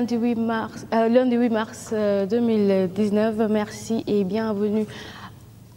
lundi 8 mars, euh, lundi 8 mars 2019. Euh, Merci et bienvenue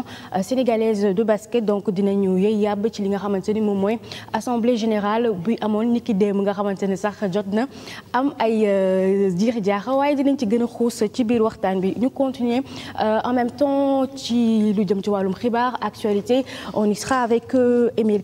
fédération euh, sénégalaise de basket donc dinañu yëy yàbb ci li nga xamante ni moom mooy assemblée générale buy amoon ni ki démb nga xamante ne sax jot na am ay euh, jiir jaaxa waaye dinañ ci gën a xuus ci biir waxtaan bi ñu continuer euh, en même temps ci lu jëm ci wàllum xibaar actualité on y sera avec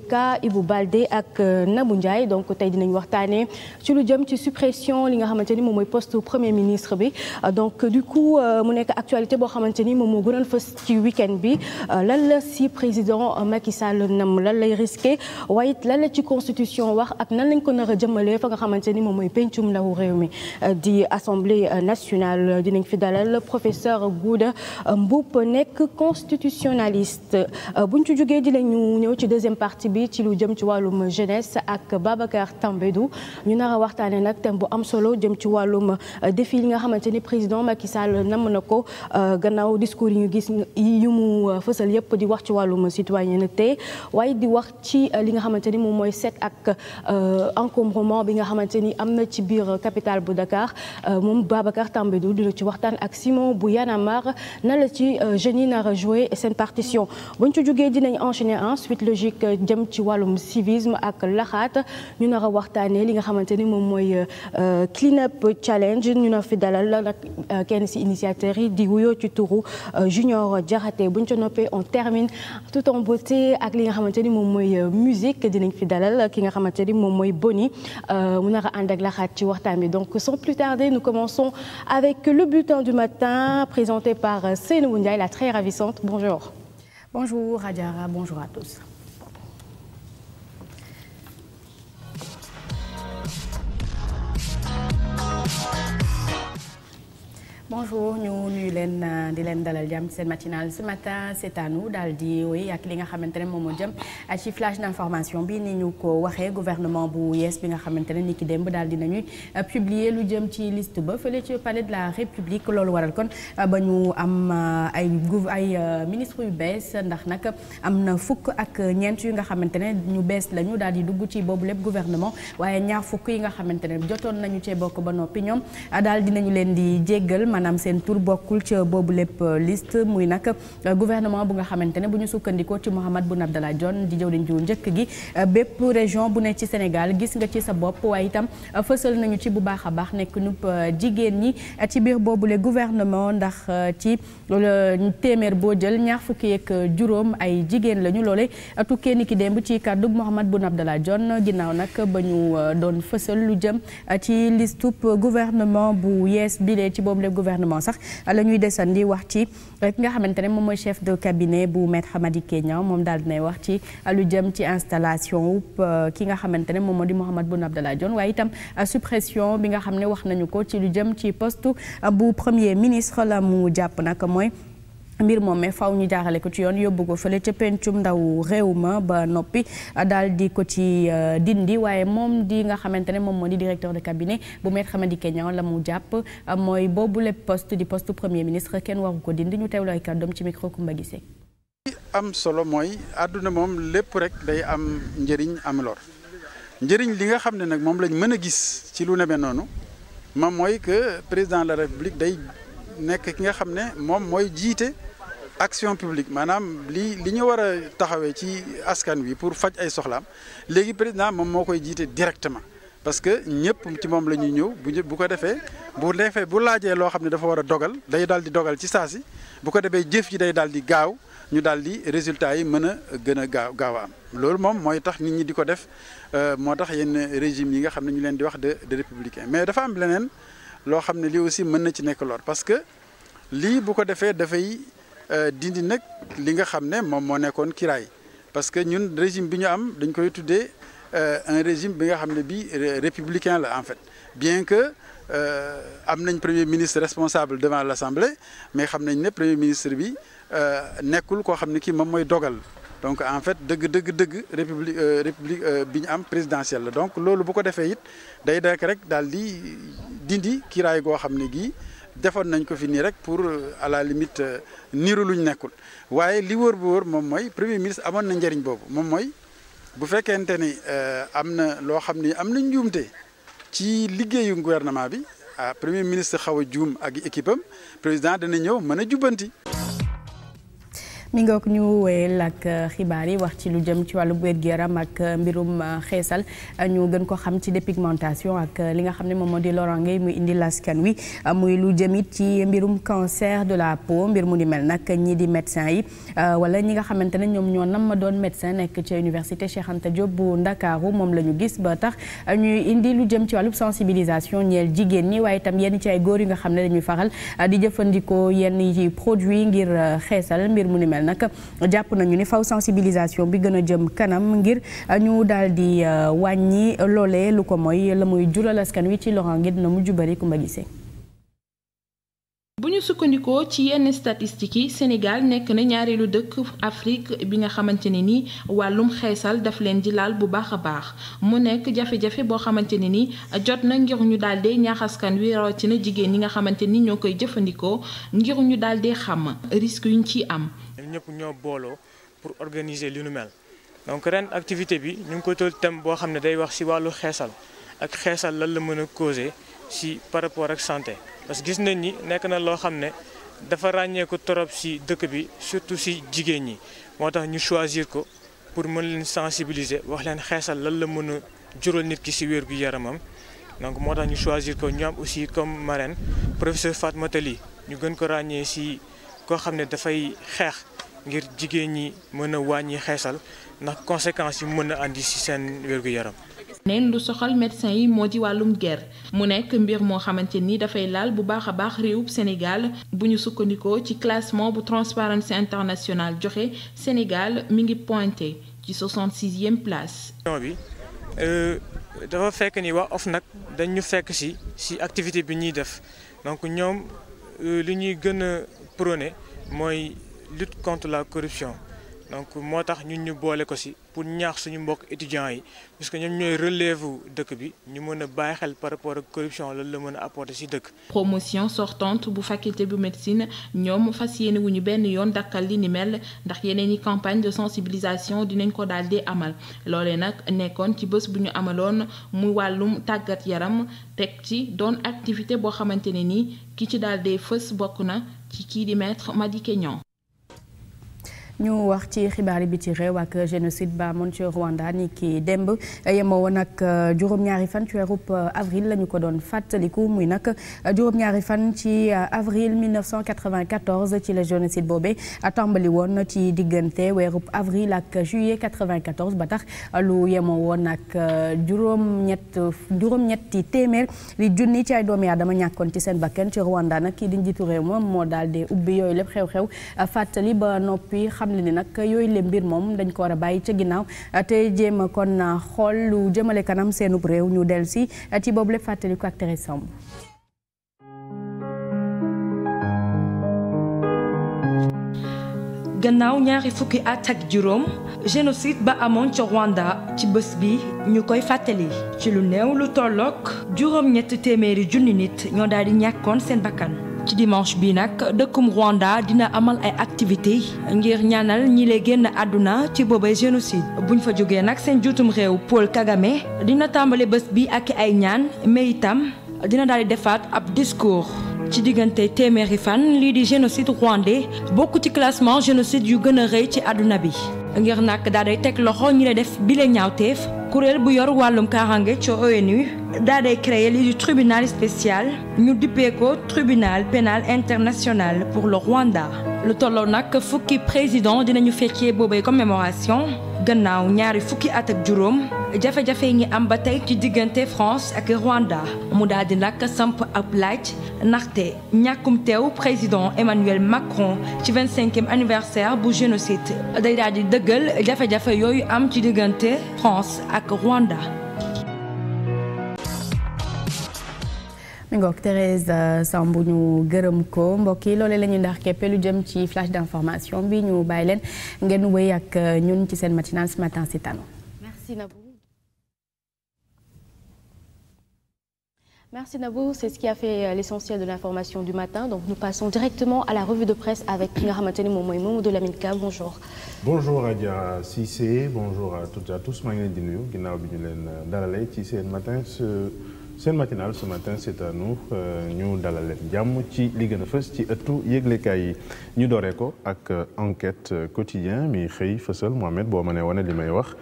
Ka Ibou Baldé ak Nabou Ndiaye donc tey dinañ waxtaanee ci lu jëm ci suppression li nga xamante ni moom mooy poste premier ministre bi donc du coup mu nekk actualité boo xamante ni moom moo gënoon ci week bi bi euh, lan la si président Macky Sall nam lan lay risqué waaye it lan la ci constitution wax ak nan lañ ko nar a jëmalee fa nga xamante ni moom mooy pencum ndawu réew mi euh, di assemblée euh, nationale dinañ fi dalal professeur Gouda Mboup nekk constitutionnaliste buñ ci jógee di lañu ñëw ci deuxième partie bi ci lu jëm ci wàllum jeunesse ak Babacar Tambédou ñu nar a waxtaane nag thème bu am solo jëm ci wàllum défi li nga xamante ni président Macky nam na ko gannaaw discours yi ñu gis yi mu euh, fësal di wax ci wàllum citoyenneté waaye di wax ci euh, li nga xamante ni moom mooy set ak euh, encombrement bi nga xamante ni am na ci biir capitale bu Dakar moom Babacar Tambédou dina ci waxtaan ak Simon bu Y'en a na la ci jeunes yi nar a jouer seen partition buñ ci jógee dinañ enchaîner ensuite logique jëm ci wàllum civisme ak laxaat ñu nar a waxtaanee li nga xamante ni moom mooy clean up challenge ñu nar fi dalal nag kenn ci initiateur yi di wuyoo ci turu ñu ca noppee on termine tout en beauté ak li nga xamante ni moom mooy euh, musique dinañ fi dalal ki nga xamante ni moom mooy Boni euh, mu nar a ànd ak ci waxtaan bi donc sans plus tarder nous commençons avec le bulletin du matin présenté par euh, Seynabou Ndiaye la très ravissante bonjour. bonjour Adjara bonjour à tous. bonjour ñu nuyu leen euh, di leen dalal jàmm seen matinale ce matin c'est à daal di woy ak li nga xamante ne moom moo jëm ci flash d'information bi ni ñu ko waxee gouvernement bu yees bi nga xamante ne ni ki démb daal di nañuy euh, publier lu jëm ci liste ba fële ci palais de la république loolu waral kon euh, ba ñu am ay ay ministre yu bees ndax nag am na fukk ak ñeent yu nga xamante ne ñu bees lañu daal di dugg ci boobu lépp gouvernement waaye ñaar fukk yi nga xamante ne jotoon nañu cee bokk ba noppi ñoom daal dinañu leen di jéggal maanaam seen tur bokkul ca boobu lépp euh, liste muy nag euh, gouvernement bu nga xamante ne bu ñu sukkandikoo ci Mahammed Boun Abdallah Dionne di jëwriñ ju njëkk gi euh, bépp région bu ne gis nga ci sa bopp waaye itam fësal nañu ci bu baax a baax jigéen ñi ci biir boobule gouvernement ndax ci téeméer boo jël ñaar fukki ak juróom ay jigéen lañu loole tukkee ni ki démb ci kàddu Mahammed Boun Abdallah Dionne ginnaaw nag ba ñu doon fësal lu jëm ci listub gouvernement bu yees bile ci boobu gouvernement sax la ñuy desandi wax ci ki nga xamante ne moom mooy chef de cabinet bu maître Hamady Kenya moom daal dinay wax ci lu jëm ci installation wu euh, ki nga xamante ne moom moo di Mohamed Boun Abdallah Dionne waaye itam euh, suppression bi nga xam ne wax nañu ko ci lu jëm ci poste euh, bu premier ministre la mu jàpp nag mooy mbir moom mais faw ñu jaaxale ko ci yoon yóbbu ko fële ca pencum ndaw réew ma ba noppi daal di ko ci euh, dindi waaye moom di nga xamante ne moom moo di directeur de cabinet bu Maître Madické Niang la mu jàpp euh, mooy boobule poste di poste premier ministre kenn waru ko dindi ñu teewlooy kàddoom ci micro Koumba am solo mooy àdduna moom lépp rek am njëriñ am njëriñ li nga xam ne nag moom lañ mën a gis ci lu neme noonu moom mooy que président de la république day nekk ki nga xam ne moom mooy jiite action publique maanaam li li ñu war a taxawee ci askan wi pour faj ay soxlaam léegi président moom moo koy jiite directement parce que ñëpp ci moom la ñuy ñëw bu bu ko defee bu defee bu laajee loo xam ne dafa war a dogal day daal di dogal ci saa si bu ko defee jëf ji day daal di gaaw ñu daal di résultats yi mën a gën a gaaw gaaw am loolu moom mooy tax nit ñi di ko def euh, moo tax yenn régime yi nga xam ne ñu leen di wax de républicain mais dafa am leneen loo xam ne lii aussi mën na ci nekk lor parce que lii bu ko defee dafay Euh, dindi nag li nga xam ne moom moo nekkoon kiraay parce que ñun régime bi ñu am dañ koy tuddee euh, un régime bi nga xam ne bi républicain la en fait bien que euh, am nañ premier ministre responsable devant l'Assemblée mais xam nañ ne premier ministre bi nekkul koo xam ne kii moom mooy dogal donc en fait dëgg dëgg dëgg république république bi ñu am présidentielle la donc loolu bu ko defee it day dekk rek daal di dindi kiraay goo xam ne gii defoon nañ ko fi nii rek pour euh, à la limite euh, niiru luñ nekkul waaye li wóor bu wóor moom mooy premier ministre amoon na njëriñ boobu moom mooy bu fekkente ni euh, am na loo xam ni am na njuumte ci liggéeyu gouvernement bi ah premier ministre xaw a juum ak équipe président dana ñëw mën a jubbanti. mi ngoog ñu wéyal lakk euh, xibaar yi wax ci lu jëm ci wàllu wér gu ak euh, mbirum euh, xeesal ñu gën ko xam ci dépigmentation ak li nga xam ne moom moo di lorange muy indi laskan wi muy lu jëm ci mbirum cancer de la peau mbir mu ni mel nag ñii di médecin yi wala ñi nga xamante ne ñoom ñoo nam ma doon médecin nekk ci université Cheikh Anta Diop bu Ndakaaru moom la ñu gis ba tax ñuy indi lu jëm ci wàllu sensibilisation ñeel jigéen ñi waaye itam yenn ci ay góor yi nga xam ne dañuy faral di jëfandikoo yenn ci produit ngir xeesal mbir mu mel nag jàpp nañu ni faw sensibilisation bi gën a jëm kanam ngir euh, ñu daal di euh, wàññi loolee lu ko mooy la muy jural askan wi ci loxo ngir na mujj bari Kumba Gisee bu ñu sukkandikoo ci yenn statistiques yi Sénégal nekk na ñaareelu dëkk Afrique bi nga xamante ne ni wàllum xeesal daf leen di laal bu baax a baax mu nekk jafe-jafe boo xamante ne ni jot na ngir ñu daal di ñaax askan ci na jigéen ñi nga xamante ni ñoo koy jëfandikoo ngir ñu daal di xam risque ciy am. ñun ñëpp ñoo booloo pour organiser li nu mel donc ren activité bi ñu ngi ko toll thème boo xam ne day wax ci wàllu xeesal ak xeesal lan la mën a causer ci par rapport ak santé parce que gis nañ ni nekk na loo xam ne dafa ràññeeku torop ci dëkk bi surtout ci jigéen ñi moo tax ñu choisir ko pour mën leen sensibiliser wax leen xeesal lan la mën a jural nit ki ci wér gi yaramam donc moo tax ñu choisir ko ñu am aussi comme marraine professeur Fatma Tali ñu gën ko ràññee ci koo xam ne dafay xeex ngir jigéen ñi mën a wàññi xeesal ndax conséquences yi mën a andi ci seen wér-gu-yaram. neen lu soxal médecin yi moo di wàllum ger mu nekk mbir moo xamante ni dafay laal bu baax a baax réewub Sénégal bu ñu sukkandikoo ci classement bu Transparency International joxe Sénégal mi ngi pointé ci 66e place. bi euh, dafa fekk ni waa OFNAC nag ñu fekk si si activité bi ñuy def donc ñoom euh, li ñuy gën prôné mooy lutte contre la corruption donc moo tax ñun ñu boole ko si pour ñaax suñu mbokk étudiants yi parce que ñoom ñooy relève dëkk bi ñu mën a bàyyi xel par rapport ak corruption loolu la mën a apporter si dëkk. promotion sortante bu faculté bu médecine ñoom fas yéene ñu benn yoon dakkal li ni mel ndax yeneen i campagne de sensibilisation dinañ ko daal di amal loole nag nekkoon ci bés bu ñu amaloon mu wàllum tàggat yaram teg ci doon activité boo xamante ne ni ki ci daal di fës bokk na. ci kii di maître Madické Niang ñu wax ci xibaari biti réew ak génocide ba amoon ci Rwanda ni ki démb yemoo woon ak euh, juróom-ñaari fan ci weerub euh, avril la ñu ko doon fàttaliku muy nag euh, juróom fan ci avril 1994 ci la génocide boobee tàmbali woon ci diggante weerub avril ak juillet 94 ba tax lu yemoo woon ak juróom-ñett juróom-ñetti téeméer li junni ci ay doomi dama ñàkkoon ci seen bakkan ci Rwanda nag kii di njiitu moom moo daal di ubbi yooyu lépp xew-xew fàttali ba noppi xam nag yooyu le mbir moom dañ ko war a bàyyi ca ginnaaw te jéem a kon ah, xool lu jëmale kanam seenub réew ñu del si ci boobu lépp fàttali ak Tere gannaaw ñaari fukki at ak juróom génocide ba amoon ca Rwanda ci bés bi ñu koy fàttali ci lu néew lu tollook juróom ñett téeméeri junni nit ñoo daal di ñàkkoon seen bakkan ci dimanche bi nag dëkkum Rwanda dina amal ay activité ngir ñaanal ñi lee génn àdduna ci boobay génocide buñ fa jógee nag seen juutum réew Paul Kagame dina tàmbale bés bi ak i ay ñaan mais itam dina daal defaat ab discours ci diggante téeméeri fan lii di génocide rwandais bokk ci classement génocide yu gën a rëy ci àdduna bi ngir nag daal day teg loxo ñi lay def bile ñaawteef kuréel bu yor wàllum kaaraange ci ONU daa day créé lii di tribunal spécial ñu dippee ko tribunal pénal international pour le Rwanda lu tolloo nag fukki président dinañu fekkee boobay commémoration gannaaw ñaari fukki at ak juróom jafe-jafe ngi am ba tey ci diggante France ak Rwanda mu daal di nag samp ab laaj ndaxte ñàkkum teew président Emmanuel Macron ci vingt cinquième anniversaire bu génocide day daal di dëggal jafe-jafe yooyu am ci diggante France ak Rwanda. ngoog Thérèse euh, Samb ñu gërëm ko mbokk yi loole la ñu ndax képp lu jëm ci flash d'information bi ñu bàyyi leen ngeen wéy ak euh, ci seen matinale ce matin c'est à nous. Merci Nabou. Merci Nabou, c'est ce qui a fait euh, l'essentiel de l'information du matin. Donc nous passons directement à la revue de presse avec ki nga xamante ni moom mooy Mamadou Lamine Ka. Bonjour. Bonjour Adja Cissé, bonjour à toutes et tous. Maa di nuyu ginnaaw bi ñu ci seen matin seen matinal ce matin c'est à nous euh, ñu dalal jàmm ci li gën a fës ci ëttu yëglekaay yi ñu dooree ko ak euh, enquête euh, quotidien mi xëy fësal Mohamed boo ma ne wane li may wax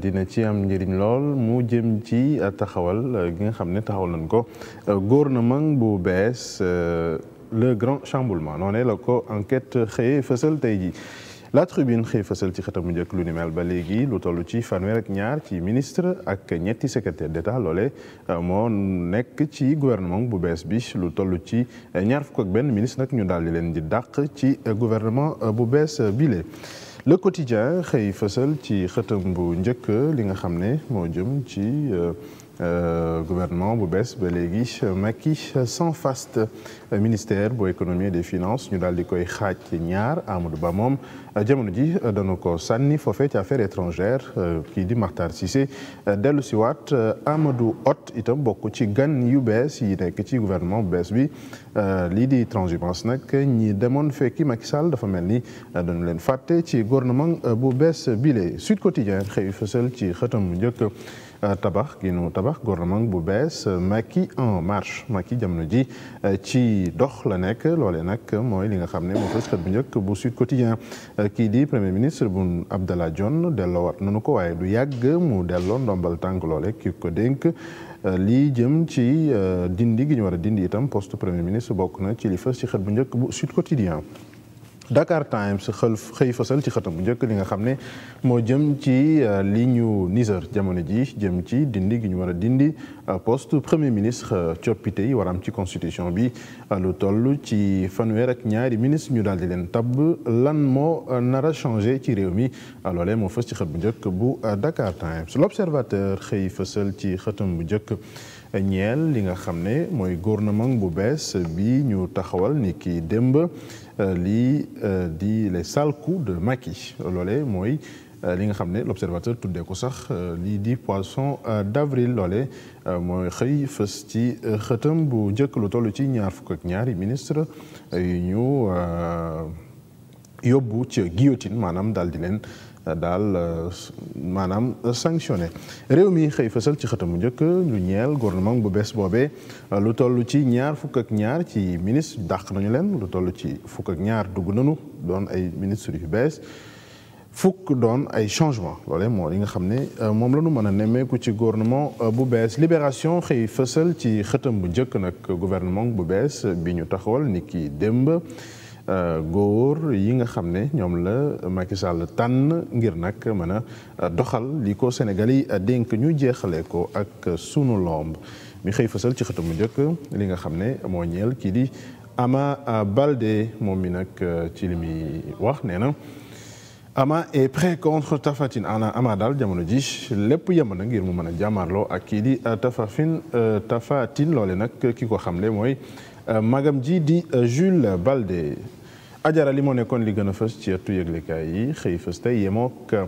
dina ci am njëriñ lool mu jëm ci taxawal gi nga xam ne taxawal nañ ko góor na gouvernement bu bees le grand chamboulement noonee la ko enquête xëyee fësal tey jii la tribune xëy fasal ci xëtam bu njëkk lu ni mel ba léegi lu tollu ci fanweer ak ñaar ci ministre ak ñetti secretaire d'État loole euh, moo nekk ci gouvernement bu bees bi lu toll ci euh, ñaar fukk ak benn ministre nag ñu daal di leen di dàq ci euh, gouvernement bu bees bile. le quotidien xëy fasal ci xëtam bu njëkk li nga xam ne moo jëm ci gouvernement bu bees ba léegi Macky sans faste ministère bu économie et des finances ñu daal di koy xaaj ñaar Amadou Ba moom jamono ji euh, dana ko sànni foofee ci affaire étrangère euh, kii di Makhtar Cissé euh, dellu si waat Amadou Hott itam bokk ci gan yu bees yi nekk ci gouvernement bu bees bi lii di transhumance nag ñi demoon fekki Macky Sall dafa mel ni danu leen fàtte ci gouvernement bu bees bile Sud Quotidien xëy fësal ci xëtam njëkk Euh, tabax gi nu tabax gouvernement bu bees euh, Macky en marche Macky jamono ji euh, ci dox la nekk loolee nag mooy li nga xam ne moo fës xët bu njëkk bu Sud Quotidien kii di premier ministre bu Abdallah Dionne delloowaat nanu ko waaye du yàgg mu delloo ndombal tànk loole ki ko dénk lii jëm ci dindi gi ñu wara dindi itam post premier ministre bokk na ci li fës ci xët bu njëkk bu Sud Quotidien Dakar Times xël xëy fësal ci xëtam bu njëkk li nga xam ne moo jëm ci euh, li ñu Niger jamono ji jëm ci dindi gi ñu war a dindi euh, post premier ministre euh, coppite yi war am ci constitution bi lu toll ci fanweer ak ñaari ministre ñu daal di leen tab lan moo nar a ci réew mi loolee moo fës ci xët bu njëkk bu Dakar Times l'observateur xëy fësal ci xëtam bu njëkk ñeel li nga xam ne mooy gouvernement bu bees bi ñu taxawal ni ki démb Euh, lii euh, di les sales coups de Macky loolee mooy euh, li nga xam ne l'observateur tuddee ko sax lii di poisson d'avril loole mooy xëy fës ci xëtam bu njëkk lu toll ci ñaar fukk ak ñaari ministre yu ñu yóbbu ci guillotine maanaam daal di leen daal euh, maanaam euh, sanctionné réew mii xëy fësal ci bu njëkk ñu ñeel gouvernement bu bees boobee euh, lu toll ci ñaar fukk ak ñaar ci ministre dàq nañu leen lu tollu ci fukk ak ñaar dugg nañu doon ay ministre yu bees fukk doon ay changement loolee moo li nga xam ne moom la ñu mën a nemmeeku ci gouvernement bu bees libération xëy fësal ci xëtam bu njëkk nag gouvernement bu bees bi ñu taxawal nit ki démb Euh, góor yi nga xam ne ñoom la Macky Sall tànn ngir nag mën a euh, doxal li ko Sénégal yi euh, dénk ñu jeexale ko ak sunu lomb mi xëy fasal ci xëtam mu njëkk li nga xam ne moo ñeel kii di Ama Baldé moom mi nag ci li muy wax nee na Ama est prêt contre Tafatine ana Ama daal jamono ji lépp yem na ngir mu mën a jàmmaarloo ak kii di Tafafin Tafatine loole nag ki ko xamle mooy magam ji di Jules Baldé Ajara li moo nekkoon li gën a fës ci ëttu yëglekaay yi xëy fës tey yemook euh,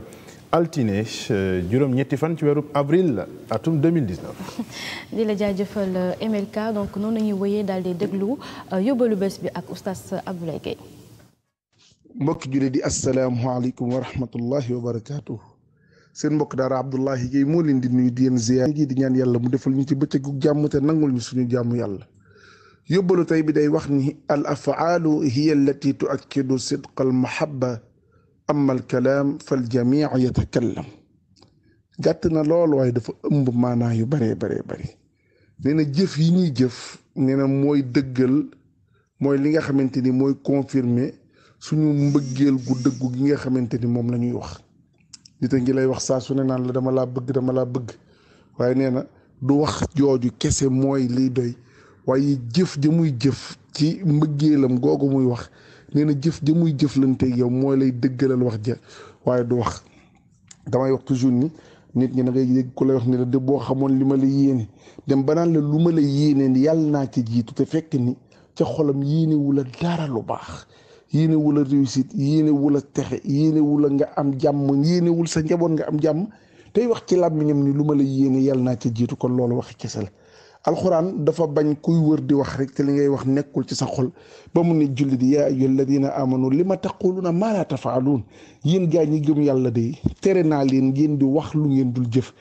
altine euh, juróom ñetti fan ci weerub avril atum 2019. di la jaajëfal euh, MLK donc noonu la ñuy wëyee daal di déglu yóbbalu bés bi ak oustaz Abdoulaye Gueye. mbokki jullit di asalaamualeykum wa rahmatullahi wa barakaatu. seen mbokk daara Abdoulaye Gueye moo leen di nuyu di leen ziar. di ñaan yàlla mu defal ñu ci bëccëgu jàmm te nangul ñu suñu jàmm yàlla. yóbbalu tey bi day wax ni al afaalu hiya allati tuakkidu sidqa al mahabba amma al kalaam gàtt na lool waaye dafa ëmb maanaa yu baree baree bari nee na jëf yi ñuy jëf nee na mooy dëggal mooy li nga xamante ni mooy confirmer suñu mbëggeel gu dëggu gi nga xamante ni moom la ñuy wax nit a ngi lay wax saa su ne naan la dama laa bëgg dama laa bëgg waaye nee na du wax jooju kese mooy liy doy waaye jëf ja muy jëf ci mbëggeelam googu muy wax nee na jëf ja muy jëflanteeg yow mooy lay dëggalal wax ja waaye du wax damay wax toujours ni nit ñi da ngay dégg ku lay wax ni la de boo xamoon li ma la yéene dem banaan la lu ma la yéene yàlla naa ci jiitu te fekk ni ca xolam yéenewu la dara lu baax yéenewul a réussite yéenewul a texe yéenewul a nga am jàmm yéenewul sa njaboot nga am jàmm tey wax ci làmmiñam ni lu ma la yéene yàlla naa ca jiitu kon loolu waxi kese la alxuraan dafa bañ kuy wër di wax rek te li ngay wax nekkul ci sa xol ba mu ne jullit yaa ayyuha alladina amanu li ma taquluna maa laa tafaaluun yéen gaa ñi gëm yàlla de tere naa leen ngeen di wax lu ngeen dul jëf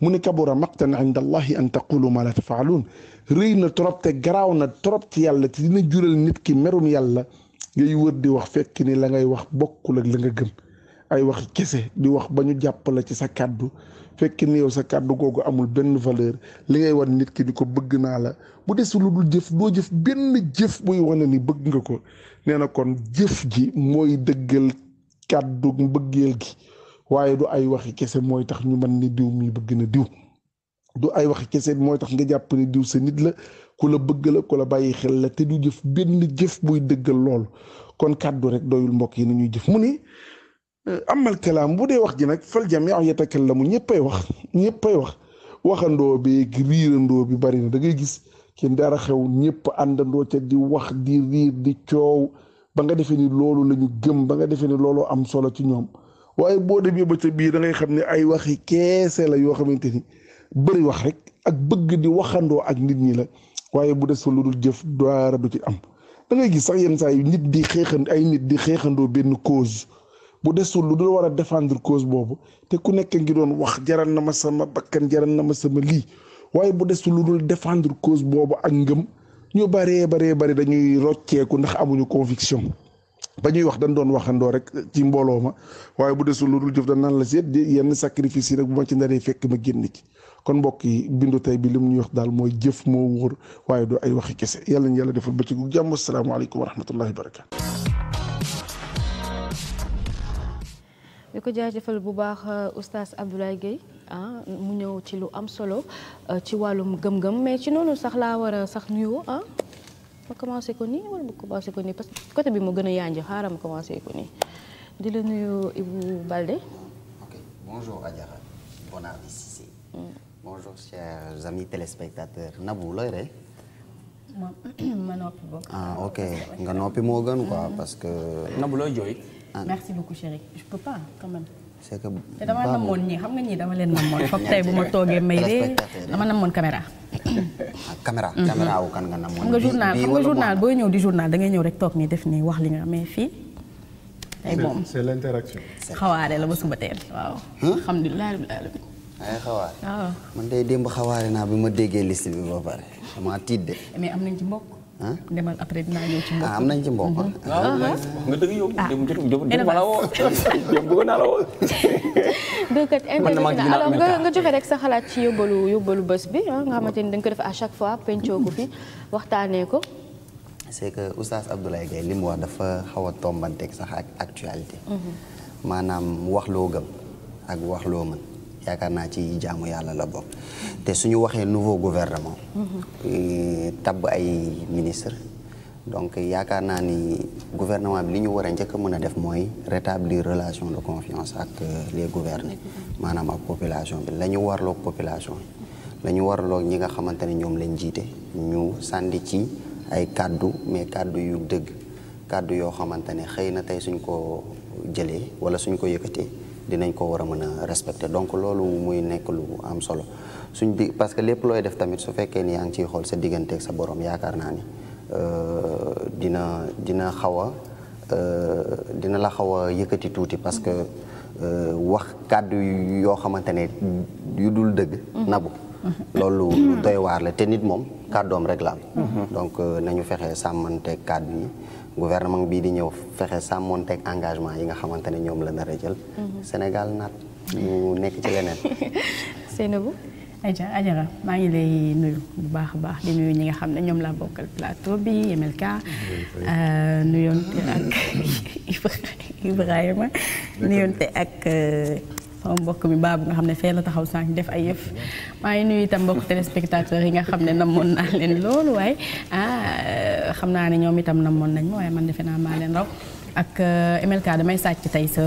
mu ne kabura maqtan inda allahi an taqulu maa laa tafaaluun rëy na trop te garaaw na trop ci yàlla te dina jural nit ki merum yàlla ngay wër di wax fekk ni la ngay wax bokkul ak la nga gëm ay wax kese di wax ba ñu jàpp ci sa kàddu fekk ni yow sa kàddu googu amul benn valeur li ngay wan nit ki di ko bëgg naa la bu des lu dul jëf doo jëf benn jëf buy wane ni bëgg nga ko nee na kon jëf ji mooy dëggal kàddu mbëggeel gi waaye du ay waxi kese mooy tax ñu mën ni diw mi bëgg na diw du ay waxi kese mooy tax nga jàpp ne diw sa nit la ku bëgg la ku bàyyi xel la te du jëf benn jëf buy dëggal loolu kon kàddu rek doyul mbokk yi nañuy jëf mu ni Euh, amal kelaam bu dee wax ji nag fal jamii yatakallamu ñëppay wax ñëppay wax waxandoo beeg riirandoo bi bari na da ngay gis ci dara xew ñëpp àndandoo ca di wax di riir di coow ba nga defee ni loolu lañu ñu gëm ba nga defee ni looloo am solo ci ñoom waaye boo demee ba ca biir da xam ne ay waxi keese la yoo xamante ni bëri wax rek ak bëgg di waxandoo ak nit ñi la waaye bu des fa lu dul jëf dara du ci am da ngay gis sax yenn saa yi nit di xeexan ay nit di xeexandoo benn cause. bu desul lu dul war a defendre cause boobu te ku nekk ngi doon wax jaral na ma sama bakkan jaral na ma sama lii waaye bu desul lu dul defendre cause boobu ak ngëm ñu baree baree bari dañuy rocceeku ndax amuñu conviction ba ñuy wax dañ doon waxandoo rek ci mbooloo ma waaye bu desul lu dul jëf dañ naan la seet yenn sacrifice yi rek bu ma ci naree fekk ma génn ci kon mbokk yi bindu tey bi li mu ñuy wax daal mooy jëf moo wóor waaye doo ay waxi kese yàlla ñu yàlla defal bëccëgu jàmm asalaamaaleykum wa rahmatullahi wa barakatu di ko jaajëfal bu baax euh, oustaz Abdoulaye Guèye ah, mu ñëw ci lu am solo euh, ci wàllum gëm-gëm mais ci noonu sax laa war a sax nuyoo ah ma commencé ko nii wala ma côté bi mu gën a yànj xaaral ma commencé ko nii di la nuyu Ibou Balde. ok bonjour Adjara Bonardi mm. ah, nga noppi moo gën quoi parce que. Nabou looy jooy. Ah, merci beaucoup chérie je peux pas quand même. c' te dama namoon ñii xam nga ñii dama leen namoon foog tey bu ma toogee may de dama namoon caméra. Ah, caméra. Mhm. kan nga namoon. nga journal xam nga journal booy ñëw di journal da ngay ñëw rek toog nii def nii wax li nga mais fii. tey moom c' est l' interaction. xawaare la ba suba teel waaw. alhamdulilah rabbil alamin. ay xawaare. man day démb xawaare naa bi ma déggee liste bi ba pare dama tiit de. mais am nañ ci mbokk. ah demal après dinaa ñëw ah, am nañ ci mbokk. Mhm. Ah, ah, waaw nga dëgg yow. ah alors nga nga joxe rek sa xalaat ci yóbbalu yóbbalu bés bi nga xamante ni da nga ko def à chaque fois pencoo ko fi waxtaanee ko. c'est que oustaz Abdoulaye Gaye li mu wax dafa xaw a tombanteeg sax ak actualité. Mhm. maanaam wax loo gëm ak wax loo mën. yaakaar naa ci jaamu yàlla la bokk te su ñu waxee nouveau gouvernement mm-hmm. tabb ay ministre donc yaakaar naa ni gouvernement bi li ñu war a njëkk mën a def mooy rétablir relation de confiance ak euh, les gouvernés mm-hmm. maanaam ak population bi la ñu warloog population la ñu warloog ñi nga xamante ne ñoom lañ jiite ñu sàndi ci ay kàddu mais kàddu yu dëgg kàddu yoo xamante ne xëy na tey suñ ko jëlee wala suñ ko yëkkatee dinañ ko war a mën a respecter donc loolu muy nekk lu am solo suñ bi parce que lépp looy def tamit su fekkee ni yaa ngi ciy xool sa digganteeg sa borom yaakaar naa ni euh, dina dina xaw a euh, dina la xaw a yëkkati tuuti parce que euh, wax kàddu yoo xamante ne yu dul dëgg. Mhm. nabu. loolu lu doy waar la te nit moom kàddoom rek la am. Mhm. donc nañu fexe sàmmante kàddu yi. gouvernement bii di ñëw fexe sàmmonteeg engagement yi nga xamante ne ñoom la nar jël. Mhm. Sénégal naat ñu nekk ci leneen. Seynabou. Adja Adjara maa ngi lay nuyu bu baax a baax di nuyu ñi nga xam ne ñoom la bokkal plateau bi MLK euh, nuyoonte ak Ibrahima nuyoonte ak. Euh, sama mbokk mi baabu nga xam ne fee la taxaw sànq def ay yëf waaye ngi nuyu itam mbokk téléspectateurs yi nga xam ne namoon naa leen loolu waaye ah xam naa ne ñoom itam namoon nañ ma waaye man defe naa maa leen raw ak eh, MLK damay sàcc tey sa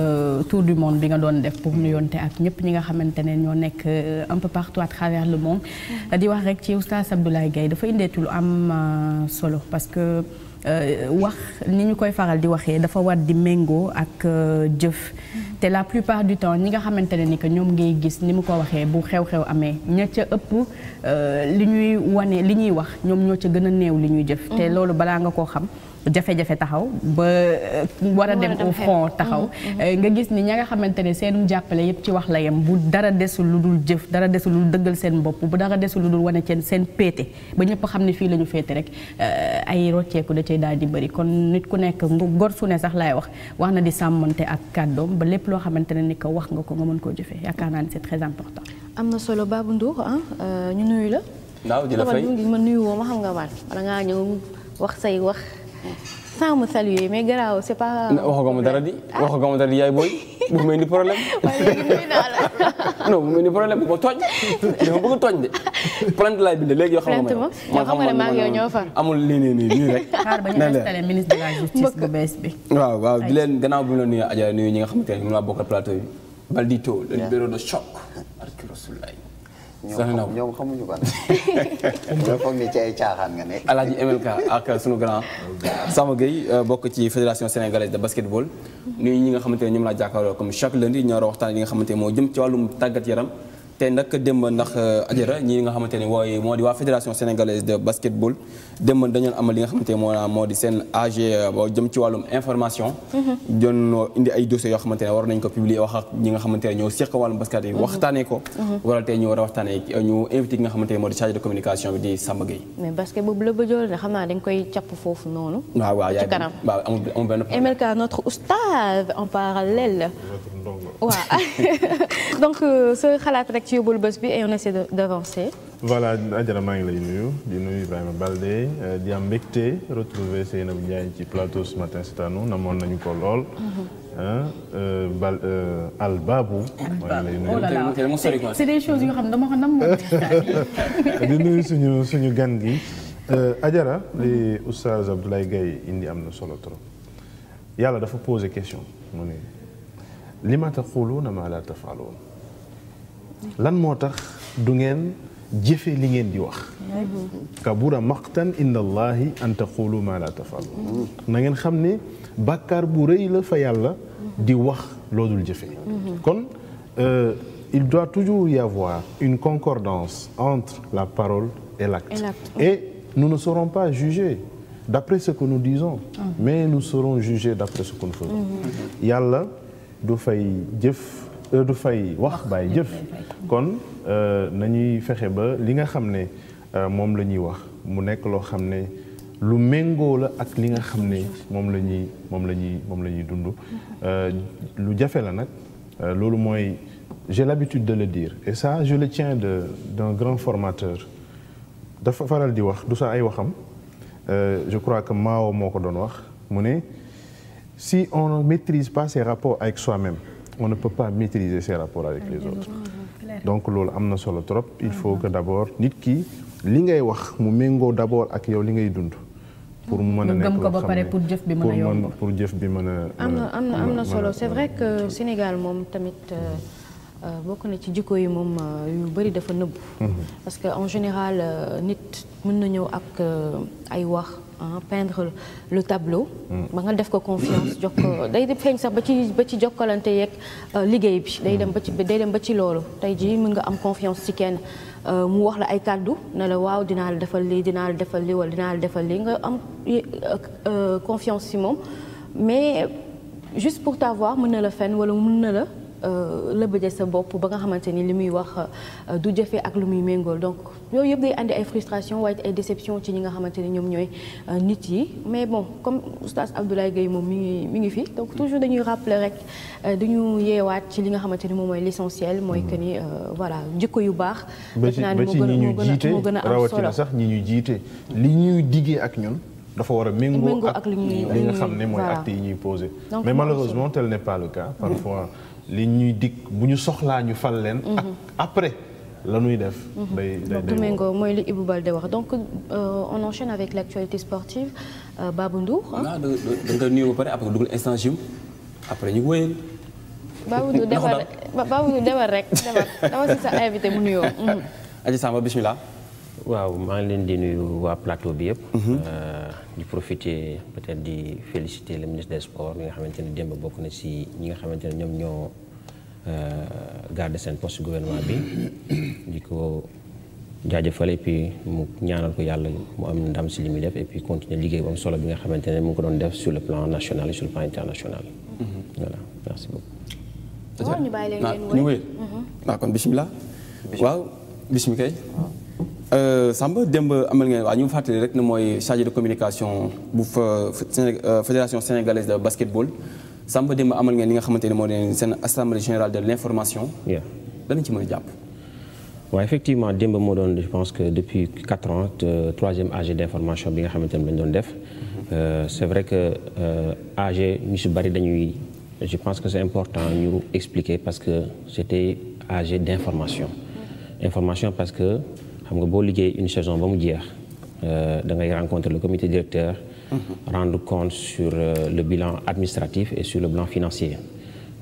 tour du monde bi nga doon def pour nuyoonte ak ñëpp ñi nga xamante ne ñoo nekk eh, un peu partout à travers moom monde mm-hmm. di wax rek ci Oustaz Abdoulaye gay dafa indeetu lu am eh, solo parce que Euh, wax ni ñu koy faral di waxee dafa war di méngoo ak euh, jëf mm-hmm. te la plupart du temps ñi nga xamante ne ni que ñoom ngay gis ni mu ko waxee bu xew-xew amee ña ca ëpp euh, li ñuy wane li ñuy wax ñoom ñoo ca gën a néew li ñuy jëf te mm-hmm. loolu balaa nga koo xam jafe-jafe taxaw ba euh, war a dem au front taxaw mm-hmm. euh, nga gis ni ña nga xamante ne seenu jàppale yëpp ci wax la yem bu dara desul lu dul jëf dara desul lu dul dëggal seen mbopp bu dara desul lu dul wane seen seen péete ba ñëpp xam ne fii la ñu féete rek euh, ay rocceeku da cay daal di bëri kon nit ku nekk gor su ne sax laay wax wax na di sàmmante ak kàddoom ba lépp loo xamante ne ni ko wax nga ko nga mën koo jëfee yaakaar naa ni c'est très important am na solo Babou Ndour ah la waaw di la nga waat wala ngaa ñëw wax wax sans ma saluer mais garaaw c'est pas. waxu ko ma dara di ah. waxu ko ma dara di yaay booy bu mel ni problème. non bu mel ni problème bu ko tooñ. dama bëgg tooñ de. plainte laay bind léegi yoo xam nga ma yow ñoo far. amul lii nii nii nii rek. xaar ba ñu installé ministre de la justice bu bees bi. la nuyu Adja nuyu ñi nga xamante ne ñu ngi laa bokkal plateau bi. sax na ñoom xamuñu ko nag. foog ni ci ay caaxaan nga ne. Alaaji MLK ak sunu grand. Samba Gueye bokk ci fédération sénégalaise de basketball. nuyu ñi nga xamante ne ñoom laa jàkkaarloo comme chaque lundi ñoo waxtaan li nga xamante ne moo jëm ci wàllum tàggat yaram. te nag démb ndax euh, ajara ñi nga xamante ne wooy moo di waa fédération sénégalaise de basketball démb dañoon amal li nga xamante ne moo di seen AG euh, boo jëm ci wàllum information mm-hmm. doon indi ay dossiers yoo xamante ne war nañ ko publier wax ak ñi nga xamante ne ñoo seq wàllum basket yi mm-hmm. waxtaanee ko mm-hmm. waral tey ñu war a waxtaanee ñu invité ki nga xamante ne moo di chargé de communication bi di Samba Gueye mais basket boobu la bëjool ne xam naa dañ koy càpp foofu noonu waaw amul benn MLK notre oustave en parallèle waaw euh, teg ci yóbbul bés bi et on essaie d'avancer. voilà Adjara maa ngi lay nuyu di nuyu Ibrahima Balde euh, di am mbégte retrouver Seynabou Ndiaye ci plateau ce matin c'est à nous namoon nañu ko lool. Mm-hmm. Euh, Bal euh, Al Babou. Oh c'est des choses yoo xam ne dama ko di nuyu suñu suñu gan gi. Adjara li mm-hmm. Oustaz Abdoulaye Gaye indi am na solo trop yàlla dafa poser question mu ne li ma taquluuna ma la taf'aluun lan moo tax du ngeen jëfe li ngeen di wax kabura maqtan inda allahi an taqulu ma la tafal na xam ne bàkkaar bu rëy la fa yàlla di wax loodul jëfe kon euh, il doit toujours y une concordance entre la parole et l'acte et nous ne serons pas jugés d'après ce que nous disons ah. mais nous serons jugés d'après ce que nous faisons mm-hmm. yàlla du fay jëf du fay wax baay jëf kon euh, nañuy fexe ba li nga xam ne euh, moom la ñuy wax mu nekk loo xam ne lu méngoo la ak li nga xam ne moom la ñuy moom la ñuy moom la ñuy dund euh, lu jafe la nag loolu mooy je l'habitude de le dire et ça je le tiens de d'un grand formateur dafa faral di wax du sa ay waxam je crois que Mao moo ko doon wax mu ne si on ne maîtrise rapport ses avec soi on ne peut pas maîtriser ses rapports avec les autres donc loolu am na solo trop il faut que d'abord nit ki li ngay wax mu méngoo d'abord ak yow li ngay dund pour mu mën a nekk ko ba pare pour jëf bi mën a yomb pour jëf bi mën a am na am na solo c'est vrai que Sénégal moom tamit euh, Euh, bokk na ci jikko yi moom euh, yu bëri dafa nëbbu. Mm-hmm. parce que en général euh, nit mën na ñëw ak ay wax peindre le tableau. Mm. ba nga def ko confiance jox ko day feeñ sax ba ci ba ci jokkalante yeeg liggéey bi. day dem ba ci day dem ba ci loolu tey jii mën nga am confiance ci kenn. mu wax la ay kàddu ne la waaw dinaa la defal lii dinaa la defal lii wala dinaa la defal lii nga am confiance ci moom mais juste pour t'avoir mën na la fenn wala mën na la. Euh, lëbëje sa bopp ba nga xamante ni li muy wax euh, du jëfee ak lu muy méngool donc yooyu yëpp day andi ay frustration waaye ci ñi nga xamante ni ñoom ñooy euh, nit yi mais bon comme oustaz Abdoulaye Gueye moom mi ngi mi ngi fi donc toujours dañuy rappeler rek dañu yeewaat ci li nga xamante ni moom mooy l'essentiel mooy mm-hmm. que ni voilà jikko yu baax. def naa ni moo gën gën a am solo sax ñi ñu jiite li ñuy diggee ak ñun. dafa war a méngoo ak li nga xam ne mooy acte yi ñuy posé. mais malheureusement tel n'est pas le li ñuy dig bu ñu soxlaa ñu fal leen. Mhm. ak après la ñuy def. Mhm. day day mooy li Ibou Balde wax donc euh, on enchaîne avec l' actualité sportive euh, Babou Ndour. ah da nuyu ba pare après dugal instant jum après ñu wóyal. Babou Ndour demal Babou Ndour rek demal dama si sa invité mu nuyoo. Mhm. Adji Samba bismillah. waaw maa ngi leen di nuyu waa plateau bi yëpp. Mhm. Euh, di profiter peut-être di féliciter le ministre des sports mi nga xamante ne démb bokk na si ñi nga xamante ne ñoom ñoo euh, garder seen poste gouvernement bi di ko jaajëfal et puis mu ñaanal ko yàlla mu am ndam si li muy def et puis continuer liggéey bu am solo bi nga xamante ne mu ngi ko doon def sur le plan national et sur le plan international. Mhm. voilà mhm. waaw kon bisimilah. waaw kay. Euh, Samba démb amal ngeen waaw ñu fàttali rek ne mooy chargé de communication bu euh, fédération sénégalaise de basketball Samba démb amal ngeen li nga xamante ne moo di seen assemblée générale de l' information. danañ ci mën a jàpp. waaw effectivement démb moo doon je pense que depuis quatre ans troisième AG d' information bi nga xamante ne lañ doon def. Euh, c' est vrai que AG ñu si bari dañuy je pense que c' est important ñu expliquer parce que c' était AG d' information. xam nga boo liggéey une saison ba mu jeex euh, da ngay rencontrer le comité directeur. Mm-hmm. rendre compte sur euh, le bilan administratif et sur le bilan financier.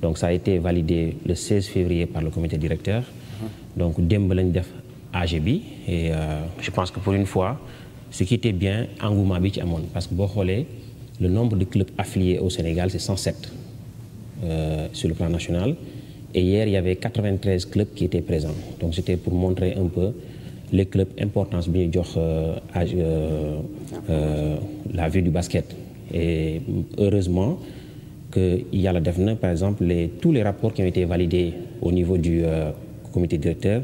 donc ça a été validé le 16 février par le comité directeur. Mm-hmm. donc démb lañ def age bi et euh, je pense que pour une fois ce qui était bien engouement bi ci amoon parce que boo xoolee le nombre de clubs affiliés au Sénégal c'est 107 euh, sur le plan national et hier il y avait 93 clubs qui étaient présents donc c'était pour montrer un peu. les clubs importance bi ñuy jox âge euh, euh, euh, la vie du basket et heureusement que yàlla def na par exemple les tous les rapports qui ont été validés au niveau du euh, comité directeur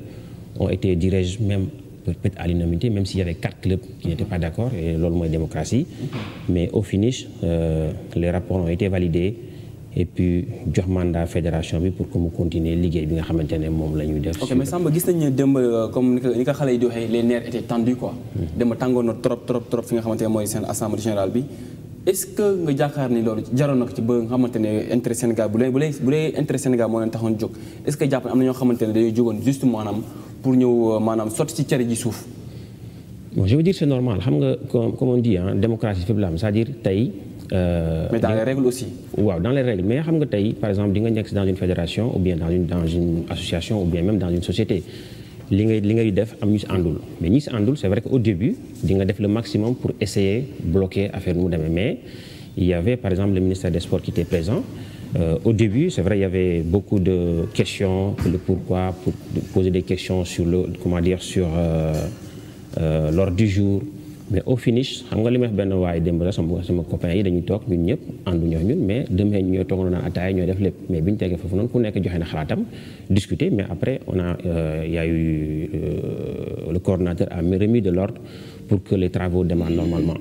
ont été dirigés même peut-être à l'unanimité même s'il y avait quatre clubs qui n'étaient pas d'accord et loolu mooy démocratie mais au finish euh, les rapports ont été validés et puis jox mandat fédération bi pour que mu continuer liggéey bi nga xamante moom la def. ok mais euh, xale yi di waxee les nerfs étaient tendus quoi. Mm-hmm. démb tàngoon trop trop trop fi nga xamante mooy seen assemblée bi. est nga jaakaar ni loolu jaroon na ci ba nga xamante ne Sénégal bu dee bu dee intérêt Sénégal moo leen taxoon jóg est-ce jàpp na am na ñoo xamante dañoo jógoon juste maanaam pour ñëw euh, maanaam sotti ci cere ji suuf. bon je veux dire c'est Euh, mais dans les règles aussi. waaw dans les règles mais xam nga tey par exemple di nga nekk dans une fédération ou bien dans une dans une association ou bien même dans une société. li ngay li ngay def am ñu si àndul mais ñi si àndul c'est vrai que début di nga def le maximum pour essayer bloquer affaire mu demee mais il y avait par exemple le ministère des sports qui était présent euh, au début c'est vrai il y avait beaucoup de questions le pourquoi pour poser des questions sur le comment dire sur euh, l'ordre du jour mais au finish xam nga li benn waaye démb la sama sama copain yi dañuy toog ñun ñëpp ànduñoo ñun mais demee ñoo toogandoo naan ataaya ñoo def lépp mais bi ñu tegee foofu noonu ku nekk joxe na xalaatam discuter mais après on a euh, y a eu euh, le coordonnateur a remis de l'ordre pour que les travaux démarrent normalement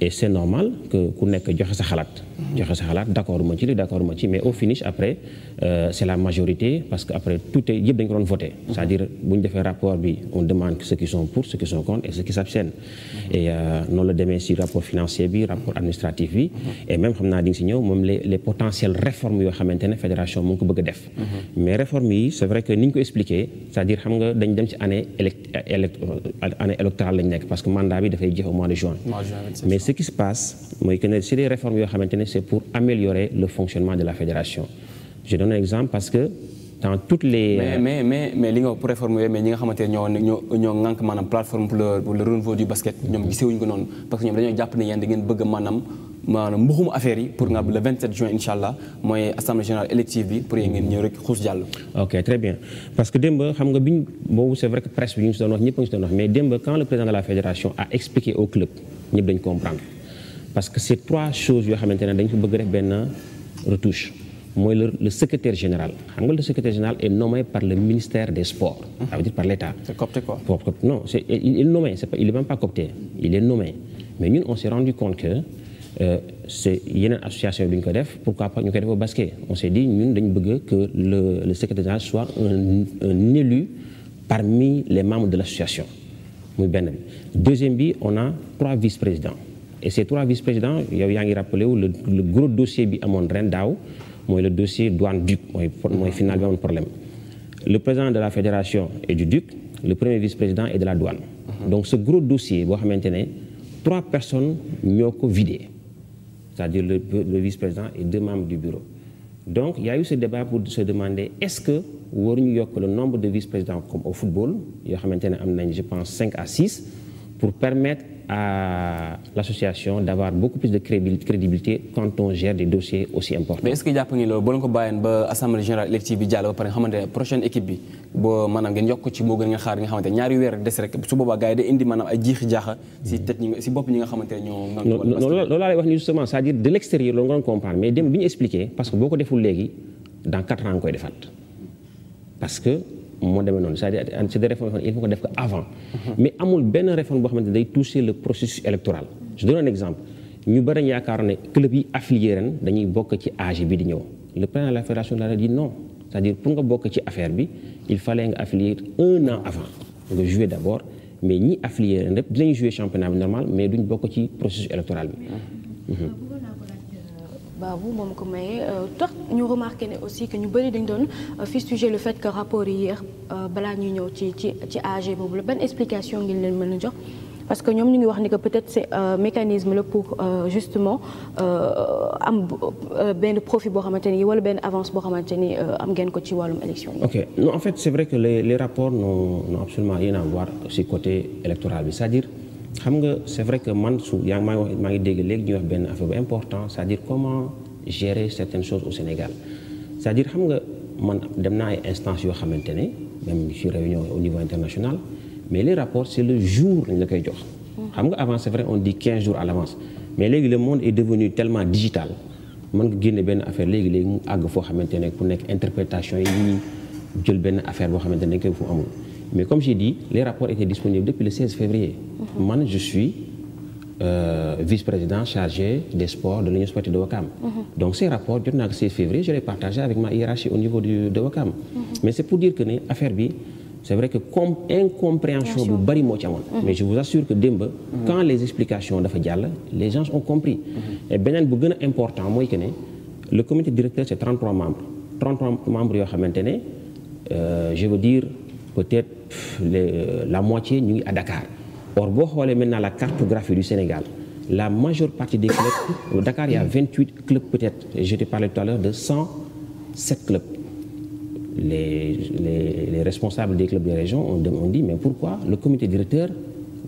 et c'est normal ku nekk joxe sa xalaat joxe sa xalaat d' ci li d' ci mais au finish après euh, c' la majorité parce que après tout est yëpp dañu ko doon voté c' est à dire la demee si rapport financier bi rapport administratif bi et même xam naa di si ñëw moom les les potentielles yoo xamante ne fédération mu ngi ko bëgg def mais réformes yi c' vrai que ni ko expliqué c' est dire xam nga dañ dem si année élect euh, lañ nekk parce que mandat bi dafay jeex c'est pour améliorer le fonctionnement de la fédération. Je donne exemple parce que dans toutes les. mais mais li nga pour réformer mais ñi nga noonu parce que ñoom dañoo jàpp ne yéen ngeen bëgg maanaam maanaam mbuxum yi pour nga le juin incha allah mooy assemblée générale élective bi pour yéen ngeen ñëw jàll. ok très bien parce que démb xam nga biñ boobu c'est vrai que presse ñu ngi doon wax ñëpp a ngi si doon wax mais démb quand le président de parce que c'est trois choses yoo xamante ne dañ ko bëgg def benn retouche mooy le le secrétaire général xam nga le secrétaire général est nommé par le ministère des sports. ça veut dire par l'État. c'est coopté quoi. non c'est il est nommé c'est il est même pas coopté il est nommé mais ñun on s'est rendu compte que euh, c'est yeneen association yi duñ ko def pourquoi pas ñu koy def au basket on s'est dit ñun dañu bëgg que le le secrétaire général soit un un élu parmi les membres de l'association muy benn bi bi on a trois vice-présidents. et ces trois vice-présidents yow yaa ngi rappelé wu le le gros dossier bi amoon ren daaw mooy le dossier douane duc mooy mooy final bi amoon problème le président de la fédération est du duc le premier vice-président est de la douane. Mhm. donc ce gros dossier boo xamante ne trois personnes ñoo ko vidé c'est-à-dire le le vice-président et deux membres du bureau. donc il y a eu ce débat pour se demander est-ce que waruñu yokk le nombre de vice-présidents comme au football yoo xamante ne am nañ je pense cinq à six pour à l'association d'avoir beaucoup plus de crédibilité quand on gère des dossiers aussi importants. mais est-ce que jàpp nga loolu boo leen ko ba assemblée générale élective bi jàll ba pare nga xamante nga xaar nga xamante ne ñaari weer rek des si hmm. tëj ñi nga xamante ne loolu laa lay wax ni justement cest dire de l'extérieur loolu nga doon comprendre mais dem bi ñu expliqué parce que boo ko deful léegi dans quatre ans koy defaat parce moo demee noonu c'est-à-dire c'est des réformes il faut ko def ko avant mhm. mais amul benn réforme boo xamante ne day toucher le processus électoral je donne un exemple ñu bëri yaakaar ne club yi affilié ren dañuy bokk ci AG bi di ñëw le président la fédération de la dit pour nga bokk ci affaire bi il fallait nga affilier un an avant nga jouer d'abord mais ñi affilié ren rek dinañ jouer championnat bi normal mais duñ bokk ci processus électoral bi mhm. Mhm. baabu moom ko maye euh, tax ñu remarqué ne aussi que ñu bëri dañ doon euh, fustiger le fait que rapport yi yéex euh, balaa ñuy ñëw ci ci ci AG boobu la ban explication ngi leen mën a jox parce que ñoom ñu ngi wax ni que peut-être c'est euh, mécanisme la pour euh, justement am benn profit boo xamante ni wala benn avance boo xamante ni am ngeen ko ci wàllum élection bi. ok non en fait c'est vrai que les les rapports n'ont absolument rien à voir côté électoral bi cest à xam nga c'est vrai que man su maa ngi wax ngi dégg léegi ñuy wax benn affaire bu important c'est-à-dire xam nga man dem naa ay instances yoo xamante ne même sur réunion au niveau international mais les rapports le jour lañ la koy jox. xam nga avant c'est vrai on dit 15 jours à l'avance mais léegi le monde est devenu tellement digital mën nga génne benn affaire léegi léegi mu àgg foo xamante ne ku nekk interprétation yi ñuy jël benn affaire boo xamante ne dañ koy fu amul. Mais comme j'ai dit, les rapports étaient disponibles depuis le février. Mm je suis euh, vice-président chargé des sports de l'Union sportive de Wakam. Mm -hmm. Donc ces rapports, jot naa février, je les partagé avec ma hiérarchie au niveau de Wakam. Mais c'est pour dire que ne affaire bi c'est vrai que comme incompréhension bu bari moo ci amoon. Mm-hmm. mais je vous assure que démb. Mm-hmm. quand les explications dafa jàll les gens ont compris. Mm-hmm. et beneen bu gën important mooy que ne le comité directeur c'est 33 membres 33 membres yoo xamante ne euh, je veux dire. peut-être les, euh, la moitié ñu ngi à Dakar or boo xoolee maintenant la cartographie du Sénégal la majeure partie des clubs Dakar il y a clubs peut-être je te parlais tout à l'heure de 107 clubs les les les responsables des clubs des régions ont, ont dit mais pourquoi le comité directeur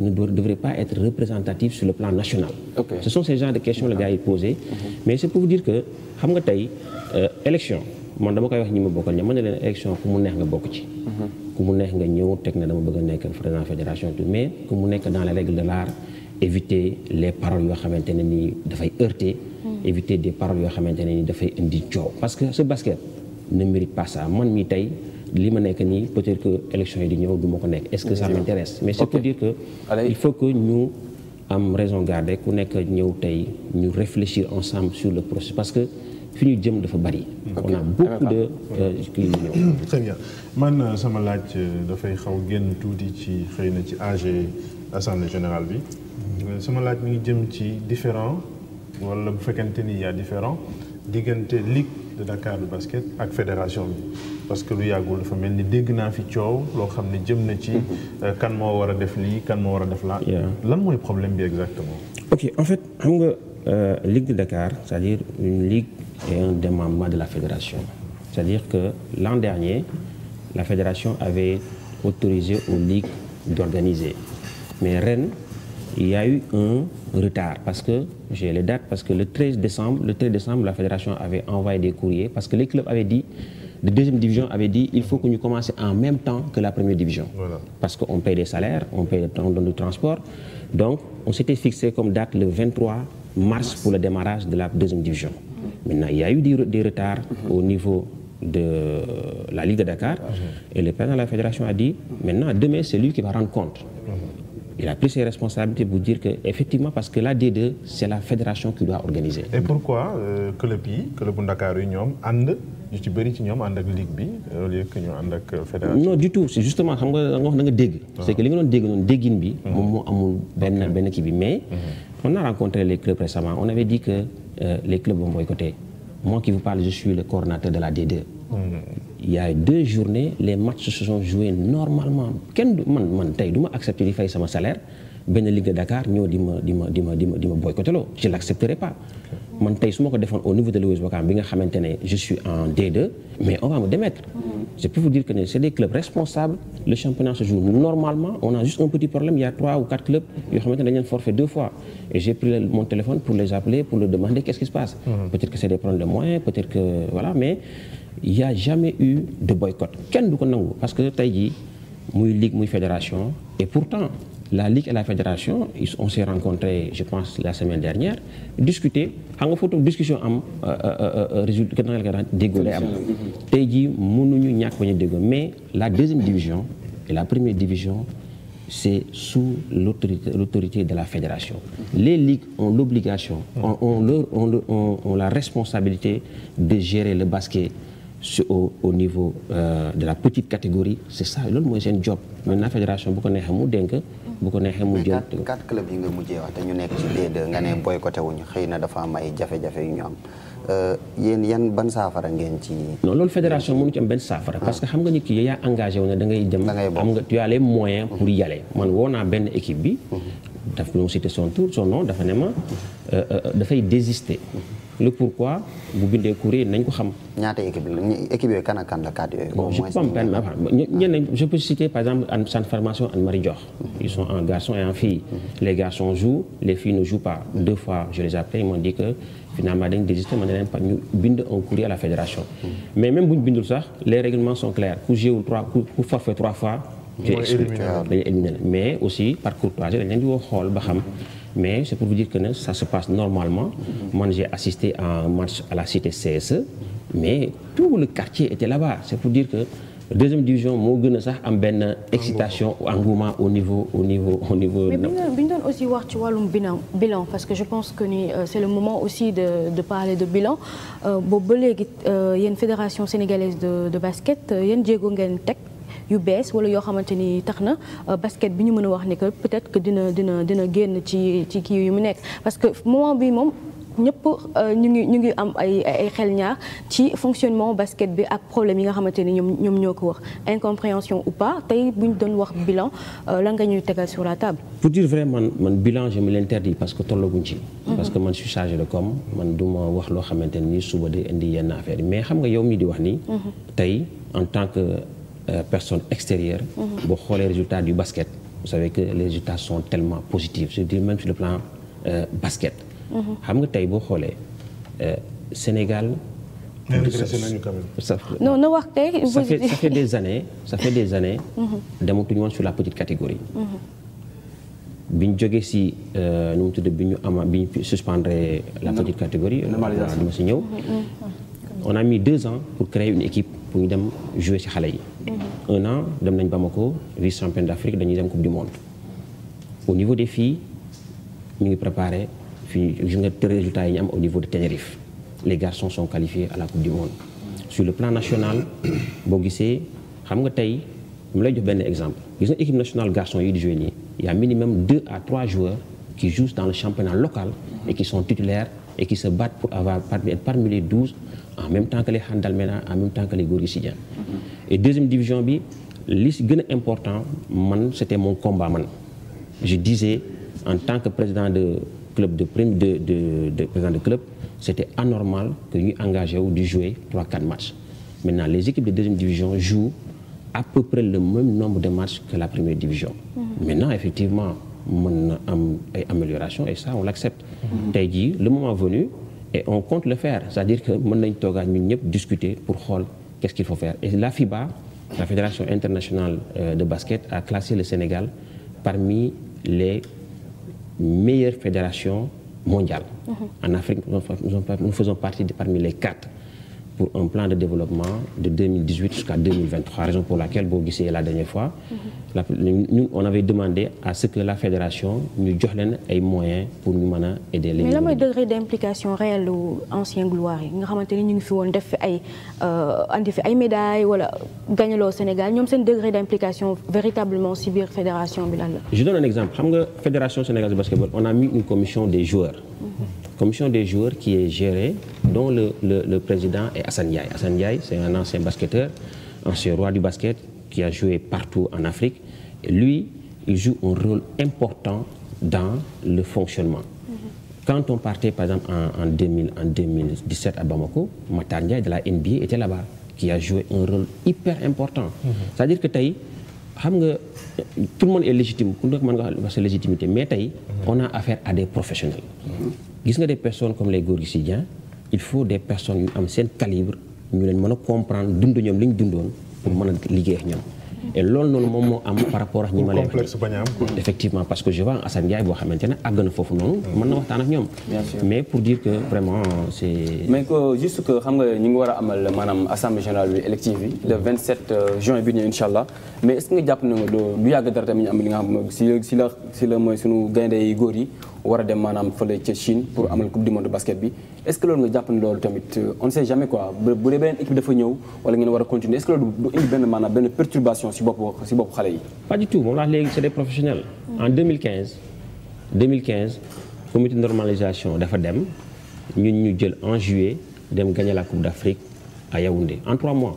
ne devrait pas être représentatif sur le plan national. Okay. Ce sont ces genres de questions voilà. les gars posé. Mm-hmm. Mais c'est pour dire que xam nga tey euh, élection man dama koy wax ñi ma bokk ña mën na leen élection ku mu neex nga bokk ci. Mhm. ku mu neex nga ñëw teg ne dama bëgg a nekk président fédération mais ku mu nekk dans les règles de l'art éviter les paroles yoo xamante ne nii dafay heurter. Hmm. éviter des paroles yoo xamante ne nii dafay indi coow. parce que ce basket ne mérite pas man mii tey li ma nekk nii peut-être que élection yi di ñëw du ko nekk. et ce que ça m'intéresse mais c'est pour dire que. il faut que ñu am raison garder ku nekk ñëw tey ñu réfléchir ensemble sur le processus parce que. fi ñu jëm dafa bari. on a beaucoup de kii ah, euh, yu man euh, sama laaj euh, dafay xaw génn tuuti ci xëy na ci AG assemblée général bi. sama laaj mi ngi jëm ci différent wala bu fekkente ni y a différent diggante ligue de Dakar de basket ak fédération bi. parce que lu yàggul dafa mel ni dégg naa fi coow loo xam ne jëm na ci mm-hmm. kan moo war a def lii kan moo war a def laa. lan mooy problème bi exactement. ok en fait xam nga Ligue de Dakar cest à une ligue et un démembrement de la fédération. C'est-à-dire que l'an dernier, la fédération avait autorisé aux ligues d'organiser. Mais Rennes, il y a eu un retard parce que, j'ai les dates, parce que le 13 décembre, le 13 décembre, la fédération avait envoyé des courriers parce que les clubs avaient dit de deuxième division avait dit il faut que ñu commencer en même temps que la première division. Voilà. parce que on paye des salaires mars pour démarrage de la deuxième division. maintenant il y a eu mhm. au niveau de euh, la Ligue de Dakar mhm. et le président fédération a maintenant demain c'est lui qui va il a pris ses responsabilités pour dire que effectivement parce que la D2 c'est la fédération qui doit organiser. et pourquoi euh, club yi club Ndakaaru yi ñoom ànd ñu ci bëri ci ñoom ànd ak ligue bi au lieu que ñu ànd ak euh, fédération. non du tout c'est justement xam nga nga dégg. Ah. c'est que li nga doon dégg noonu déggin bi. Mmh. moom moo amul benn benn kii bi mais. Mmh. on a rencontré les clubs récemment on avait dit que euh, les clubs vont boycotter moi qui vous parle je le coordonnateur de la il y a deux journées les matchs se sont joués normalement kenn du man ma accepté di fay sama salaire benn Ligue Dakar ñëw di ma di je l'accepterai pas man tey su ma ko defoon au niveau de l'OS bi nga xamante ne je suis en D2 mais on va me démettre mm-hmm. je peux vous dire que ne c'est des clubs responsables le championnat se joue normalement on a juste un petit problème il trois ou quatre clubs yoo xamante ne dañu leen deux fois et j'ai y a jamais eu de boycott kenn du ko nangu parce que tey jii muy ligue muy fédération et pourtant la ligue et la fédération on s'est rencontrés je pense la semaine dernière discuter xam photo foofu discussion am euh, euh, euh, résultat na nga déggoo lay am mm-hmm. tey jii mënuñu ñàkk bañ a déggoo mais la deuxième division et la première division c'est sous l'autorité l'autorité de la fédération les ligues ont l'obligation ont, ont, leur, ont, ont la responsabilité de gérer le basket su au au niveau euh, de la petite catégorie c' est ça loolu mooy seen job maintenant fédération bu ko neexee mu dénk. bu ko neexee mu jël mais quatre clubs yi nga mujjee wax te ñu nekk ci D2 nga ne boycotté wuñu xëy na dafa am ay jafe-jafe yu ñu am euh, yéen yan ban saafara ngeen ci. non loolu fédération mënu ci am benn saafara. parce que ah. xam nga nit ki yaa engagé wu ne da ngay dem. da ngay am nga tu as les moyens mhm. pour y man woo naa benn équipe bi. Mhm. daf doon cité son tour son nom dafa ne ma euh, dafay désister. Mhm. le pourquoi bu bindee kuréel nañ ko xam. ñaata équipe la équipe yooyu kan ak kan la cadre yooyu. au moins ñenn je peux citer par exemple en centre formation Anne Marie Dior. Mm-hmm. ils sont en garçon et en fille. Mm-hmm. les garçons jouent les filles ne jouent pas. Mm-hmm. deux fois je les appelais ils m'ont dit que finalement dañ désisté ma ne leen ñu bind un courrier à la fédération. mais même bu ñu bindul sax les règlements sont clairs ku jéewul trois ku forfait trois fois. dañuy éliminé mais aussi par courtoisie dañ leen di woo xool ba xam. mais c'est pour vous dire que ne ça se passe normalement. man j'ai assisté à un match à la cité CSE. mais tout le quartier était là-bas c'est pour dire que. deuxième division moo gën a sax am benn excitation engouement au niveau au niveau au niveau. mais bi ñu doon aussi wax ci wàllum bilan bilan parce que je pense que ni euh, c'est le moment aussi de de parler de bilan euh, boobu ba léegi euh, yéen fédération sénégalaise de de basket yéen jéego ngeen teg. yu bees wala yoo xamante ni tax na euh, basket bi ñu mën a wax ni que peut-être que dina dina génn ci kii yu mu nekk parce que moment bi moom ñëpp euh, ñu ngi ñu ngi am ay ay xel ñaar ci fonctionnement basket bi ak problème yi nga xamante ni ñoom ñoom ñoo ko wax incompréhension ou pas tey bu ñu doon wax bilan euh, lan nga ñuy tegal sur la table. pour dire vrai man man bilan je me l'interdis que tollaguñ ci. Mm-hmm. parce que man je suis chargé de com man du ma loo xamante ni suba day indi yenn affaire yi mais xam nga yow mii di wax nii. Mm-hmm. tey en tant que. Euh, personne extérieure. Mhm. boo xoolee résultat du basket. vous savez que les résultats sont tellement positifs je dis même sur le plan euh, basket. Mhm. xam nga tey boo xoolee euh, Sénégal. non na wax tey. ça fait ça fait des années ça fait des années. Mhm. dematuñu woon la petite catégorie. bi ñu jógee si nu mu tudd bi ñu ama bi ñu suspendre la petite catégorie. normalisation dama si ñëw. on a mis deux ans pour créer une équipe. pour ñu dem jouer ci xale yi. Mhm. un an dem nañ Bamako vice championne d'Afrique dañuy dem coupe du monde au niveau de filles ñu ngi préparé fii gis nga résultats yi ñu am au niveau de Tenerife les garçons sont qualifiés à la coupe du monde. su le plan national boo gisee xam nga tey mu lay jox benn exemple gis nga équipe nationale garçon yi di jouer nii y a minimum deux à trois joueurs qui jouent dans le championnat local et qui sont titulaires et qui se battent en même temps que les Handal Mena en même temps que les Gorgui deuxième division bi li si gën important man c'était mon combat man je disais en tant que président de club de prime de de de président de club c'était anormal que ñu engagé wu di jouer 3 4 matchs les équipes de deuxième division jouent à peu près le même nombre de matchs que la première division mmh. maintenant effectivement mën na am ay amélioration et ça on l'accepte mm-hmm. tey le moment venu et on compte le faire c'est-à-dire que mën nañ toogaat ñun ñëpp discuter pour xool qu'est-ce qu'il faut faire et la FIBA la fédération internationale euh, de basket a classé le Sénégal parmi les meilleures fédérations mondiales. Mm-hmm. en Afrique nous faisons partie de parmi les quatre. pour un plan de développement de 2018 jusqu'à 2023, raison pour laquelle, vous voyez la dernière fois, mm-hmm. la, nous, on avait demandé à ce que la fédération nous donne des moyens pour nous aider les Mais là, le degré d'implication réelle aux anciens gloires, nous avons des médailles, voilà, gagné au Sénégal, nous avons un degré d'implication véritablement si bien fédération. Je donne un exemple. La fédération sénégalaise de basketball, on a mis une commission des joueurs. Mm-hmm. commission des joueurs qui est le, le, le président est Hassan Ndiaye. Hassan Ndiaye, c'est un ancien basketteur, ancien en Afrique. Et lui, il joue important dans le fonctionnement. Mm -hmm. par exemple, en, en, 2000, en 2017 à Bamako, la NBA était là-bas, qui important. Mm-hmm. C'est-à-dire mm -hmm. que Taï, tout le monde est légitime, mais Taï, mm-hmm. on affaire à des professionnels. Mm-hmm. gis nga des personne comme les Gorgui Sy Dieng il faut des personnes yu am seen calibre ñu leen mën a comprendre dund ñoom li ñu dundoon pour mën a liggéey ak ñoom. noonu moom moo am par rapport ak ñi effectivement parce que je vois Assane Ndiaye boo xamante ne àgg na foofu noonu mën na waxtaan ak ñoom mais pour dire que vraiment c'est mais que juste que xam nga ñu ngi war a amal maanaam assemblée générale bi élective bi le 27 euh, juin bi ñu incha allah mais est ce que nga jàpp na nga yàgg dara tamit ñu am li nga xam si si la si la mooy suñu góor yi war a dem maanaam fële ca Chine pour amal coupe du monde basket bi est-ce que loolu nga jàpp loolu tamit euh, on ne jamais quoi bu dee wala ngeen war a continuer est-ce que loolu du indi benn maanaam benn perturbation si bopp si bopp xale yi. pas du tout moom la wax léegi c'est des professionnels. dafa dem ñun ñu jël en juillet dem gagner la coupe d'Afrique à Yaoundé en trois mois.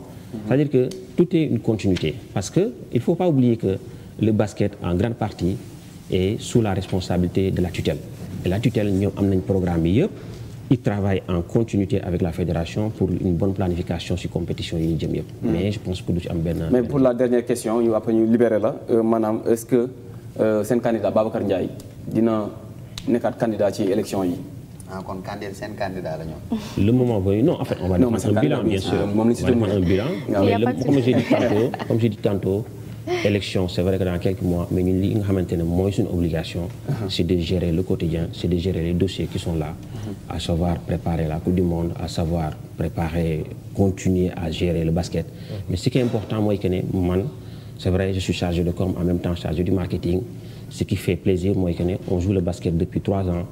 Mm-hmm. que tout est parce que il faut pas oublier que le basket en grande partie. est sous la responsabilité de la tutelle et la tutelle ñoom am nañ programme yi yëpp il travaille en continuité avec la fédération pour une bonne planification ci compétition yi ñu jëm yëpp hmm. mais je pense que du ci am benn mais pour la dernière question ñu après ñu libéré la euh, maanaam est-ce que euh, seen candidat Babacar Ndiaye dina nekkaat candidat ci élection yi ah kon candidat seen candidat la ñoom. le moment venu non en fait on va défendre bilan bien ah, sûr on va défendre un élection c'est vrai que dans quelques mois mais ñun li nga xamante ne mooy suñu obligation uh-huh. c'est de gérer le quotidien c'est de gérer les dossiers qui sont là uh-huh. à savoir préparer la coupe du monde à savoir préparer continuer à gérer le basket uh-huh. mais ce qui est important mooy que ne man c'est vrai je suis chargé de comme en même temps chargé du marketing ce qui fait plaisir mooy que ne on joue le basket depuis trois ans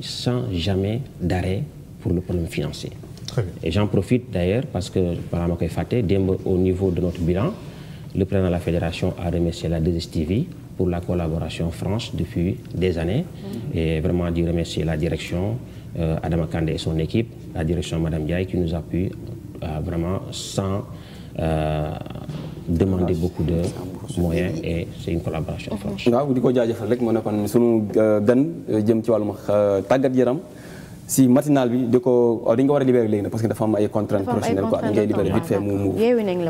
sans jamais d'arrêt pour le problème financier et j'en profite parce que balaa koy fàtte démb au niveau de notre bilan Le président de la fédération a remercié la DSTV pour la collaboration franche depuis des années mm-hmm. et vraiment dit remercier la direction euh, Adama Kande et son équipe, la direction Madame Diaye qui nous appuie euh, vraiment sans euh, demander beaucoup de moyens et c'est une collaboration mm-hmm. franche. waaw di ko jaajëfal rek moo nekkoon sunu euh, gan euh, jëm ci wàllum euh, tàggat yaram. si matinal bi di ko dañ ko war a libérer léegi parce que dafa am ay contraintes professionnelles quoi dañ mu mu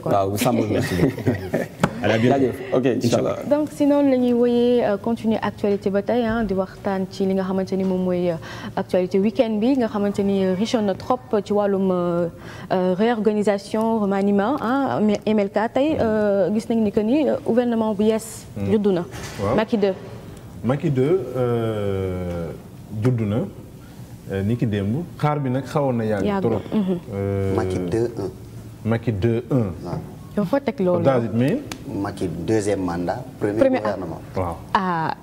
waaw sàmm jaajëf ok inchallah donc si noonu la ñuy wooyee euh, continuer actualité ba tey di waxtaan ci li nga xamante ni moom mooy euh, actualité week-end bi nga xamante ni euh, riche na trop ci wàllum réorganisation remaniement ah MLK tey gis nañ ni que ni gouvernement bu yees hmm. juddu na Macky 2 Macky 2 na Euh, ni ki xaar bi nag xawoon na yàgg trop. Mhm. Euh, Macky 2-1. Macky 2-1. yow foo teg loolu mais. Macky deuxième mandat. premier, premier gouvernement ah. Ah,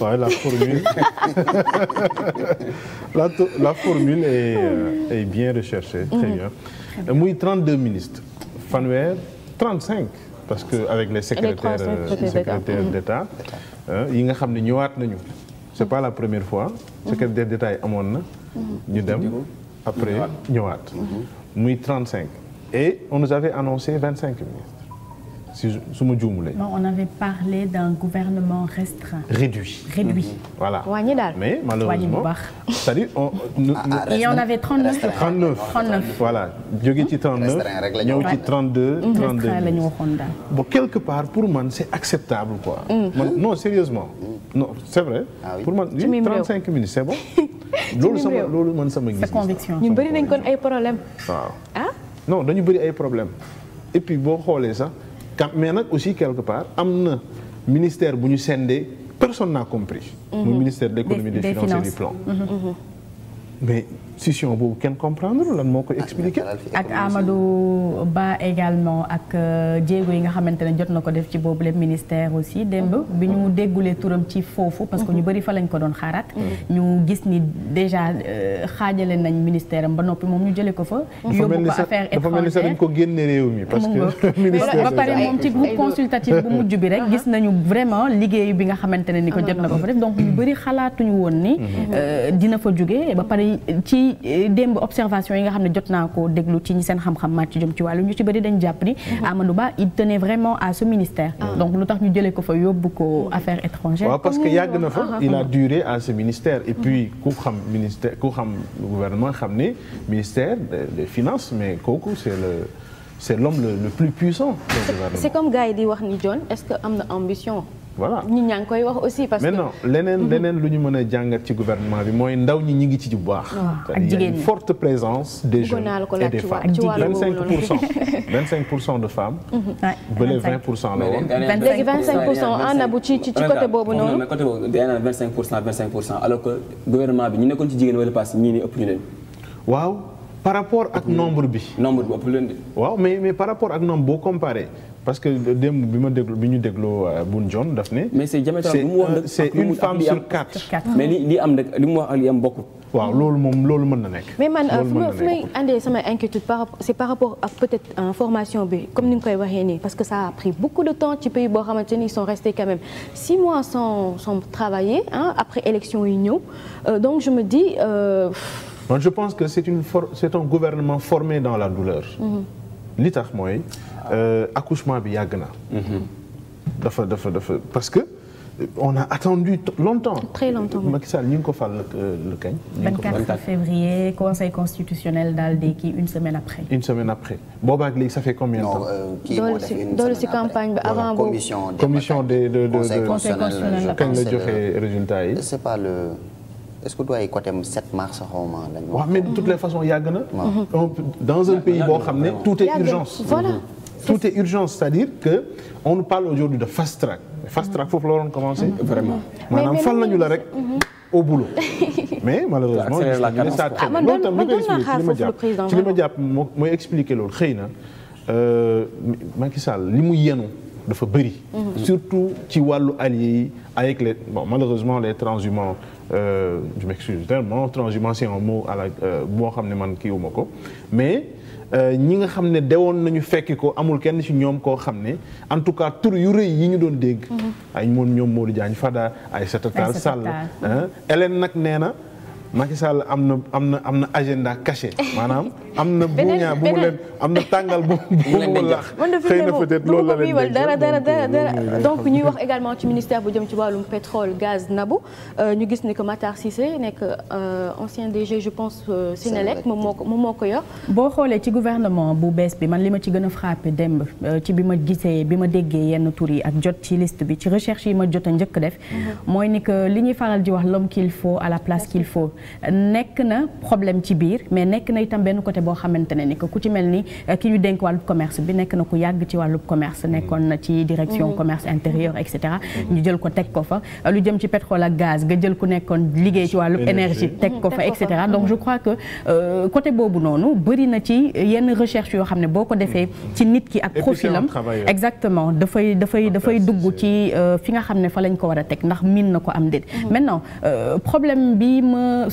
ah. la formule la formule euh, est bien recherchée. très mhm. bien muy 32 ministres. fanweer 35. parce que avec les secrétaires d'État mhm. yi nga xam ne ñëwaat nañu. c'est pas la première fois. secret des amoon na. ñu dem après ñëwaat. Mhm. muy 35. et on nous avait annoncé 25 ministres. si su ma juumulee. non on avait parlé d'un gouvernement restreint. réduit réduit. Mhm. voilà wàññi daal mais malheureusement c'est-à-dire on. y ah, ah, en avait 39. 39 39 voilà jóge ci 39. ñëw ci 32 32 mm-hmm. la ñu waxoon daal. bon quelque part pour man c'est acceptable quoi. Mm. man mm. non sérieusement mm. non c'est vrai. Ah pour man 35 minutes c'est bon. loolu sama loolu man sama gis. sa conviction ñu bëri nañ kon ay problèmes. waaw ah. non dañu bëri ay problèmes et puis boo xoolee sax. mais nag aussi quelque part am na ministère bu ñu sendee personne n'a compris. Mm-hmm. muy ministère de l'économie des, des finances et du plan. Mm-hmm. mais scission boobu kenn comprendre lan moo koy expliquer ak Amadou Ba également ak euh, jéego yi nga xamante ne jot na ko def ci boobu le ministère aussi démb bi ñu déggulee turam ci foofu parce que ñu bëri fa lañ ko doon xaaraat mm-hmm. ñu gis ni déjà euh, xaajale nañ ministère am ba noppi moom ñu jëlee ko fa mm-hmm. yóbbu ko affaire étrangère dafa mel ni sax dañ ko mi parce que ba pare moom ci groupe consultatif bu mujj bi rek gis nañu vraiment liggéeyu bi nga xamante ne ni ko jot na ko fa def donc ñu bëri xalaatuñu woon ni mm-hmm. euh, dina ci euh, démb observation yi nga xam ne jot naa ko déglu ci ñi seen xam-xam màcc jëm ci wàllu ñu ci bëri dañ jàpp ni mhm. Amadou Ba il tenait vraiment à ce ministère ah. donc lu tax ñu jëlee ko fa yóbbu ko mhm. affaires étrangères parce que yàgg na fa ah, ah, il a duré à ce ministère et mhm. puis ku xam ministère ku xam gouvernement xam ne ministère des finances mais kooku c'est le c'est l'homme le, le plus puissant c'est comme gars yi di wax ni John est-ce que am na ambition voilà ñi ñaa ngi koy wax aussi parce que mhm. leneen lu ñu mën a jàngat ci gouvernement bi mooy ndaw ñi ñi ngi ci bu baax. ak jigéen ñi mhm. bële la woon. ana bu ci ci boobu noonu. mais côté boobu day naan que gouvernement bi ñu nekkoon ci jigéen waaw par rapport ak nombre bi. nombre bi waaw mais par rapport ak nombre boo comparé. parce que démb bi ma déglu bi ñu dégloo euh, Boun Dionne daf ne. mais c'est diamétral mu wax c'est une femme sur quatre. mais li li am nag li mu wax ak li am bokkul. waaw loolu moom loolu mën na nekk. mais man fu ma fu may andee sama inquiétude par c'est par rapport ak peut-être formation bi comme ni nga koy waxee nii parce que ça a pris beaucoup de temps ci pays boo xamante ni ils sont restés quand même six mois sans sans travailler hein, après élection yi ñëw euh, donc je me dis. Euh... man je pense que c'est une for c'est un gouvernement formé dans la douleur. Mm-hmm. li tax mooy euh, accouchement bi yàgg na. Mm-hmm. dafa dafa dafa parce que on a attendu longtemps. très longtemps Macky Sall ñu euh, le kañ. ñu ngi ko fal 24 février conseil constitutionnel daal di kii une semaine après. une semaine après boobaa ak léegi ça fait combien temps. Euh, doolu si campagne bi avant commission des commission de de de conseil constitutionnel kañ la résultat yi. est-ce que du ay côté 7 mars xaw ma lañ. waaw mais de toutes les façons yàgg na. Mm-hmm. Mm-hmm. dans un pays boo xam ne tout est urgence. voilà mm-hmm. tout est urgence c'est-à-dire que on nous parle aujourd'hui de fast track. fast track foofu la waroon commencer. vraiment maanaam fal nañu la rek. au boulot mais malheureusement. ah man doon man doon naa xaar foofu le président ci li ma jàpp mooy expliquer loolu xëy na euh, Macky Sall li mu yenu dafa bëri. surtout ci wàllu alliés yi avec les bon malheureusement les transhumants. Euh, je m'excuse vraiment transhumance c'est un mot à la euh, xam ne man kiiwuma ko mais euh, ñi nga xam ne dewoon nañu fekki ko amul kenn ci ñoom koo xam ne en tout cas tur yu rëy yi ñu doon dégg. Mm-hmm. ay moom ñoom Modou Diagne Fada ay Aïssata Tall Sall Hélène nag nee na. Macky Sall am na am na am na agenda caché maanaam am na buuñaa bu mu leen am na tàngal bu mu lax xëy na peut-être la leen donc ñuy wax également ci ministère bu jëm ci wàllum pétrole gaz nabu euh, ñu gis ni que Matar si nekk euh, ancien DG je pense euh, Sénélec moom moo ko moo ko yor boo xoolee ci gouvernement bu bees bi man li ma ci gën a frappé demb ci bi ma gisee bi ma déggee yenn tur yi ak jot ci liste bi ci recherche yi ma jot a njëkk def mhm. mooy ni que li ñuy faral di wax l'homme qu'il faut à la place nekk na problème ci biir mais nekk na itam benn côté boo xamante ne ni que ku ci mel ni euh, ki ñu dénk wàllub commerce bi nekk na ku yàgg ci wàllub commerce nekkoon na ci direction mhm. commerce intérieur et cetera mhm. ñu jël ko teg ko fa lu jëm ci pétrole ak gaz nga jël ku nekkoon liggéey ci wàllub énergie teg ko mhm, fa et cetera donc je crois que euh, côté boobu noonu bëri na ci yenn recherche yoo xam ne boo ko defee ci nit ki ak profilam exactement dafay dafay dafay dugg ci euh, fi nga xam ne fa lañ ko war a teg ndax miin na ko am déet maintenant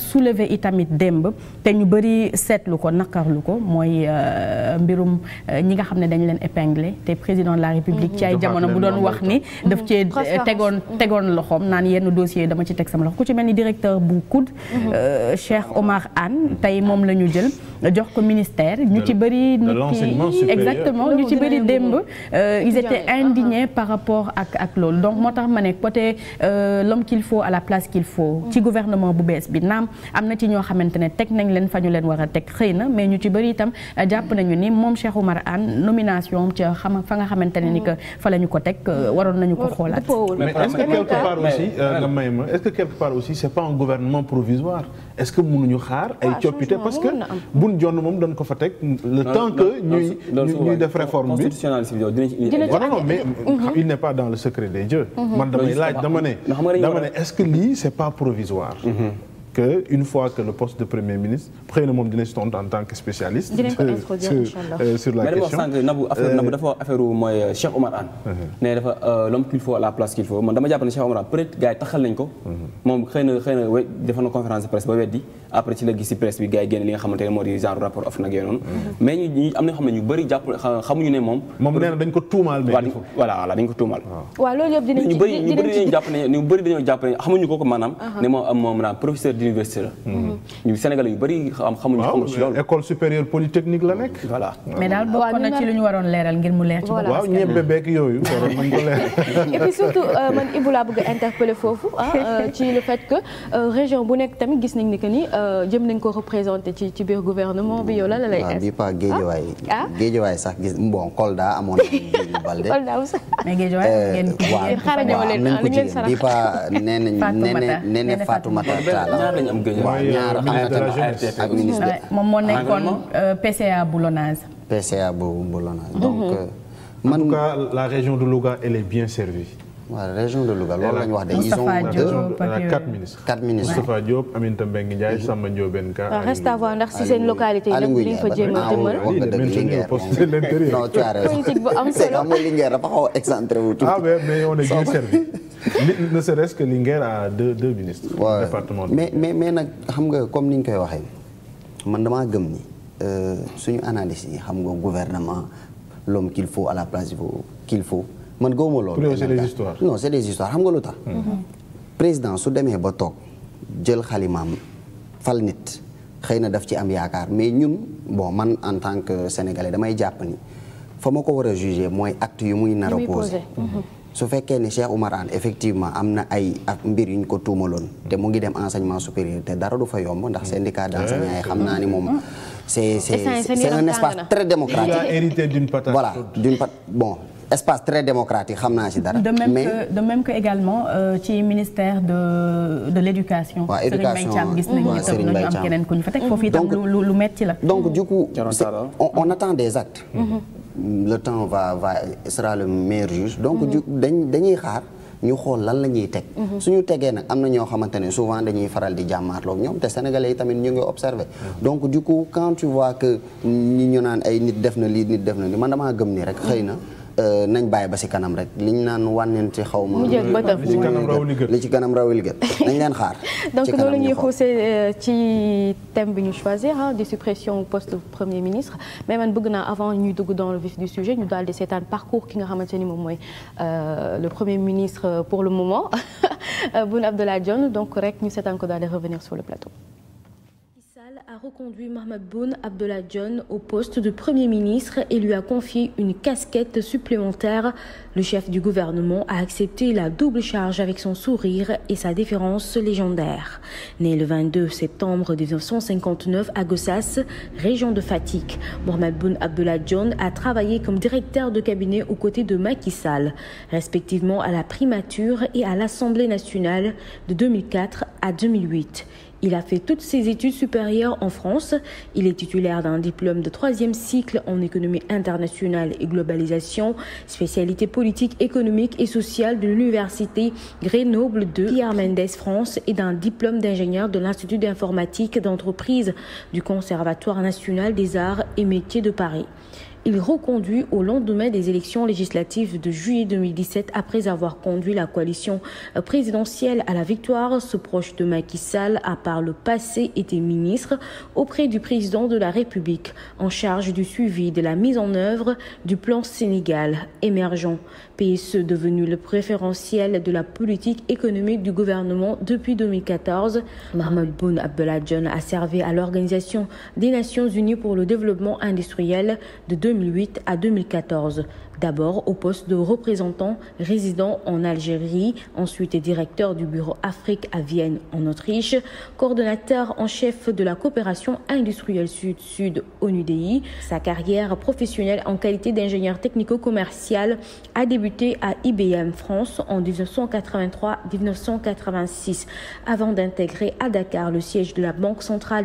soulever itamit démb te ñu bëri seetlu ko naqarlu ko mooy euh, mbirum euh, ñi nga xam ne dañu leen épinglé te président de la république ci ay jamono bu doon wax ni daf cee mmh. euh, tegoon tegoon loxoom naan yenn dossier dama ci teg sama loxo ku ci mel ni directeur bu COUD mmh. Cheikh Omar Anne tey moom la ñu jël jox ko ministère ñu ci bëri nit ki exactement ñu ci bëri démb ils étaient mmh. par rapport ak ak loolu donc moo tax ma ne côté l'homme qu'il faut à la place qu'il faut ci gouvernement bu bees bi am na ci ñoo xamante ne teg nañ leen fa ñu leen war a teg xëy na mais ñu ci bëri tam euh, jàpp nañu ni moom Cheikh Oumar Anne nomination ci xam fa nga xamante ne ni que fa la ñu ko teg euh, waroon nañu ko xoolaat. mais est-ce que quelque part aussi nga euh, may ma est-ce que quelque part aussi c'est pas un gouvernement provisoire est-ce que mënuñu xaar ay ah, que buñ jonn moom dañ ko fa teg le temps que ñuy ñuy def réforme bi non mais mhm. il n'est pas dans le secret des dieux mhm. man damay laaj dama ne dama est que lii c'est que une fois le poste de premier ministre xëy moom dina si tontu en tant que spécialiste. Euh, sur la question mais sànq Nabou euh, dafa affaire mooy euh, Cheikh Omar Anne. Uh-huh. ne dafa l'homme qu'il faut à la place qu'il faut man dama jàpp ne Omar Anne peut-être yi taxal nañ ko. Uh-huh. moom xëy na xëy na conférence de ba weddi après ci la gis ci presse bi gars yi génn xamante ne moo di genre rapport of nag yooyu mais ñu am na ñu bëri jàpp xamuñu ne moom moom nee na ko tuumaal voilà ne moom moom naam professeur d'université la uh-huh. ñu Sénégalais yu bëri xamuñu xamuñu ci loolu école supérieure polytechnique la nekk voilà mais daal bokk na ci lu leeral ngir mu leer ci waaw ñebe beeg yooyu waroon nañ ko leer et puis surtout euh, ah, euh, ci le fait que euh, région bu nekk tamit gis Euh, jëm nañ ko représenté ci ci biir gouvernement bi yow la la lay. waaw bii pas Géejawaay. ah, ah? sax gis bon Kolda amoon na Balde. Kolda aussi mais Géejawaay euh, ngeen ah, ko. waaw waaw nañ ko ci nee nañ nee nañ Fatoumata am na tamit ak ministre. moom moo nekkoon euh, PCA Boulonase. PCA boobu Boulonase mhm. donc. en tout la région de Louga elle est bien servie. waa région de Louga loolu lañu wax de ils ont deux euh, quatre ministres quatre ministres Moustapha Diop Aminata Mbengue Ndiaye mmh. Samba Ndiobène Ka reste à voir ndax si seen a dëmal non am solo amul Linguère dafa xaw a excentré wu tuuti ah mais mais on est bien a deux mais mais mais nag xam nga comme ni ñu koy waxee man damaa gëm ni euh, suñu analyse yi xam nga gouvernement l'homme qu'il faut à la place qu'il faut man gëwuma loolu. pour c'est des histoires. non c'est des histoires xam nga lu tax. Mm-hmm. président su demee ba toog jël xalimaam fal nit xëy na daf ci am yaakaar mais ñun bon man en tant que sénégalais damay jàpp ni fa ma ko war a jugé mooy acte yu muy nar a mm-hmm. su fekkee ni Cheikh Oumar Anne effectivement am na ay ak mbir yu ñu ko tuumaloon te mu ngi dem ensegnement supérieur dara du fa yomb ndax syndicat mm-hmm. d'enseignants yi xam naa ni moom. c'est c'est c'est un espace démocratique. a hérité d'une patate chaude bon. espace très démocratique xam naa si dara. de même mais... que de même que également euh, ci euh, ministère de de l'éducation. waaw éducation waaw Serigne Mbaye Thiam gis ñu fa teg foofu itam lu lu metti la. donc du coup on, on attend de actes. Mhm. Mm-hmm. le temps va sara sera le meilleur juge. donc mhm. du dañuy xaar. ñu xool lan la ñuy teg mhm. suñu tegee nag am na ñoo xamante ne souvent dañuy faral di jàmmaarloog ñoom te sénégalais yi tamit ñu ngi observé donc du coup quand tu vois que ñi ñu naan ay nit def na lii nit def na li man damaa gëm ni rek xëy na Euh, nañ bàyyi ba si kanam rek liñ naan wan wànneen ci xaw ma. mu jël ba li ci kanam rawul gët leen xaar. donc loolu ñuy xuusee euh, ci thème bi ñu choisir ah de suppression poste premier ministre mais man bëgg naa avant ñuy dugg dans le vif du sujet ñu daal di seetaan parcours ki nga xamante ni moom mooy euh, le premier ministre pour le moment Boun Abdallah Dionne donc rek ñu seetaan ko daal di revenir sur le plateau. a reconduit Mohamed Boun Abdullah John au poste de Premier ministre et lui a confié une casquette supplémentaire. Le chef du gouvernement a accepté la double charge avec son sourire et sa déférence légendaire. Né le 22 septembre 1959 à Gossas, région de Fatigue, Mohamed Boun Abdullah John a travaillé comme directeur de cabinet aux côtés de Macky Sall, respectivement à la primature et à l'Assemblée nationale de 2004 à 2008. Il a fait toutes ses études supérieures en France. Il est titulaire d'un diplôme de troisième cycle en économie internationale et globalisation, spécialité politique, économique et sociale de l'université Grenoble de Pierre Mendès France et d'un diplôme d'ingénieur de l'Institut d'informatique d'entreprise du Conservatoire national des arts et métiers de Paris. Il reconduit au lendemain des élections législatives de juillet 2017 après avoir conduit la coalition présidentielle à la victoire. Ce proche de Macky a par le passé été ministre auprès du président de la République en charge du suivi de la mise en œuvre du plan Sénégal émergent, PSE devenu le préférentiel de la politique économique du gouvernement depuis 2014. Mahmoud Boun Abdullah John a servi à l'Organisation des Nations Unies pour le développement industriel 2008 à 2014, d'abord au poste de représentant résident en Algérie, ensuite directeur du bureau Afrique à Vienne la coopération industrielle sud-sud ONUDI. Sa carrière professionnelle en qualité d'ingénieur technico-commercial a débuté la Banque centrale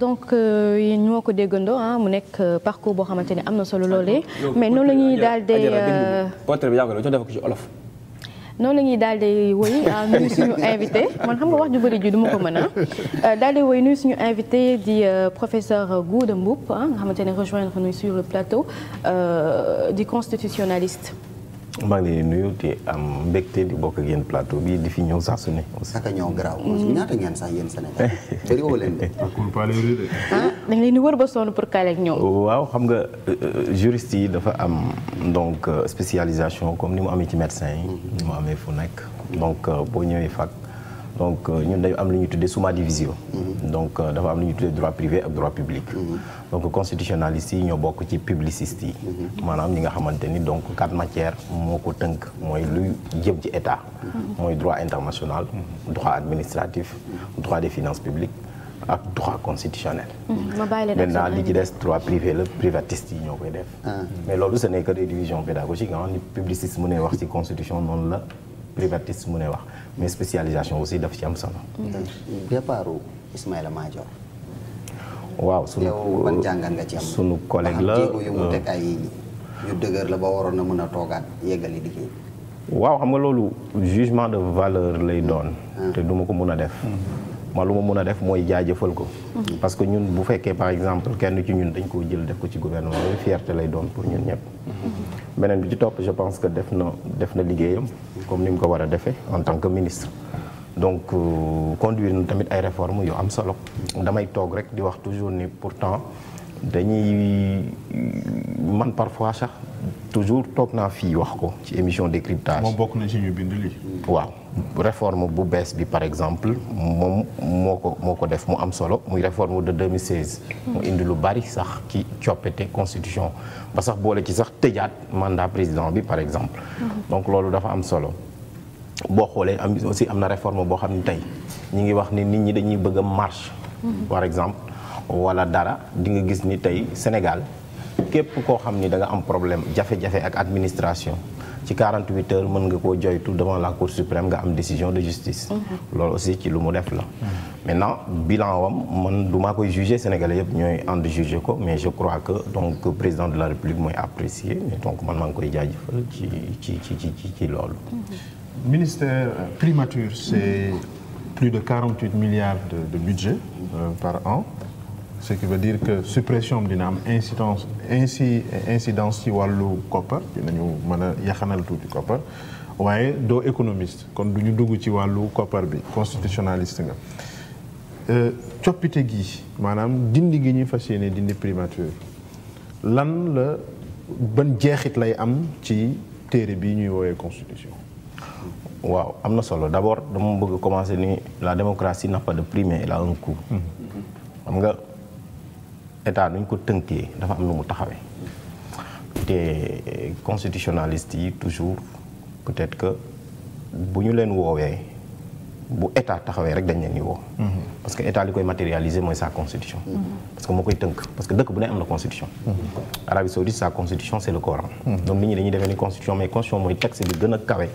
donc euh, ñoo ko déggandoo ah mu nekk euh, parcours boo xamante ni am na solo ah, loolee. mais noonu la ñuy daal de. Euh, portrait bi yaa ngi def ko ci olof. noonu la ñuy daal di woy ah, invité man xam nga wax ju bëri ji du ma ko mën a ah. daal di woy nuyu suñu invité di professeur Gouda Mboup nga xamante ne rejoindre nous sur le plateau di constitutionnaliste. maa ngi lay nuyu di am mbégte di bokk ak yéen plateau bi di fi ñëw sax su ne. saka ñëw garaaw. Mm-hmm. ñaata ngeen sax yéen Sénégal bëri woo leen de. Ah, dañ leen di wër ba sonn pour kaale ak waaw xam nga euh, euh, juriste yi dafa am donc euh, spécialisation comme ni mu amee ci médecin yi. Mm-hmm. ni mu amee fu nekk donc boo ñëwee fac donc euh, ñun dañu am lu ñuy tuddee summa divisio mhm. donc euh, dafa am lu ñu tuddee droit privé ak droit public mhm. donc constitutionnaliste yi ñoo bokk ci publiciste yi mhm. maanaam li nga xamante ni donc quatre matière moo ko tënk mooy lu jëm ci état mooy droit international droit administratif droit de finance publiques ak droit constitutionnel maintenant li ci des droit privé la privatiste yi ñoo koy def ah. mais loolu ce n'est que des divisions pédagogiques ah ni publiciste mu wax ci constitution noonu la privatiste mu ne wax mais spécialisation aussi daf ci am solo. départu Ismaïla Madior. waaw sunu yow ban jàngat nga ci sunu collègue la yu mu euh, ay yu dëgër la ba waroon na mën a toogaat yeggali liggéey. waaw xam nga loolu jugement de valeur lay doon. Ah. te duma ko mun a def. Hmm. ma lu ma mun a def mooy jaajëfal ko. parce que ñun bu fekkee par exemple kenn ci ñun dañ koo jël def ko ci gouvernement bi fierté lay doon pour ñun ñëpp. beneen bi ci topp je pense que def na def na liggéeyam comme ni mu ko war a defee en tant que ministre. donc euh, conduire na tamit ay réformes yu am solo. damay toog rek di wax toujours ni pourtant dañuy man parfois sax toujours toog naa fii wax ko ci émission décryptage. moom bokk na ci ñu bind lii. waaw. reforme bu bees bi par exemple moom moo ko moo ko def mu am solo muy réforme de 2016. mu indi lu bari sax ci coppite constitution ba sax boole ci sax tëjaat mandat président bi par exemple. Mhm. donc loolu dafa am solo. boo xoolee am aussi am na réforme boo xam ni tey ñu ngi wax ni nit ñi dañuy bëgg a marche. Mhm. par exemple wala dara di nga gis ni tey Sénégal képp koo xam ni da nga am problème jafe-jafe ak administration. ci 48 heures mën nga koo joytu devant la cour suprême nga am décision de justice. Mm-hmm. loolu aussi ci lu mu def la. mais mm-hmm. maintenant bilan wam man du maa koy jugé Sénégalais yëpp ñooy ànd juge ko mais je crois que donc président de la République mooy apprécié donc man maa ngi koy jaajëfal ci ci ci ci ci loolu. Mm-hmm. ministère euh, primature c'est plus de 48 milliards de, de budget euh, par an. ce qui veut dire que suppression dina am incidence inci incidence ci wàllu koppar dinañu mën a yaxanal tuuti koppar waaye doo économiste kon du ñu dugg ci wàllu koppar bi constitutionnaliste nga euh, coppite gi maanaam dindi gi ñuy fas yéene dindi primature lan la ban jeexit lay am ci téere bi ñuy woowee constitution waaw am na solo d'abord dama bëgg commencer ni la démocratie n'a de prix mais elle a un coût état nuñ ko tënkee dafa am lu mu taxawee te constitutionnaliste yi toujours peut-être que bu ñu leen woowee bu état taxawee rek dañ leen di woo. Mhm. parce que état li koy matérialiser mooy sa constitution. Mhm. parce que moo koy tënk parce que dëkk bu ne am na constitution. Mhm. Arabie Saoudite sa constitution c'est le Coran. donc nit ñi dañuy defee ni constitution mais constitution mooy texte bi gën a kawe.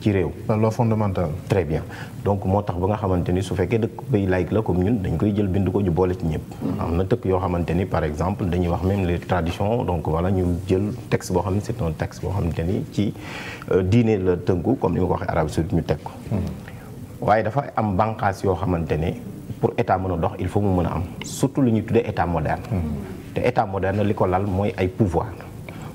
ci réew. loi fondamentale. très bien donc moo tax ba nga xamante ni su fekkee dëkk bay laïque la comme ñun dañ koy jël bind ko ñu boole ci ñëpp. Mm-hmm. na dëkk yoo xamante ni par exemple dañuy wax même les traditions donc voilà ñu jël texte boo xam ne c'est un texte boo xamante ni ci euh, diine la tënku comme ni ma ko waxee Arabie Saoudite ñu teg ko. Mm-hmm. waaye dafa am bànqaas yoo xamante ne pour état mën a dox il faut mu mën a am surtout lu ñuy tuddee état moderne. Mm-hmm. te état moderne li ko lal mooy ay pouvoir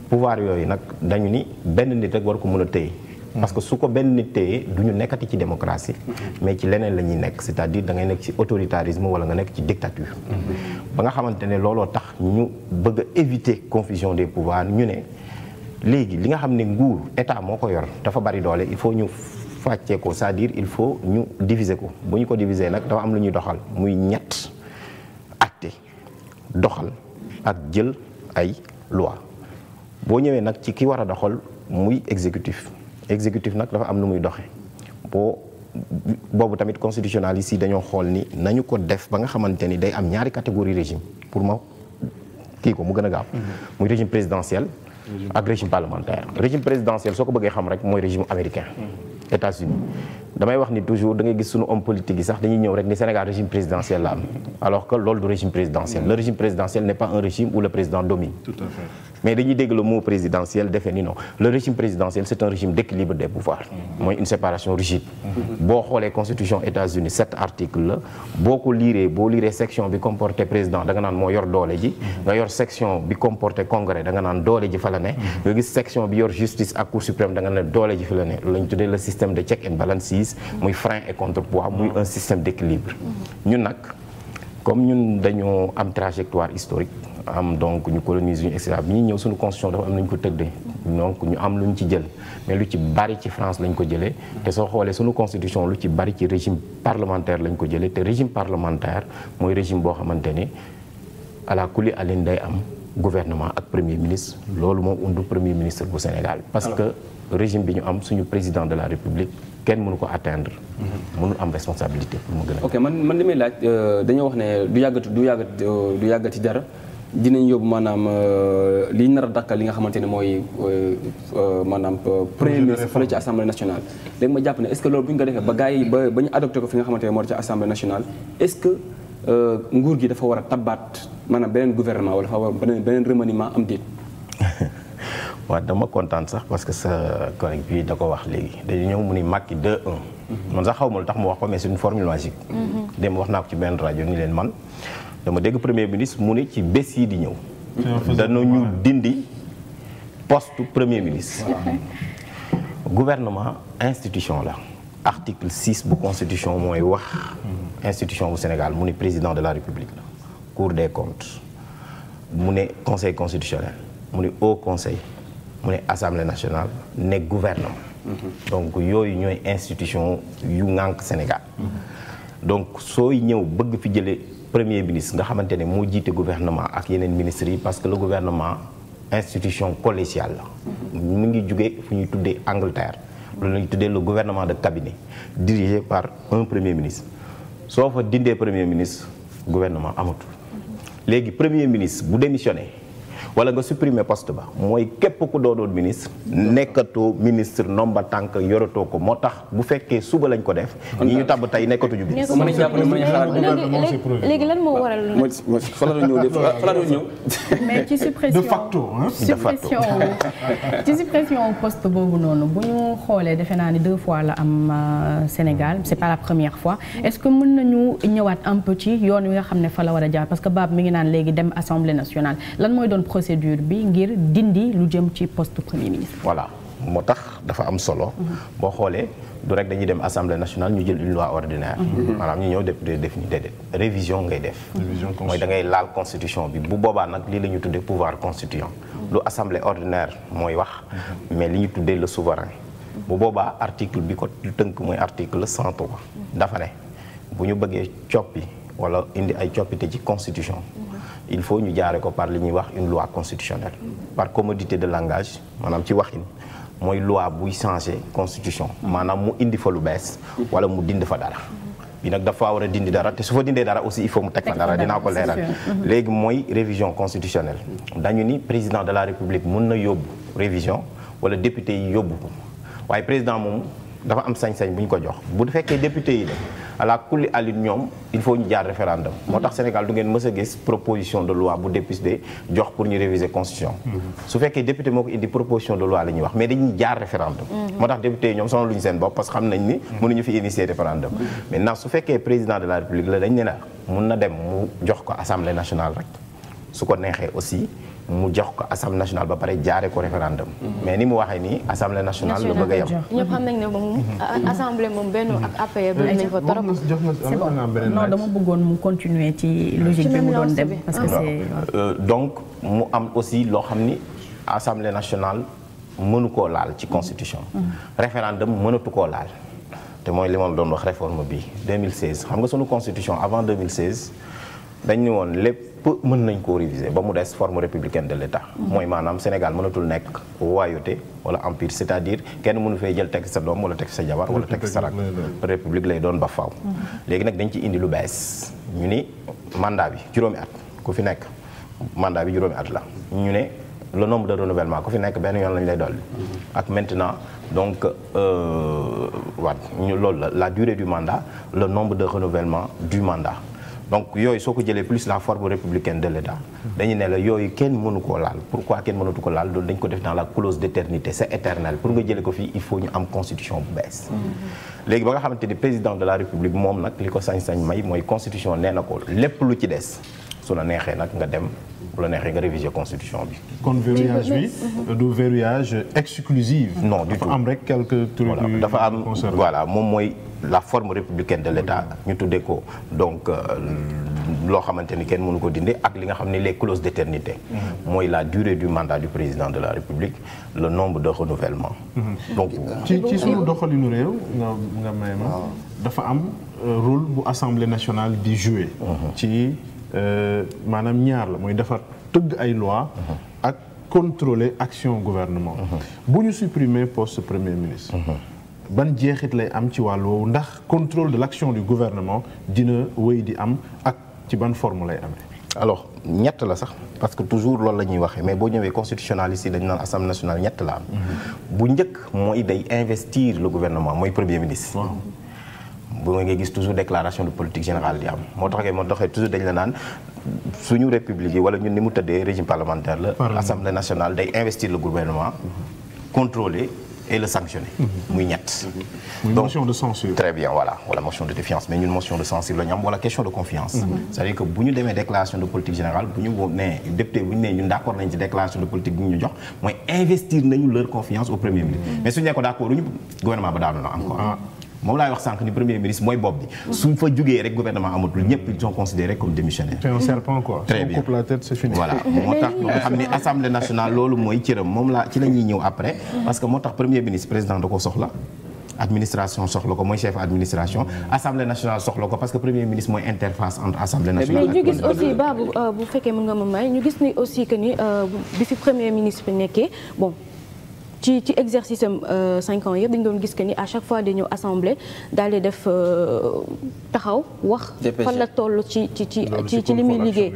pouvoir yooyu nag dañu ni benn nit rek war ko mën a téye. parce que su ko benn nit téye du ñu nekkati ci démocratie mais ci leneen la ñuy nekk c'est-à-dire dangay ngay nekk ci autoritarisme wala nga nekk ci dictature ba nga xamante ne looloo tax ñu bëgg a éviter confusion des pouvoirs ñu ne léegi li nga xam ne nguur état moo ko yor dafa bari doole il faut ñu fàccee ko cest dire il faut ñu diviser ko bu ñu ko diviser nag dafa am lu ñuy doxal muy ñett acte doxal ak jël ay loi boo ñëwee nag ci ki war a doxal muy exécutif exécutif nag dafa am nu muy doxe boo boobu tamit constitutionnalistes yi dañoo xool ni nañu ko def ba nga xamante ni day am ñaari catégorie régime pour ma kii ko mu gën a gaaw mhm. muy régime présidentiel ak régime parlementaire régime présidentiel soo ko bëggee xam rek mooy régime américain mhm. États-Unis damay wax ni toujours da ngay gis sunu homme politique yi sax dañuy ñëw rek ni Sénégal régime présidentiel la am alors que loolu régime présidentiel président domine tout à fait mais dañuy dégg le mot présidentiel defee ni non le régime présidentiel c' un régime d' équilibre des mooy une séparation rigide boo xoolee constitution États-Unis cet article la boo ko liiree boo liiree section bi comporté président da nga naan moo yor doole ji nga yor section bi comporté congrès da nga naan doole ji fa la ne nga gis section bi yor justice ak cour suprême da nga naan doole ji fa la ne lañ tuddee le système de check and ñun nag comme ñun dañoo am trajectoire am donc ñu coloniser ñu et cetera bi ñuy ñëw suñu constitution dafa am nañu ko tëddee donc ñu am lu ñu ci jël mais lu ci bari ci France lañ ko jëlee te soo xoolee suñu constitution lu ci bari ci régime parlementaire lañ ko jëlee te régime parlementaire mooy régime boo xamante ni ala kuli alin day am gouvernement ak premier ministre loolu moo undu premier ministre bu Sénégal parce que régime bi ñu am suñu président de la République kenn mënu ko atteindre. Mhm. mënul am responsabilité pour a. man man li may laaj euh, dañoo wax ne du yàggati du yàggati euh, du yàggati dara. dinañ yóbbu maanaam euh, li nar a dakkal li nga xamante ne mooy euh, euh, maanaam premier ministre fële ci assemblée nationale léegi ma jàpp ne est ce que loolu bu ñu ko defee ba gars yi ba ba ñu adopté ko fi nga xamante ne moo ci assemblée nationale est ce que nguur gi dafa war a tabaat maanaam beneen gouvernement wala dafa war beneen beneen remaniement am déet waaw dama kontaan sax parce que sa collègue bi da ko wax léegi dañu ñëw mu ni Macky 2 1 mhm. man sax xaw ma tax mu wax ko mais c'est formule magique dem mhm. wax naa ko ci benn rajo ni leen man dama dégg premier ministre mu ne ci bés yi di ñëw. danañu dindi poste premier ministre. gouvernement institution la. article six bu constitution mooy wax. Hmm. institution bu Sénégal mu ne président de la république la. cour des comptes mu ne conseil constitutionnel mu ne haut conseil mu ne assemblée nationale ne gouvernement. Mm-hmm. donc yooyu ñooy institution yu ŋànk Sénégal. Mm-hmm. donc sooy ñëw bëgg fi jëlee. premier ministre nga xamante ne moo jiite gouvernement ak yeneen ministres yi parce que le gouvernement institution collégiale la mu ngi jugee fu ñuy tuddee Angleterre loolu la ñuy tuddee le gouvernement de cabinet dirigé par un premier ministre soo fa dindee premier ministre gouvernement amatul léegi premier ministre bu démissionné wala nga supprimer poste ba mooy képp ku doonoon ministre nekkatu ministre nomba tànk yoratoo ko moo tax bu fekkee suba lañ ko def ñi ñu tabb tey nekkatuñu ministre léegi lan moo waral fa la la ñëw mais ci suppression de facto suppression ci suppression boobu noonu bu ñu xoolee defe naa ni deux fois la am euh, Sénégal c'est par la première fois est-ce que mën nañu ñëwaat un peu ci yoon wi nga xam ne fa la war a jaar parce que Bab mi ngi naan léegi dem assemblée nationale lan mooy procédure bi ngir dindi lu jëm ci poste premier ministre. voilà moo tax dafa am solo. boo xoolee du rek dañuy dem assemblée nationale ñu jël une loi ordinaire. Mhm. maanaam ñu ñëw député def ñu déedéet révision ngay def. mooy da ngay laal constitution bi bu boobaa nag lii la ñu tuddee pouvoir constituant. lu assemblée ordinaire mooy wax. Mhm. mais li ñu tuddee le souverain. bu boobaa article bi ko tënk mooy article ko dafa ne bu ñu bëggee coppi wala indi ay coppite ci constitution. il faut ñu jaare ko par li ñuy wax une loi constitutionnelle par commodité de langage maanaam ci waxin mooy loi buy changer constitution maanaam mu indi fa lu bees wala mu dind fa dara bi nag dafa war a dindi dara te su fa dindee dara aussi il faut mu teg fa dara dinaa ko leeral mhm. léegi mooy révision constitutionnelle dañu ni président de la république mun na yóbbu révision wala député yi yóbbu ko waaye président moom dafa am sañ-sañ bu ñu ko jox bu fekkee député yi la ala kulli alit ñoom il faut ñu jaar référendum moo tax Sénégal du ngeen mës a gis proposition de loi bu député jox pour ñu réviser constitution su fekkee député moo ko indi proposition de loi la ñuy wax mais dañuy jaar référendum moo tax député yi ñoom sonal lu ñu seen bopp parce que xam nañ ni mënuñu fi initier référendum maintenant su fekkee président de la république la dañ ne la mun na dem mu jox ko assemblée nationale rek su ko neexee aussi mu jox ko assemblée nationale ba pare jaare ko référendum. Mhm. mais ni mu waxee nii assemblée nationale la bëgg a yem. ñëpp xam nañ ne moom dama bëggoon mu continuer ci logique bi mu doon dem. parce que ah. euh, donc mu am aussi loo xam ni assemblée nationale mënu koo laal ci constitution. Mhm. référendum mënatu koo laal. te mooy li ma doon wax réforme bi 2016 xam nga sunu constitution avant 2016 dañ ne woon lépp. pour mën nañ koo réviser ba mu des forme républicaine de l'État mooy maanaam Sénégal mënatul nekk royauté wala empire c'est-à-dire kenn mënu fee jël teg sa doom wala teg sa jabar wala teg sa rak république lay doon ba faaw léegi nag dañ ci indi lu bees ñu ni mandat bi juróomi at ku fi nekk mandat bi juróomi at la ñu ne le nombre de renouvellement ku fi nekk benn yoon lañ lay dolli ak maintenant donc euh, waat ñu loolu la la durée du mandat le nombre de renouvellement du mandat donc yooyu soo ko jëlee plus la forme républicaine de l'État dañu ne la yooyu kenn mënu koo laal pourquoi kenn mënatu ko laal loolu dañ ko def dans la clause d'éternité c'est éternel pour nga jëlee ko fii il faut ñu am constitution bu bees léegi ba nga xamante ni président de la république moom nag li ko sañ-sañ may mooy constitution nee na ko lépp lu ci des su la neexee nag nga dem bu la neexee nga réviser constitution bi. kon verrouillage bi du verrouillage exclusive. non du tout am rek quelques trucs dafa am voilà moom mooy la forme républicaine de l'État ñu tuddee ko donc. Euh, loo xamante ni kenn mënu ko dindi ak li nga xam ne les clauses d'éternité mhm. mooy la durée du mandat du président de la République le nombre de renouvellements mhm. donc ci ci suñu doxalinu réew nga nga may ma ah. dafa am euh, rôle bu Assemblée nationale di jouer mhm. ci Euh, maanaam ñaar la mooy defar tëgg ay loi uh-huh. ak contrôler action gouvernement uh-huh. bu ñu supprimer poste premier ministre uh-huh. ban jeexit lay am ci wàll woowu ndax contrôle de l'action du gouvernement dina wéy di am ak ci ban forme lay amee alors ñett la sax parce que toujours loolu la ñuy waxee mais boo ñëwee constitutionnaliste yi dañu naan assemblée nationale ñett la am mm-hmm. bu njëkk mooy day investir le gouvernement mooy premier ministre bu nga gis toujours déclaration de politique générale di am moo tax moo taxee toujours dañ la naan suñu république yi wala ñun ni mu tëddee régime parlementaire la assemblée nationale day investir le gouvernement contrôler et le sanctionner. Mm-hmm. muy ñett. Mm-hmm. très bien voilà motion de défiance mais ñun motion de censure la am wala question de confiance. Mm-hmm. cest à que bu ñu demee déclaration de politique générale bu ñu nee député bu ñu nee ñu jox mooy moom laay wax sànq ni premier ministre mooy bopp bi. suñ fa jugee rek gouvernement amatul ñëpp ils sont comme démissionnaires. très bien on moo tax nga xam ni assemblée nationale loolu mooy cëram moom laa ci la ñëw après. parce que moo tax premier ministre président da soxla. administration soxla ko mooy chef administration assemblée nationale soxla ko parce que premier ministre mooy interface entre assemblée nationale. mais euh, ñu gis aussi ci ci exercice am 5 euh, ans yëpp dañu doon gis que ni à chaque fois dañoo assemblée daal di def euh, taxaw wax. fan la toll ci ci ci ci ci li muy liggéey.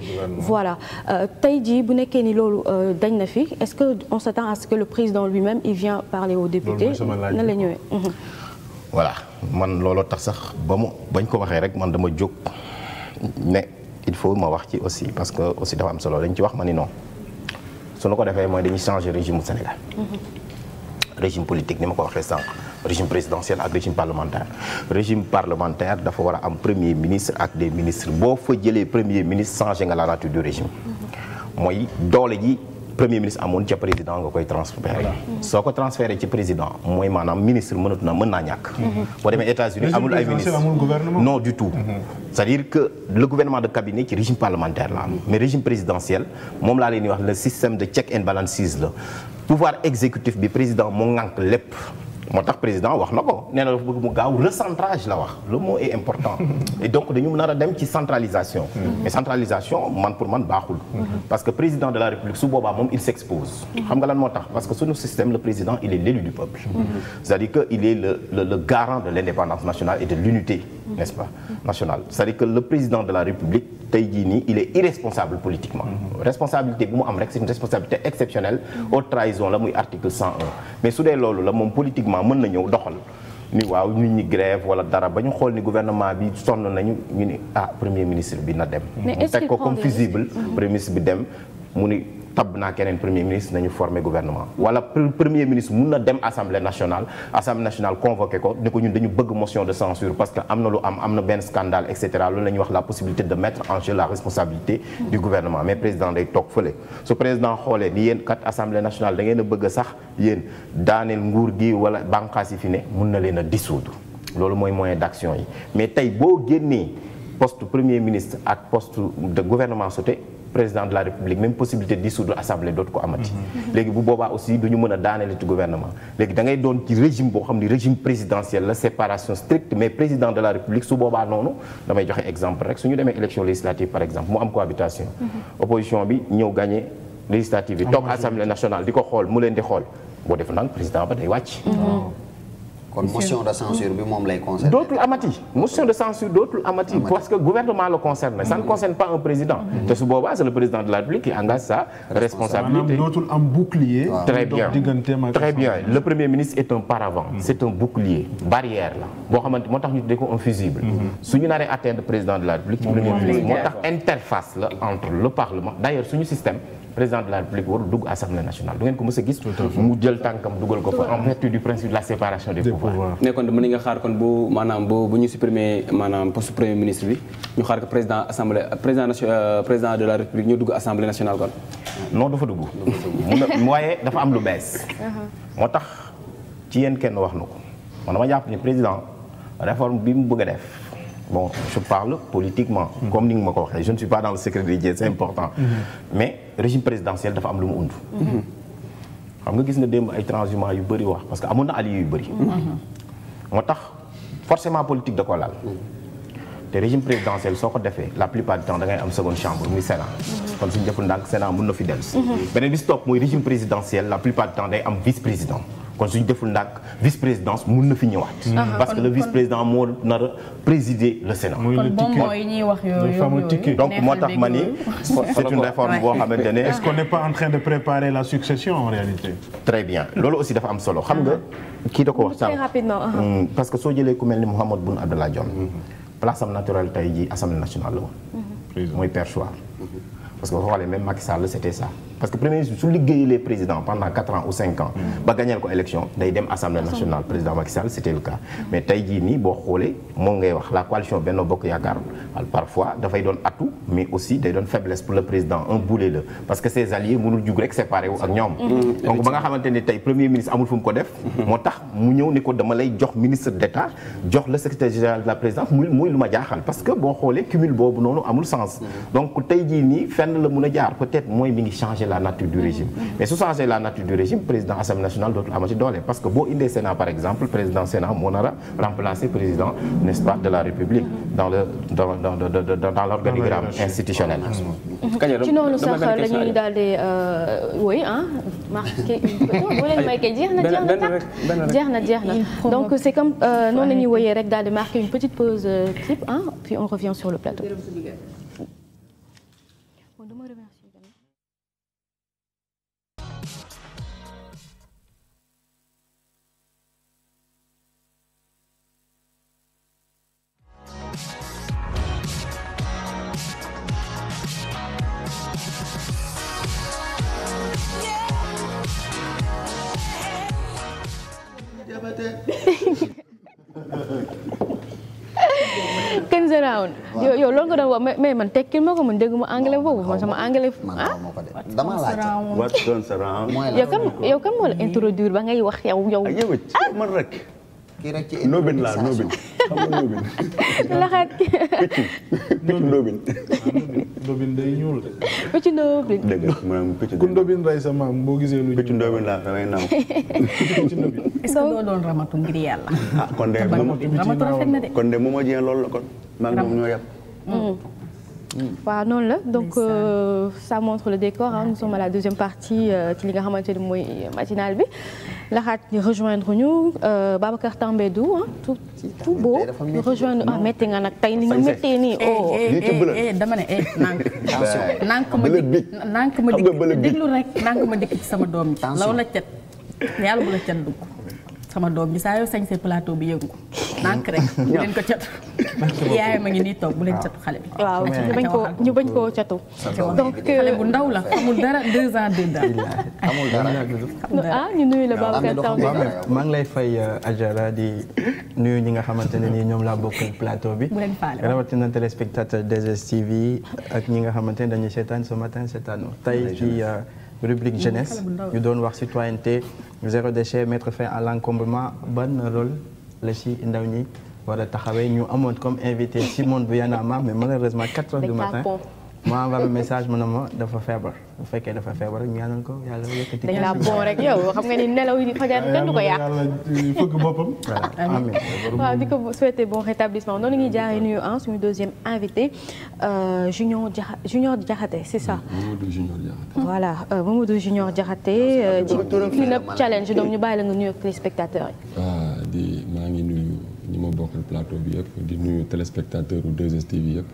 voilà euh, tey jii bu nekkee ni loolu dañ na fi est-ce que on s'attend à ce que le président lui-même il vient parler aux députés. na la ñëwee. Mhm. voilà man looloo tax sax ba mu bañ ko waxee rek man dama jóg mais il faut ma wax ci aussi parce que aussi dafa am solo dañ ci wax ma ni non su nu ko defee mooy dañuy changer régime Sénégal. Mhm. régime politique ni ma ko waxee sànq régime présidentiel ak régime parlementaire régime parlementaire dafa war a am premier ministre ak des ministres boo fa jëlee premier ministre changé nga la nature du régime mooy doole ji premier ministre amoon ca président nga koy transféré ci président mooy maanaam ministre na mën naa ñàkk mmh. boo demee États-Unis amul ay ministre non du tout mmh. c'est-à-dire que le gouvernement de cabinet ci régime parlementaire la mmh. mais régime pouvoir exécutif bi président moo ŋànk lépp moo tax président wax na ko nee na dafa bëgg mu gaaw recentrage mot est important et donc dañu nar a dem ci centralisation mm-hmm. mais centralisation man pour man baaxul mm-hmm. parce que président de la république su boobaa moom il s'expose mm-hmm. xam nga lan moo tax parce que suñu système le président il est l'élu du peuple c'est-à-dire que est le garant de l'indépendance nationale et de l'unité n'est-ce pas nationale c'est-à-dire que le président de la république tey il est irresponsable gouvernement mën na ñëw doxal ni waaw nit ñi grève wala dara ba ñu xool ni gouvernement bi sonn nañu ñu ni ah premier ministre bi na dem. teg ko comme fusible. premier ministre bi dem mu ni tabb naa keneen premier ministre nañu former gouvernement wala premier ministre mun na dem assemblée nationale assemblée nationale convoqué ko ne ko ñun dañu bëgg motion de censure parce que am na lu am am na benn scandale et cetera loolu la ñuy wax la possibilité de mettre en jeu la responsabilité du gouvernement mais président day toog fële su président xoolee ni yéen kat assemblée nationale da ngeen bëgg sax yéen daaneel nguur gi wala bànqaas yi fi ne mun na leen a dissoudre loolu mooy moyen d'action yi mais tey boo génnee poste premier ministre ak poste de gouvernement sauté président de la république même possibilité de dissoudre assemblée dootu ko amati. léegi bu boobaa aussi du ñu mën a daaneele ci gouvernement léegi da ngay doon ci régime boo xam ni régime présidentiel la séparation stricte mais président de la république su boobaa noonu damay joxe exemple rek su ñu demee élection législative par exemple mu am cohabitation. opposition bi ñëw gagné législative bi toog assemblée nationale di ko xool mu leen di xool boo def nag président ba kon motion de moom amati parce que gouvernement la concerne. ça ne mm-hmm. concerne pas un président. Mm-hmm. te su boobaa c'est le président de la République qui engage sa responsabilité. très bien le premier ministre est un paravent. Mm-hmm. c'est un bouclier barrière la. boo xamante moo tax ñu tuddee ko un fusible. su ñu naree atteindre président de la République. premier ministre interface la entre le parlement d'ailleurs président de la République warul dugg assemblée nationale du ngeen ko mës a gis. mu jël tànkam dugal ko fa en vertu du principe de la séparation des pouvoirs. mais kon mën nañu xaar kon bu maanaam bu bu ñu supprimer maanaam poste premier ministre bi ñu xaar ko président assemblée euh, président de la République ñu dugg assemblée nationale kon. non dafa dugg. mu waaye dafa am lu bees. Uh-huh. moo tax ci yéen kenn wax na ko man dama jàpp ni président réforme bi mu bëgg def. bon je parle politiquement. Mmh. comme ni nga ma ko waxee je ne suis pas dans le secret des dieux c'est important. Mmh. mais régime présidentiel dafa am lu mu undu. Mmh. xam nga gis nga démb ay transhumants yu bëri wax parce que amoon na alliés yu bëri. moo tax forcément politique da ko laal. te régime présidentiel soo ko defee la plupart du temps da ngay am seconde chambre muy Sénat. kon suñu deful ndànk Sénat mën na fi dellu si. beneen bi si topp mooy régime présidentiel la plupart du kon suñu deful ndànk vice présidence mun na fi ñëwaat. parce que le vice président moo nar a présider le Sénat. muy le donc moo tax ma ni c'est une réforme boo xamante ne. est-ce qu'on n'est pas en train de préparer la succession en réalité. très bien loolu aussi dafa am solo xam nga. Ah. kii da ko wax sànq ah. hmm, parce que soo jëlee ku mel ni Mouhamed Boun Abdallah Dionne. Mm-hmm. place am naturelle tey jii assemblée nationale la woon. Mm-hmm. mooy perchoir. Mm-hmm. parce que boo xoolee même Macky Sall c'était parce que premier ministre su liggéeyulee président pendant quatre ans ou cinq ans. Mm. ba gañeel ko élection day dem assemblée nationale président Macky Sall c' était mais tey jii nii boo xoolee moom ngay wax la coalition Benno Bokk Yaakaar parfois dafay doon atout mais aussi day doon faiblesse pour le président un boulet la parce que ses alliés mënul jug rek séparé wu ak ñoom. Mm-hmm. Mm-hmm. donc ba nga xamante ne tey premier ministre amul fu ko def. Mm-hmm. moo a jaar peut être mooy mi ngi changer la nature du mm-hmm. régime mais su changer la nature du régime président assemblée nationale dootul amati doole parce que boo indee Sénat par exemple président Sénat moo nar a remplacer président n'est-ce pas de la République dans le dans dans dans dans l'organigramme institutionnel. Ah, mm-hmm. ci noonu sax la ñuy daal di woy ah marqué boo leen may kay jeex na jeex na tàkk jeex na jeex na donc c'est comme euh, noonu la ñuy woyee rek daal di marquer une petite pause euh, clip ah puis on revient sur le plateau. garaaw na yow yow loolu nga doon mais man tekkil ma ko man dégg ma anglais boobu man sama anglais ah. dama laajte yow kan yow kan moo la introduire ba ngay wax yow yow. ah, ah! man rek. kii rek ci noobin laa noobin. xam nga ndóobin. laxaat ki. picc ndóobin. ndóobin day ñuul de. picc ndóobin. dëgg la maanaam picc ndóobin. ku ndóobin rey sa maam boo gisee lu. picc ndóobin laa damay naaw. picc ndóobin. est-ce que doo doon ramatu ngir yàlla. ah kon de ramatu rafet na de. kon de moom a jiyee loolu la kon. maa ngi moom ñoo yàpp. Mm. Mm. waaw noonu la donc euh, ça montre le décor nous sommes à la deuxième partie euh, ci li nga xamante ni mooy matinale bi. laxaat rejoindre ñu euh, Babacar Tambédou ah tout tout beau. ñu rejoindre ah métti nga nag tey ni nga méttee nii. Eh, oh eh, eh, dama ne eh nànk. nànk ma dikk nànk ma dikk déglu rek nànk ma dikk ci sama doom ji. law la cet yàlla bu la cet sama doom bi saa yoo plateau bi yëngu nànk rek bu leen ko catu yaay ma ngi nii toog bu leen catu euh, xale bu ndaw la amul dara deux ans deux dara ah, nuyu la Babacar Thiam maa ngi lay fay euh, Ajara di nuyu ñi nga xamante ne nii ñoom laa bokkal plateau bi bu leen faale rawatina téléspectateur ak ñi nga xamante ne dañuy seetaan ce matin seetaanu tey ci euh, rubrique jeunesse ñu doon wax citoyenneté zéro déchet mettre fin à l'encombrement ban rôle la ci ndaw ñi war a taxawee ñu amoon comme invité Simone bu Yanama mais malheureusement 4 heures du matin maa envoyé message mu ne ma dafa feebar. bu fekkee dafa feebar ñaanal ko yàlla yëkkati. dañ laa boo rek yow xam nga ni nelaw yi fajar kenn du ko yàq. yàlla fëgg boppam. amiin waaw di ko souhaité bon rétablissement noonu ñuy jaaree nuyu ah suñu deuxième invité euh, Junior Dia Junior Diakhaté c'est ça. Mamadou Junior Diakhaté. voilà euh, Mamadou Junior Diakhaté. Ah, euh, ci clean up challenge donc ñu bàyyi la nga nuyu ak téléspectateurs yi. waaw ah, di maa ngi nuyu ñi ma bokkal plateau bi yëpp di nuyu téléspectateurs u 2STV yëpp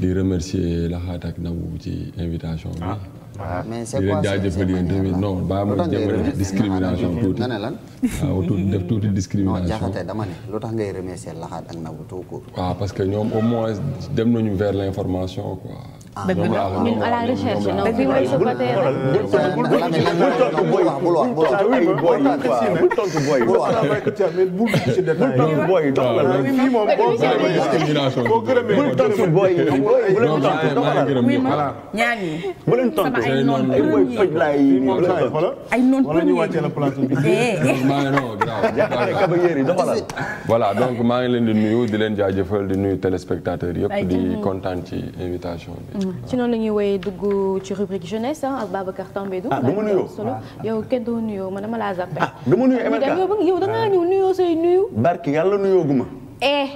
di remercier Laxaat ak Nabou ci invitation bi. Ah. Ah, mais c'est quoi jaajëfal yéen tamit non ba ma jëmale discrimination nga ne lan waaw ah, tuuti def tuuti discrimination non jaxate dama tax ngay remercier laxaat ak nabu tout court waaw ah, parce que ñoom au moins dem nañu vers l'information quoi dëgg la ñun à la recherche non bi may su ko tee rek. bul wax bul wax bul wax ay booy yi quoi bul tontu booy yi. bul wax bul tontu booy yi doxal la fii moom boo gërëmee boo gërëmee bul tontu booy yi bu leen tontu doxal la. voilà ñaar ñi bu leen tontu ay booy faj laa yi bu leen tontu. ay noon wala ñu wàccee la plateau bi. jàppale kabayeer yi doxalal. voilà donc maa ngi leen di nuyu di leen jaajëfal di nuyu téléspectateurs yëpp di kontaan ci invitation bi. ci noonu la ñuy woyee dugg ci rubrique jeunesse ah ak Babacar Tambédou. ah dama nuyoo solo ah, ah. yow kenn doo nuyoo man dama laa zappé. ah dama ah, da ngaa ñëw nuyoo say nuyu. barki yàlla nuyoo guma. eh.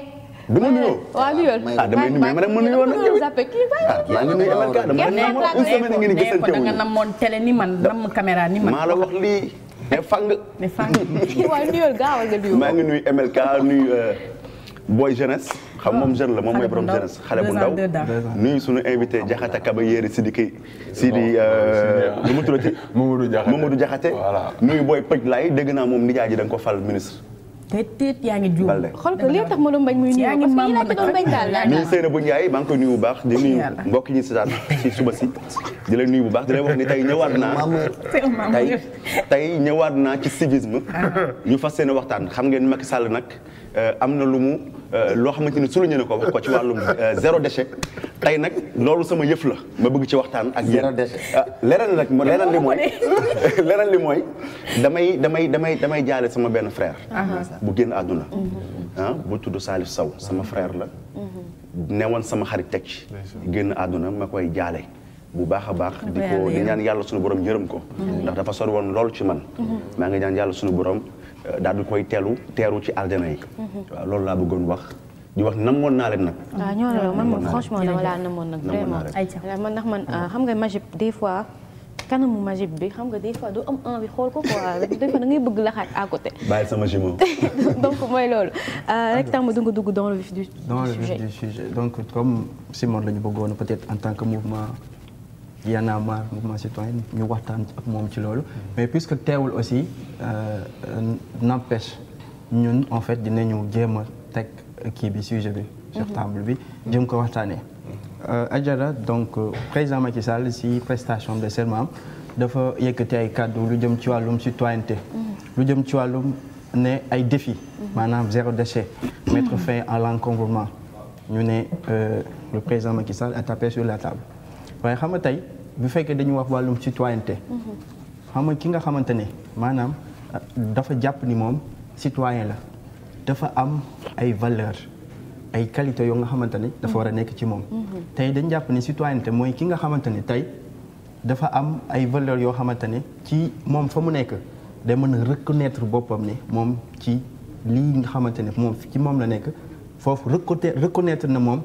dama nuyoo eh, waaw nuyoo ah ma dama nuyoo nag yow zappé kii bàyyi. maa ngi nuyu MLK nuyu MLK nuyu. Euh, booy jeunesse xam moom jeune la moom mooy borom jeunesse xale bu ndaw nuyu suñu invité Diakhaté Kaba Yéri Sidiki Sidi lu euh, mu tuddati Mamadou Diakhaté nuyu booy pëj laay dégg naa moom nijaay ji da nga ko fal ministre te teet yaa ngi juum xool ko li tax ma doon bañ muy nuyu parce que yi la ci doon bañ daal bu baax di nuyu mbokk ñi seetaan ci suba si di lay nii bu baax di lay wax ni tey ñëwaat naa tey tey ñëwaat naa ci civisme ah. ñu fas seen waxtaan xam ngeen Macky Sall nag euh, am na lu mu Euh, loo xamante ni suluñu ne ko wax ko ci wàllum euh, zéro déchet tey nag loolu sama yëf la ma bëgg ci waxtaan ak yéen. zéro déchet ah, leneen nag leneen li mooy leneen li mooy damay damay damay damay jaale sama benn frère. Ah, ah. bu génn àdduna. Mm-hmm. ah bu tudd Salif saw sama frère la. Mm-hmm. newoon sama xarit teg génn àdduna ma koy jaale. bu baax a baax di ko di ñaan yàlla sunu borom yërëm ko. ndax dafa sori loolu ci man. Mm-hmm. maa ngi ñaan yàlla suñu borom. Euh, daal di koy teelu teeru ci aljana yi. Mhm. waaw loolu laa bëggoon wax di wax namoon naa leen nag. waaw ah, ñoo la man moom franchement dama laa namoon nag. vraiment man ndax man mhm. euh, xam nga Magib des fois. kanamu Magib bi xam nga des fois doo am envie xool ko quoi des fois da ngay bëgg laxaat à côté. bàyyi sama jumeau. donc mooy loolu. Euh, rek tax ma dugg dugg dans le vif du. sujet dans le vif du sujet donc comme Simon la ñu bëggoon peut-être en tant que mouvement. Y'en a marre mouvement citoyen ñu waxtaan ak moom ci loolu mais puisque teewul aussi euh, euh, n'empêche ñun en fait dinañu jéem a teg kii bi sujet bi sur mhm. table bi jëm ko waxtaanee euh, ajara donc président Macky Sall si prestation de serment dafa yëkkati ay kàddu lu jëm ci wàllum citoyenneté mhm. lu jëm ci wàllum ne ay défi mhm. maanaam zéro déchet mettre fin à l'encombrement ñu ne le président Macky Sall a tapé sur la table waaye xam tey bu fekkee dañu wax wàllum citoyenneté xam nga ki nga xamante ne maanaam euh, dafa jàpp ni moom citoyen la dafa am ay valeur ay qualité yoo nga xamante ne dafa war a nekk ci moom tey dañ jàpp ni citoyenneté mooy ki nga xamante ne tey dafa am ay valeur yoo xamante ne ci moom fa mu nekk day mën a reconnaître boppam ne moom ci lii nga xamante ne moom ci moom la nekk foofu reconnaître na moom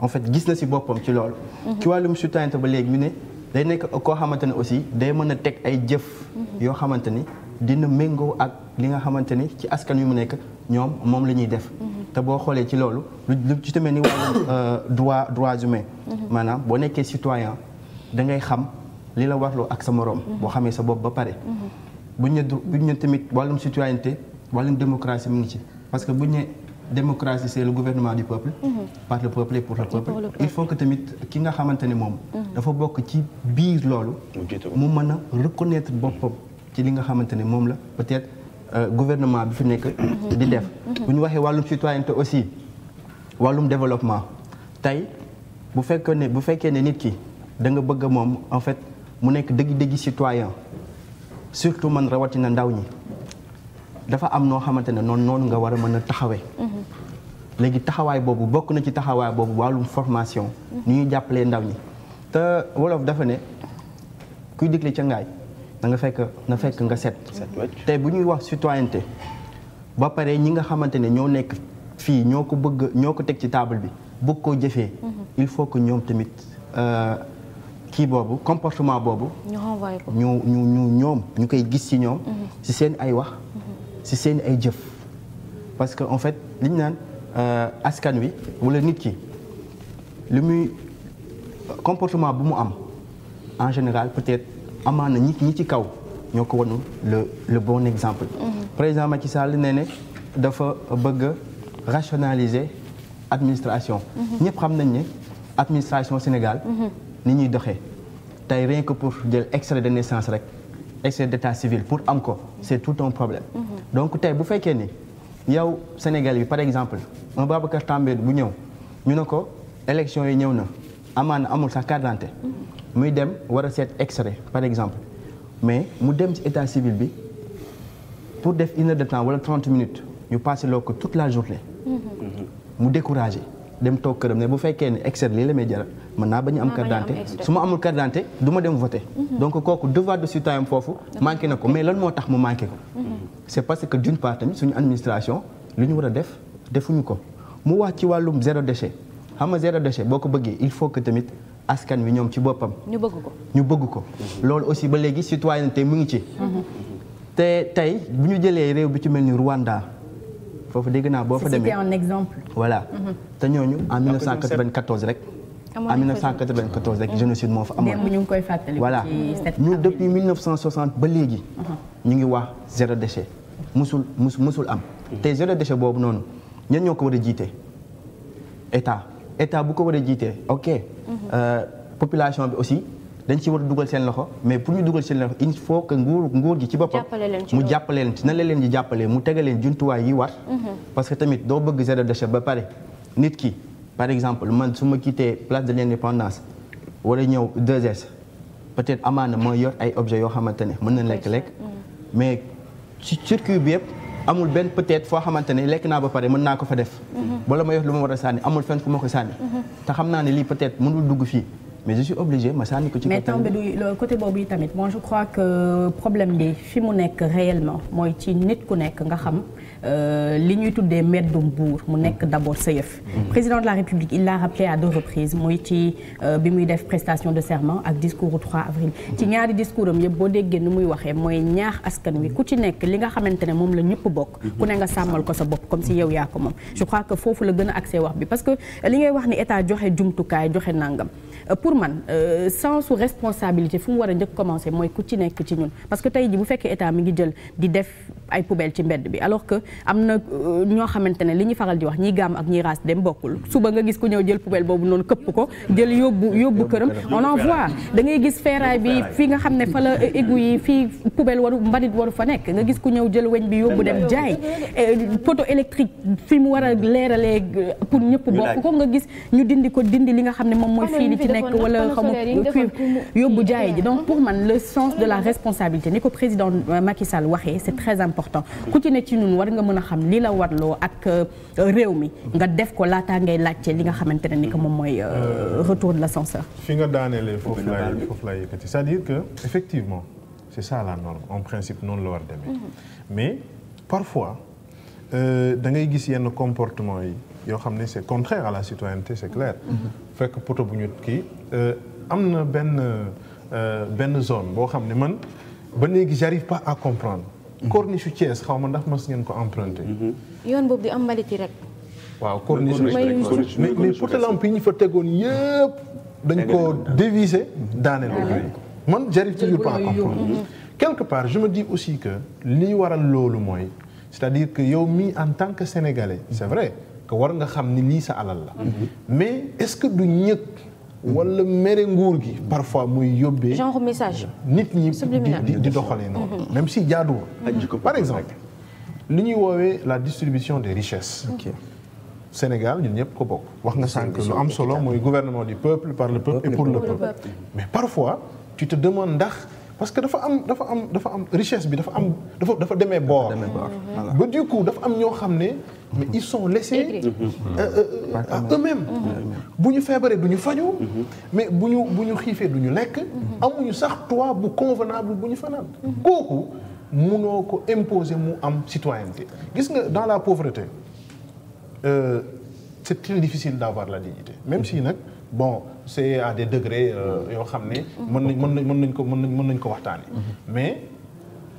en fait gis na si boppam ci loolu. Mhm. ci wàllum soutien ba léegi mu ne day nekk koo xamante ne aussi day mën a teg ay jëf. Mhm. yoo xamante ni dina méngoo ak li nga xamante ni ci askan wi mu nekk ñoom moom la ñuy def. Mhm. te boo xoolee ci loolu lu ci demee ni wàllum euh, droit droits humains. maanaam boo nekkee citoyen da ngay xam li la warloo ak sa moroom. boo xamee sa bopp ba pare. buñ ne tamit wàllum citoyenneté wàllum démocratie mu ngi ci parce que buñ ne démocratie c'est le gouvernement du peuple mhm. par le peuple et pour le il faut que mit ki nga xamante ne moom mhm. dafa bokk ci biir loolu mu mën a reconnaître boppam ci li nga xamante ne moom la peut-être euh, gouvernement bi fi nekk mhm. di def bu ñu waxee wàllum citoyenneté aussi wàllum développement tey bu fekkee ne bu fekkee ne nit ki da nga bëgg moom en fait mu nekk dëgg-dëgg citoyen surtout man rawatina ndaw ñi dafa am noo xamante ne noonu noonu nga war a mën a taxawee. Mm-hmm. léegi taxawaay boobu bokk na ci taxawaay boobu wàllum formation. Mm-hmm. ni ñuy jàppalee ndaw ñi. te wolof dafa ne kuy dégle ca ngaay da nga fekk na fekk nga set. tey bu ñuy wax citoyenneté ba pare ñi nga xamante ne ñoo nekk fii ñoo ko bëgg ñoo ko teg ci table bi bëgg koo jëfee. Mm-hmm. il faut que ñoom tamit euh, kii boobu comportement boobu. ñu ñu ñu ñoom ñu koy gis ci ñoom. ci seen ay wax. si seen ay jëf parce que en fait li ñu naan euh, askan wi wala nit ki li muy comportement bu mu am en général peut-être amaan na ñi ñi ci kaw ñoo ko wanul le bon exemple. Mhm. président Macky Sall nee ne dafa bëgg rationaliser administration. Mhm. ñëpp xam nañ ne administration Sénégal. Mhm. ni ñuy doxee tey rien que pour jël extrait de naissance rek. excès d'état civil pour am ko c'est tout un problème donc tey bu fekkee ni yow Sénégal bi par exemple un Babacar També bu ñëw ñu ne ko élection yi ñëw na na amul sax carte d'identité muy dem war a seet extrait par exemple mais mu dem ci état civil bi pour def une de temps wala trente minutes ñu passé loo ko toute la journée mm-hmm. mu découragé dem toog këram ne bu fekkee ne externe lii la may jaral mën naa ba ñu am carte d'identité su ma amul carte d'identité duma ma dem voter mhm. donc kooku devoir de citoyen foofu manqué na ko mais lan moo tax mu manqué ko mhm. c'est parce que d'une part tamit suñu administration lu ñu war a def defuñu ko mu wax ci wàllum zéro déchet xam nga zéro boo ko bëggee il faut que tamit askan wi ñoom ci boppam ñu bëgg ko ñu bëgg ko loolu aussi ba léegi te mu ngi ci mhm. te tey bu ñu jëlee réew bi ci mel ni Rwanda foofu dégg naa boo fa demee c'était un exemple. voilà mhm. te ñooñu en 1994 rek. en 1994 rek génocide mhm. moo fa amoon. ñu ngi koy fàttali voilà ñu depuis 1960 ba léegi. Mhm. ñu ngi wax zéro déchet. musul mus musul am. te zéro déchet boobu noonu ñen ñoo ko war a jiite état état bu ko war a jiite ok. Euh, population aussi. dañ ci war a dugal seen loxo mais pour ñu dugal seen loxo il faut que nguur nguur gi ci boppam mu jàppaleen leen ci na leen di jàppale mu tege leen jumtuwaay yi war mhm. parce que tamit doo bëgg zéro déchet ba pare nit ki par exemple man su ma quitté place de l'indépendance war a ñëw 2S peut-être amaana ma yor ay objet yoo xamante ne mën na lekk lekk mhm. mais ci circuit bi yëpp amul benn peut-être foo xamante ne lekk naa ba pare mën naa ko fa def mhm. wala ma yor lu ma war a sànni amul fenn fu ma ko sànni te xam naa ne lii peut-être mënul dugg fii mais je suis obligé ma sànni ko ci. mais temps bi du côté boobu tamit moi je crois que problème fi mu nekk réellement mooy ci nit ku nekk nga xam euh, li ñuy tuddee meddum buur mu nekk d'abord sa yëf. Mm-hmm. président de la république il l'a rappelé à deux reprises muy ci euh, bi muy def prestation de serment ak discours au 3 avril. Mm-hmm. ci ñaari discours am yëpp boo déggee ni muy waxee mooy ñaax askan wi ku ci nekk li nga xamante ne moom la ñëpp bokk. ku ne nga sàmmal ko sa bopp comme si yow yaa ko moom. je crois que foofu la gën a wax bi parce que li ngay wax ni état joxe jumtukaay joxe nangam. pour man euh, sens su responsabilité fu mu war a njëkk commencer mooy ku ci nekk ci ñun parce que tey ji bu fekkee état mi ngi jël di def ay poubelle ci mbedd bi alors que am na euh, ñoo xamante ne li ñuy faral di wax ñi gaam ak ñi raas dem bokkul suba nga gis ku ñëw jël poubelle boobu noonu këpp ko jël yóbbu yóbbu këram on en voit da ngay gis feeraay bi fii nga xam ne fa la euh, égout fii poubelle waru mbalit waru fa nekk nga gis ku ñëw jël weñ bi yóbbu dem jaay poteau électrique fi mu war a leeralee pour ñëpp bokk ko nga gis ñu dindi ko dindi li nga xam ne moom mooy fii li ci nekk wala xamu cuivre yóbbu jaay ji donc pour man le sens de la responsabilité ni ko président euh, Macky Sall waxee c'est très important ku ci ne ci ñun war nga mën a xam li la warloo ak euh, réew mi nga def ko laataa ngay laajte li nga xamante ne ni ko moom mooy euh, retour de l'ascenseur fi nga daaneele foofu lay foofu lay yëkkati c'est-à-dire que effectivement c'est ça la norme en principe noonu la war demee mm-hmm. mais parfois da ngay gis yenn comportement yi yoo xam ne c'est contraire à la citoyenneté c'est clair. fekk poto bu ñu kii euh, am na benn euh, benn zone boo xam ne man ba léegi j'arrive pas à comprendre. corniche Thiès xaw ma ndax mas ngeen ko emprunté. yoon boobu di am mbalit yi rek. waaw corniche mais mais poto lampe yi ñu fa tegoon yëpp. dañ ko dévisé daaneel ko. man j'arrive toujours pas à comprendre. quelque part je me dis aussi que li waral loolu mooy c'est-à-dire que yow mii en tant que sénégalais c'est vrai. que war nga xam ni lii sa alal la mais est-ce que du ñëg wala mere nguur gi parfois muy yóbbee genre message nit ñi di doxalee noonu mm-hmm. même si jaaduwul par exemple li ñuy woowee la distribution des richesses Sénégal ñun ñëpp ko bokk wax nga sànq lu am solo mooy gouvernement du peuple par le peuple et pour le peuple mais parfois tu te demandes ndax parce que dafa am dafa am dafa am richesse bi dafa am dafa dafa demee boor. Mhm. ba du coup dafa am ñoo xam ne. mais ils sont laissés. Euh, euh, mhm. euh, à mhm. eux-mêmes. bu ñu feebaree du ñu faju mais bu ñu bu ñu xiifee du ñu lekk. amuñu sax toit bu convenable bu ñu fanaan. kooku munoo ko imposer mu am citoyenneté gis nga dans la pauvreté euh, c'est très difficile d'avoir la dignité même si nag bon. c'est à des degrés euh, mm-hmm. yoo xam ne. Mm-hmm. mën nañ mën nañ mën nañ ko mën nañ mën nañ ko waxtaanee. Mm-hmm. mais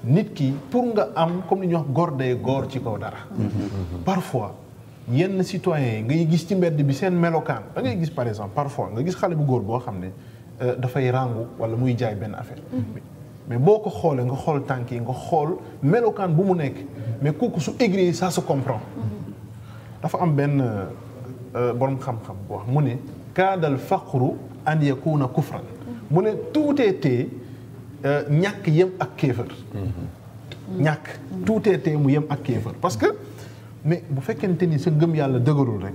nit ki pour nga am comme li ñuy wax góor day góor ci kaw dara. parfois yenn citoyens yi ngay gis ci mbedd bi seen melokaan da ngay gis par exemple parfois nga gis xale bu góor boo xam ne euh, dafay ràngu wala muy jaay benn affaire. mais boo ko xoolee nga xool tànk yi nga xool melokaan bu mu nekk mais kooku su aigri sa se comprend. dafa am benn euh, borom xam-xam bu wax mu ne. kaadal faqru an yakuna kufran mu ne tuutee tee euh, ñàkk yem ak kéefër mm-hmm. ñàkk tuutee tee mu yem ak kéefër parce que mais bu fekkente ni sa ngëm yàlla dëgërul rek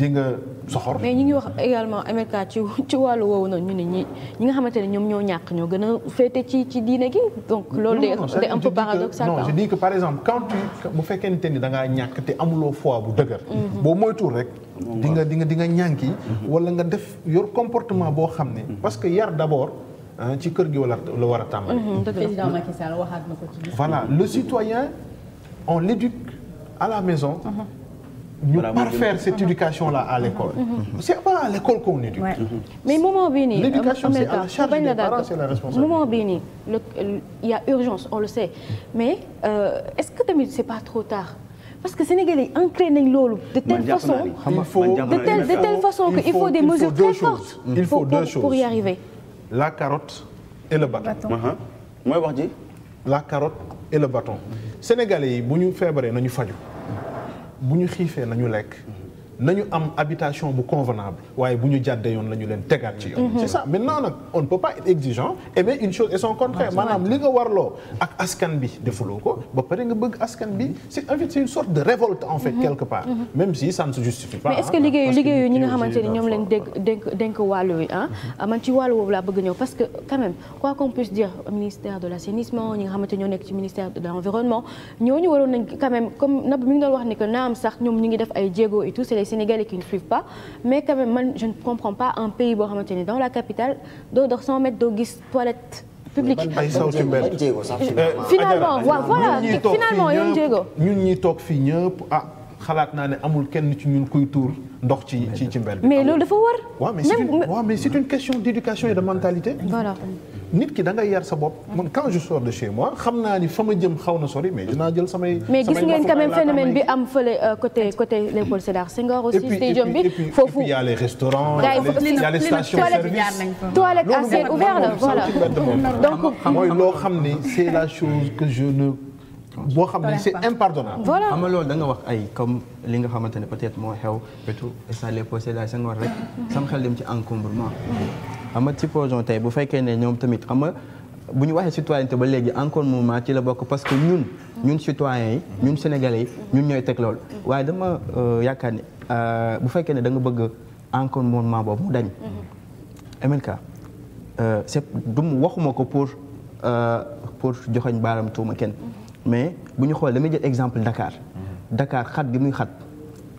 di nga soxor. mais ñi ngi wax également Amerika ci wàllu woowu noonu ñu ne ñi ñi nga xamante ñoom ñoo ñàkk ñoo gën a féete ci ci diine gi donc. loolu day un peu paradoxal. non je dis que par exemple quand tu bu fekkente ni da ngaa ñàkk te amuloo foi bu dëgër. Mhm. boo moytuwul rek. di nga di di nga ñànki mhm. wala nga def yor comportement boo xam ne. Mhm. parce que yar d'abord. ci kër gi wala la war a tàmbali. président Macky Sall waxaat na ko voilà le citoyen on l'éduque à la maison. ñu mhm. parfaire cette éducation là à mhm. l'école. Mhm. c'est pas à l'école qu'on éduque. mais moment bii nii. Euh, l'éducation c'est à la charge des parents, c'est la responsabilité. moment bii nii il y a urgence on le sait mais euh, est-ce que tamit c'est pas trop tard. parce que Sénégalais yi ancré nañ loolu. de telle façon il faut de telle de telle façon que il faut des mesures très fortes. il faut deux choses pour y arriver. la carotte et le bâton. mooy wax ji. la carotte et le bâton. Sénégalais yi bu ñu feebaree nañu faju bu ñu xiifee nañu lekk nañu am habitation bu convenable waaye bu ñu jàddee yoon la ñu leen tegaat ci yoon. Mm-hmm. c'est ça maintenant nag on ne peut pas être exigeant et eh mais une chose et son contraire ah, maanaam li nga warloo ak askan bi defuloo ko ba pare nga bëgg askan bi c'est en fait c'est une sorte de révolte mm-hmm. quelque part. Mm-hmm. même si ça ne se justifie pas. mais est-ce que liggéeyu ñi nga xamante ni ñoom lañ dénk dénk wàllu wi ah, ci wàllu laa bëgg ñëw parce que quand même quoi qu'on puisse dire ministère de l'assainissement ñi ñoo nekk ci ministère comme Nab wax ni que naam sax ñoom ñu ngi def ay jéego et tout Sénégalais qui ne suivent pas mais quand même man je ne comprends pas un pays boo xamante ni dans la capitale doo dox 100 mètres doo gis toilette publique. Euh, finalement voilà finalement yoon jéego. ñun ñuy toog fii ñëpp ah xalaat naa ne amul kenn ci ñu kuy tuur ndox ci ci mais loolu dafa war. même waaw mais c'est une question d'éducation et de mentalité. voilà. nit ki da ngay yar sa bopp. man quand de chez xam naa ni fa ma jëm xaw na sori mais dinaa jël samay. mais gis ngeen quand même phénomène bi am fële euh, côté côté Léopold Sédar stadium bi foofu et puis y a les restaurants. service toilette à ouvert la xam ni c'est la chose que je ne. boo xam ne si impardonnable. voilà xam nga loolu da nga wax ay comme li nga xamante ne peut-être moo xew et tout ça les possédés sa ngor rek sam xel dem ci encombrement. xam ci supposons tey bu fekkee ne ñoom tamit xam nga bu ñu waxee citoyenneté ba léegi encore moment ci la bokk parce que ñun ñun citoyens yi ñun sénégalais yi ñun ñooy teg loolu waaye dama euh, yaakaar ne euh, bu fekkee ne danga nga bëgg encombrement boobu mu dañ. MLK euh, c'est du waxuma ko pour pour joxoñ baaram tuuma kenn. mais bu ñu xool xoolee damay jël exemple Dakar. dakaar xat gi muy xat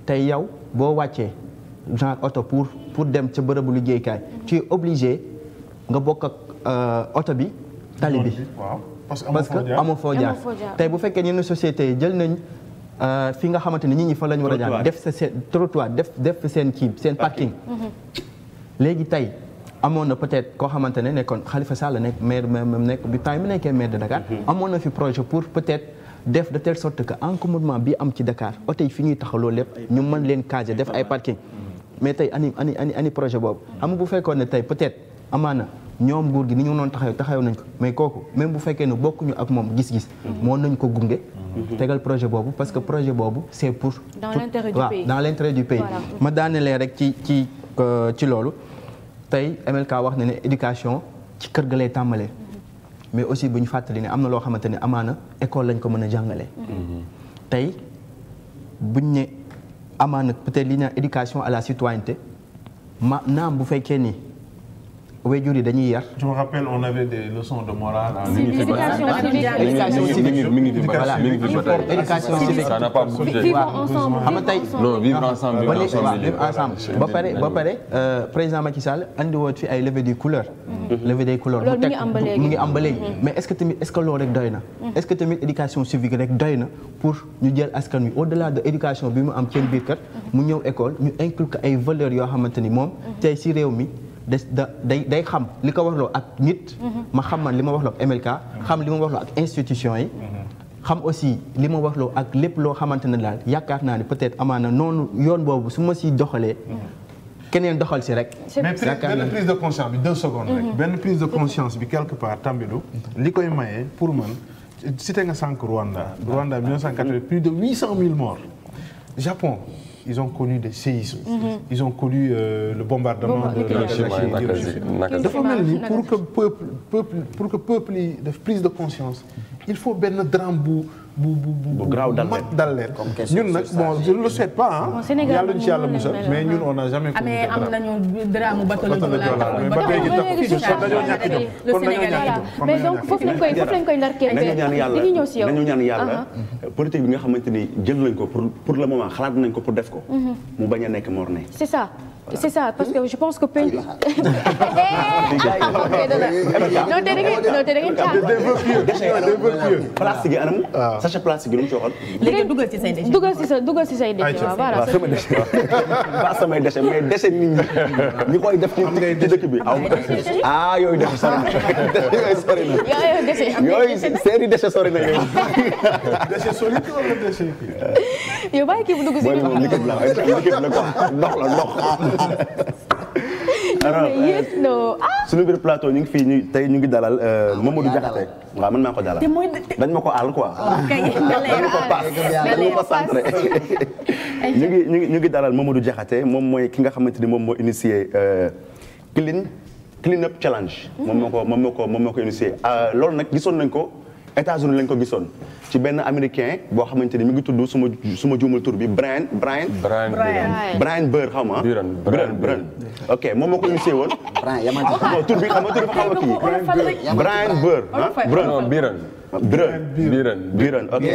tey yow boo wàccee genre oto pour pour dem ca bërëbu liggéeykaay tu es obligé nga bokk ak euh, oto bi. tali bi parce que amoo foo jaar tey bu fekkee ñenn société jël nañ. Euh, fi nga xamante ni nit ñi fa lañ war a jaar def sa seen trottoir def def seen kii seen parking mhm. léegi tey. amoon na peut-être koo xamante ne nekkoon Khalifa Sall nekk maire même nekk bi temps yi mu nekkee maire de Dakar. Mhm. amoon na fi projet pour peut-être def de telle sorte que encombrement bi am ci Dakar oto yi fi ñuy taxawloo lépp ñu mën leen caser def ay parking. Mhm. mais tey ani ani ani ani projet boobu. xam nga bu fekkoon ne tey peut-être amaana ñoom nguur gi ni ñu noon taxaw taxaw nañ ko mais kooku même bu fekkee ne bokkuñu ak moom gis-gis. Mhm. moo nañ ko gunge. tegal projet boobu parce que projet boobu c'est pour. dans l'intérêt du pays waaw dans l'intérêt du pays. ma daanelee rek ci ci euh, ci loolu. tey MLK wax na ne éducation ci kër ga lay tàmbalee mais aussi bu ñu fàttali ne am na loo xamante ne amaana école lañ ko mën a jàngalee. tey buñ ne amaana peut-être li éducation à la citoyenneté ma naam bu fekkee ni. waajur yi dañuy yar. je me rappelle on avait des leçons de ba tey ba pare ba euh, pare président Macky Sall andi woon fi ay levée des couleurs. Mhm. levée des couleurs mu teg mu ngi am ba léegi mhm. mais est-ce que tamit est-ce que loolu rek doy na. Mhm. est-ce que tamit éducation civique rek doy na pour ñu jël askan wi au-delà de de éducation bi mu am seen biir kër. mu ñëw école ñu inculque ay valeurs yoo xamante ni moom tey si réew mi. day day xam li ko waxloo ak nit. Mm-hmm. ma xam man li ma waxloo ak MLK. xam li ma waxloo ak institution yi. Mm-hmm. xam aussi li ma loo ak lépp loo xamante ne daal yaakaar naa ne peut-être amaana noonu yoon boobu su ma si doxalee. Mm-hmm. keneen doxal si rek. mais benn prise de conscience bi deux secondes rek. benn de conscience bi quelque part Tambidou. li koy maye pour man cité nga sànq Rwanda. Rwanda 1980 ah. plus de 800 000 morts. Japon. ils ont connu des séismes. Mhm. ils ont connu euh, le bombardement. de Hiroshima dafa mel ni pour que peuple peuple pour que peuple yi def prise de conscience il faut benn drame bu. bu bu bu graaw dal leen dal leen. ñun nag bon je ne le souhaite pas ah. yàlla ñu ci yàlla musal mais ñun on a jamais. amee am nañu drame bato la Joola mais ba léegi tax kon dañoo ñàkk jom kon dañoo ñàkk jom mais donc foofu lañ koy foofu lañ koy ndar kee dañu ñaan yàlla dañu ñëw si yow dañu ñaan yàlla politique bi nga xamante ni jël nañ ko pour pour le moment xalaat nañ ko pour def ko mu bañ a nekk morne c'est ça c'est ça parce que je pense que pays. non te da ngeen non te da ngeen caa. des vœux pieux des vœux pieux. place gi anam. sachet plastique bi lu mu ci waxoon. léegi dugal ci say déchets dugal ci sa dugal ci say déchets waaw voilà. sama déchet waaw samay déchets mais déchet nit ñi ñi koy def ci ci dëkk bi. ah yooyu déchet sori na yooyu déchet sori na yooyu seeri déchet sori na yooyu. déchet sori na wala déchet yow bàyyi kii bu dugg si. mooy moom liquide la ndox la ndox. Eh. Ah! suñu biir plateau ñu ngi fii ñu tey ñu ngi dalal euh, ah, Mamadou Diakhaté waaw man maa ko dalal dañ ma ko àll quoi dañu ko paas ko centré ñu ngi ñu ngi ñu ngi dalal Mamadou Diakhaté moom mooy ki nga xamante ni moom moo initié euh, clean clean up challenge mm-hmm. moom moo ko moom moo ko moom moo ko initié ah, loolu nag gisoon nañ ko États-Unis lañ ko gisoon ci benn américain boo xamante ni mi ngi tudd suma suma juumal tur bi Brian Brian. Brian Brian Burr xaw ma. Brian Brian ok moom moo ko initié woon. Brian yamanti tur bi xam nga tur bi xaw ma kii. Brian Burr ah non Biran. Biran Biran ok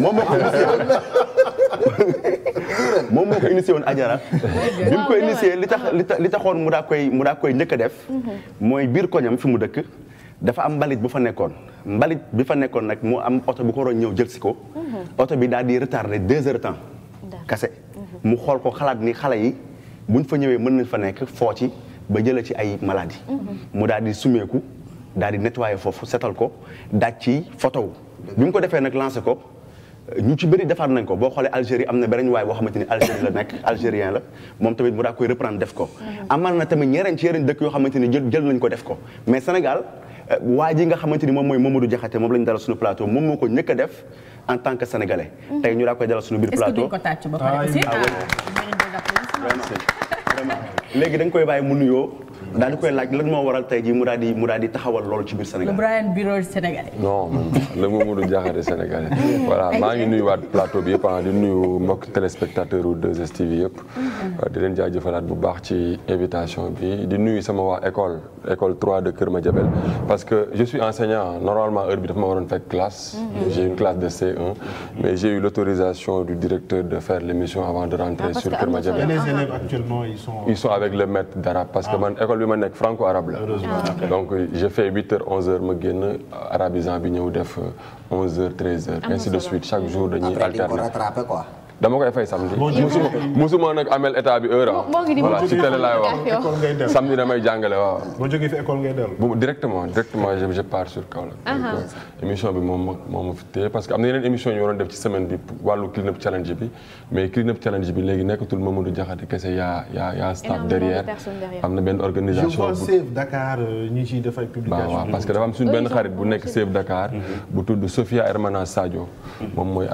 moom moo ko initié woon. moom moo ko initié woon Ajara. bi mu ko initié li tax li taxoon mu daa koy mu daa koy njëkk a def. Mm-hmm. mooy biir koñam fi mu dëkk. dafa am mbalit bu fa nekkoon mbalit bi fa nekkoon nag mu am oto bu ko waroon ñëw jël si ko. Mhm. oto bi daal di retardé deux heures temps. kase mhm. mu xool ko xalaat ni xale yi buñ fa ñëwee mën nañ fa nekk foo ci ba jëlee ci ay maladie mhm. mu daal di sumeeku daal di nettoyé foofu setal ko daaj ci photo wu. bi mu ko defee nag lance ko. ñu ci bëri defar nañ ko boo xoolee Algérie am na beneen waay boo xamante ni Algérie la nekk algérien la moom tamit mu daa koy reprendre def ko amal na tamit ñeneen ci yeneen dëkk yoo xamante ni jël jël nañ ko def ko mais Sénégal Euh, waa ji nga xamante ni moom mooy Mamadou Diakhaté moom la ñu dalal suñu plateau moom moo ko ñëkk def en tant que sénégalais. Mm-hmm. tey ñu daa koy dalal suñu biir plateau. est-ce que duñ ko ah, ah, ah, léegi da koy baay mu nuyoo. daal di koy laaj lan moo waral tey jii mu daal di mu daal di taxawal loolu ci biir Sénégal. non man le Mamadou Diakhaté sénégalais. maa ngi nuyuwaat plateau bi yëpp ah, di nuyu mbokk téléspectateur u 2STV yëpp. Mm-hmm. Euh, di leen jaajëfalaat bu baax ci invitation bi di nuyu sama waa école école 3 de Kër Madiabel parce que je suis enseignant normalement heure bi dafa ma waroon fekk classe. Mm-hmm. j'ai une classe de C1 mais j'ai eu l'autorisation du directeur de faire l'émission avant de rentrer ah, sur Kër ils sont. avec le maître d'arabe parce que ah. bi ma nekk franco arabe la. Ah. donc j'ai fait huit heures onze heures ma génn arabisant bi ñëw def euh, onze heures treize heures. ainsi de suite chaque jour dañuy alterner après quoi. dama koy fay samedi. musuma musuma nag amel état bi heure ah. voilà ci télé laay wax damay jàngale waaw. bu directement directement je je sur Kaolack. Ah, ah. émission bi moom moo ma fi parce que am na yeneen émission yu waroon def ci semaine bi wàllu clean challenge bi mais clean up challenge bi léegi nekkatul Mamadou Diakhaté kese yaa yaa yaa staff derrière. am na benn organisation bu. Euh, ciy def ay publication. parce que dafa am benn xarit bu nekk Save Dakar. Mhm. bu tudd Sophia Hermana Sadio. Mhm. moom mooy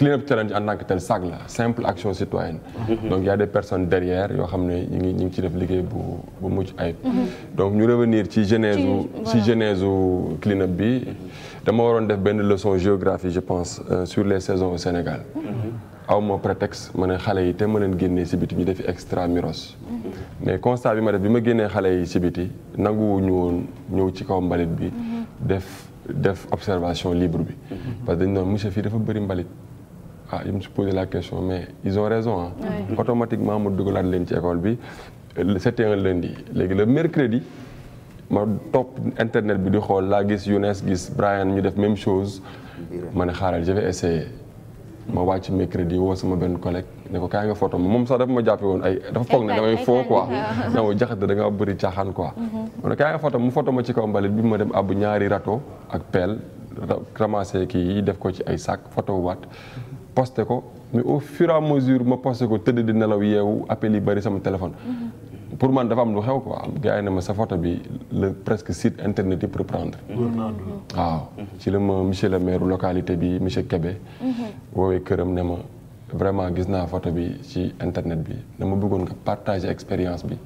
bi premier challenge en tant que tel SAC la simple action citoyenne. Mhm. donc y a des personnes derrière yoo xam ne ñu ngi ñu ngi ci def liggéey bu bu mucc ay mhm. donc ñu revenir ci genèse ci genèse clean bi dama waroon def benn leçon géographie je pense euh, sur les saisons au Sénégal. Mhm. aw ma ma ne xale yi te ma leen génnee si biti ñu defi extramuros mais constat bi ma def bi ma génnee xale yi si biti nanguwuñu woon ñëw ci kaw mbalit bi def def observation libre bi parce que dañ doon monsieur fii dafa bëri mbalit ah je me la question mais ils ont raison ah. Oui. Mm-hmm. automatiquement ma dugalaat leen ci école bi c'était leen di léegi le mercredi. ma topp internet bi di xool laa gis Younes gis Brian ñu def même chose ma ne xaaral je vais essayer ma wàcc mercredi woo sama benn collègue ne ko kaay nga photo ma moom sax ma jàppe woon ay dafa foog ne damay foo quoi na ma jaxate da nga bëri quoi mm-hmm. ma ne mu photo ma ci kaw mbalit bi ma dem abu ñaari rato ak pelle ramassé kii yi def ko ci ay sac photo waat posté ko mais au fur et à mesure ma posté ko tëdd di nelaw yeewu appel yi bari sama téléphone. Mhm. pour man dafa am lu xew ko gars yi ne ma sa photo bi le presque sit internet yi pour prendre. waaw ci la ma monsieur le maire localité bi monsieur Kébé. Mhm. woowee këram ne ma vraiment gis naa photo bi ci internet bi dama bëggoon nga partage expérience bi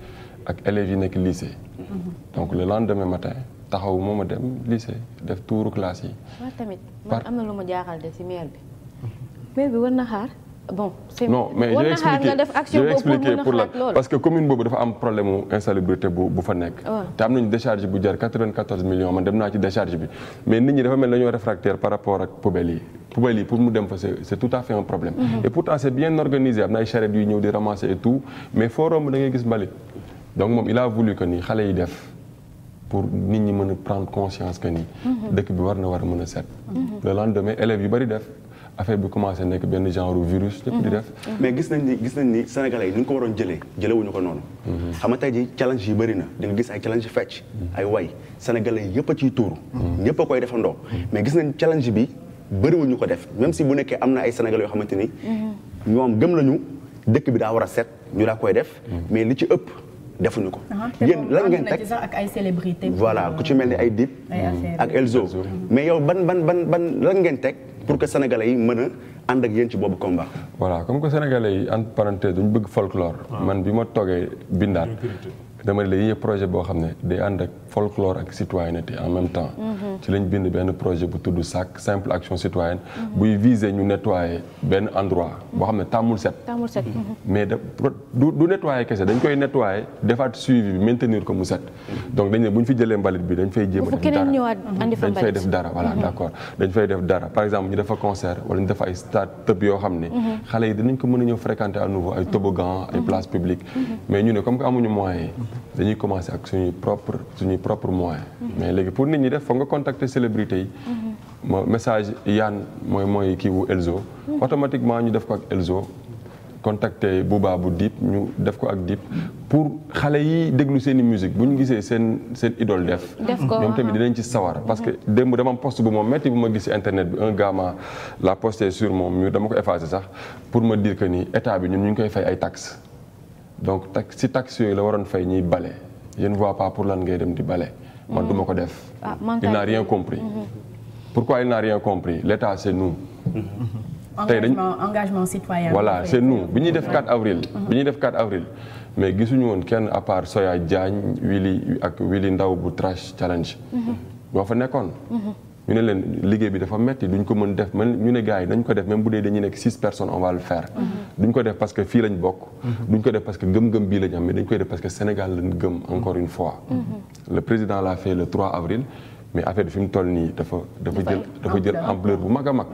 ak élèves yi nekk lycée. Mhm. donc le lendemain matin. taxaw moo ma dem lycée def tuuru classe yi. waaw tamit man am na lu maire bi war na xaar non mais je vais expliquer nga def action boobu pour la parce que commune boobu dafa am problème mu insalubrité bu bu fa nekk. te am nañu décharge bu jar 94 millions man dem naa ci décharge bi mais nit ñi dafa mel ne dañoo réfractaire par rapport ak poubelle yi. poubelle yi pour mu dem fa c'est tout à fait un problème. Mm-hmm. et pourtant c'est bien organisé am na ay charrette ñëw di ramasser et tout mais forum da ngay gis mbalit donc moom il a voulu que ni xale yi def. pour nit ñi mën a prendre conscience que mm-hmm. dëkk bi war na war mën a set. Mm-hmm. le lendemain élèves yu bari def. affaire bi commencé nekk benn genre virus. ñëpp di def. Mm-hmm. mais gis nañ ni gis nañ ni sénégalais yi ni ñu ko noonu. Mm-hmm. xam nga tey jii challenge yi bëri na di nga gis ay challenge fecc. Mm-hmm. ay way sénégalais yëpp a ciy tuuru. ñëpp a koy defandoo. mais gis nañ challenge bi bëriwuñu ko def même si bu nekkee am na ay sénégalais yoo xamante ni. ñoom gëm nañu dëkk bi daa war a set ñu daa koy def. mais li ci ëpp. defuñu ko. yéen lan ngeen teg ak ay célébrité voilà ku ci mel ni ay Dip. ak Elzo mais yow ban ban ban ban lan ngeen teg pour que sénégalais yi mën a ànd ak yéen ci boobu combat. voilà comme que sénégalais yi an entre parenthèse ñu bëgg folklore. Ah. man bi ma toogee bindaal dama ne la projet boo xam ne day ànd ak folklore ak citoyenneté en même temps. Mhm. ci lañ bind benn projet bu tudd SAC simple action citoyenne. buy viser ñu nettoyer benn endroit boo xam ne tàmmul set. tàmmul mhm. Mhm. mais da du du nettoyer kese dañ koy nettoyer defaat suivi bi maintenir ko mu set. donc dañ ne fi jëlee mbalit bi dañ fay jéem a def dara dañ fay accord dañ fay def dara par exemple ñu defa concert wala ñu defa ay stade tëb yoo xam ne. xale yi dinañ ko mën a ñëw fréquenter à nouveau ay toboggan ay place publique mais ñu ne comme que amuñu moyen dañuy commencé ak suñuy propre suñuy propre moyen mais léegi pour nit ñi def foog nga contacter célébrité yi moo message yaan mooy mooy kii wu Elzo automatiquement ñu def ko ak Elzo contacter Booba bu Dip ñu def ko ak Dip pour xale yi déglu seen i musique bu ñu gisee seen seen idole def ñoom tamit uh-huh. dinañ ci sawar parce que uh-huh. démb dama am bu moom metti bu ma gis si internet bi un gamin la posté sur mon mur dama ko effacé sax pour ma dire ni état bi ñun ñu ngi koy fay ay tax donc tax si taxe yooyu la waroon fay ñuy bale je ne vois pour lan ngay dem di bale man du ko def ah, il n'a rien compris mhm. pourquoi il n'a rien compris l'État c'est nous tey dañ engagement citoyen voilà c'est nous bi ñuy def 4 avril mhm. bu ñuy def 4 avril mais gisuñu woon kenn à part Soya Diagne Willy ak Willy Ndaw bu trash challenge mhm. ñoo fa nekkoon ñu ne leen liggéey bi dafa metti duñ ko mën def man ñu ne gars yi nañ ko def même bu dee dañuy nekk six personnes on va le mm-hmm. duñ ko def parce que fii lañ bokk. Mm-hmm. duñ ko def parce que gëm-gëm bii lañ am mais dañ koy def parce que Sénégal lañ gëm encore une fois. Mm-hmm. le président l'a fait le 3 avril mais affaire bi fi mu toll nii dafa dafa jël dafa jël ampleur bu mag a mag.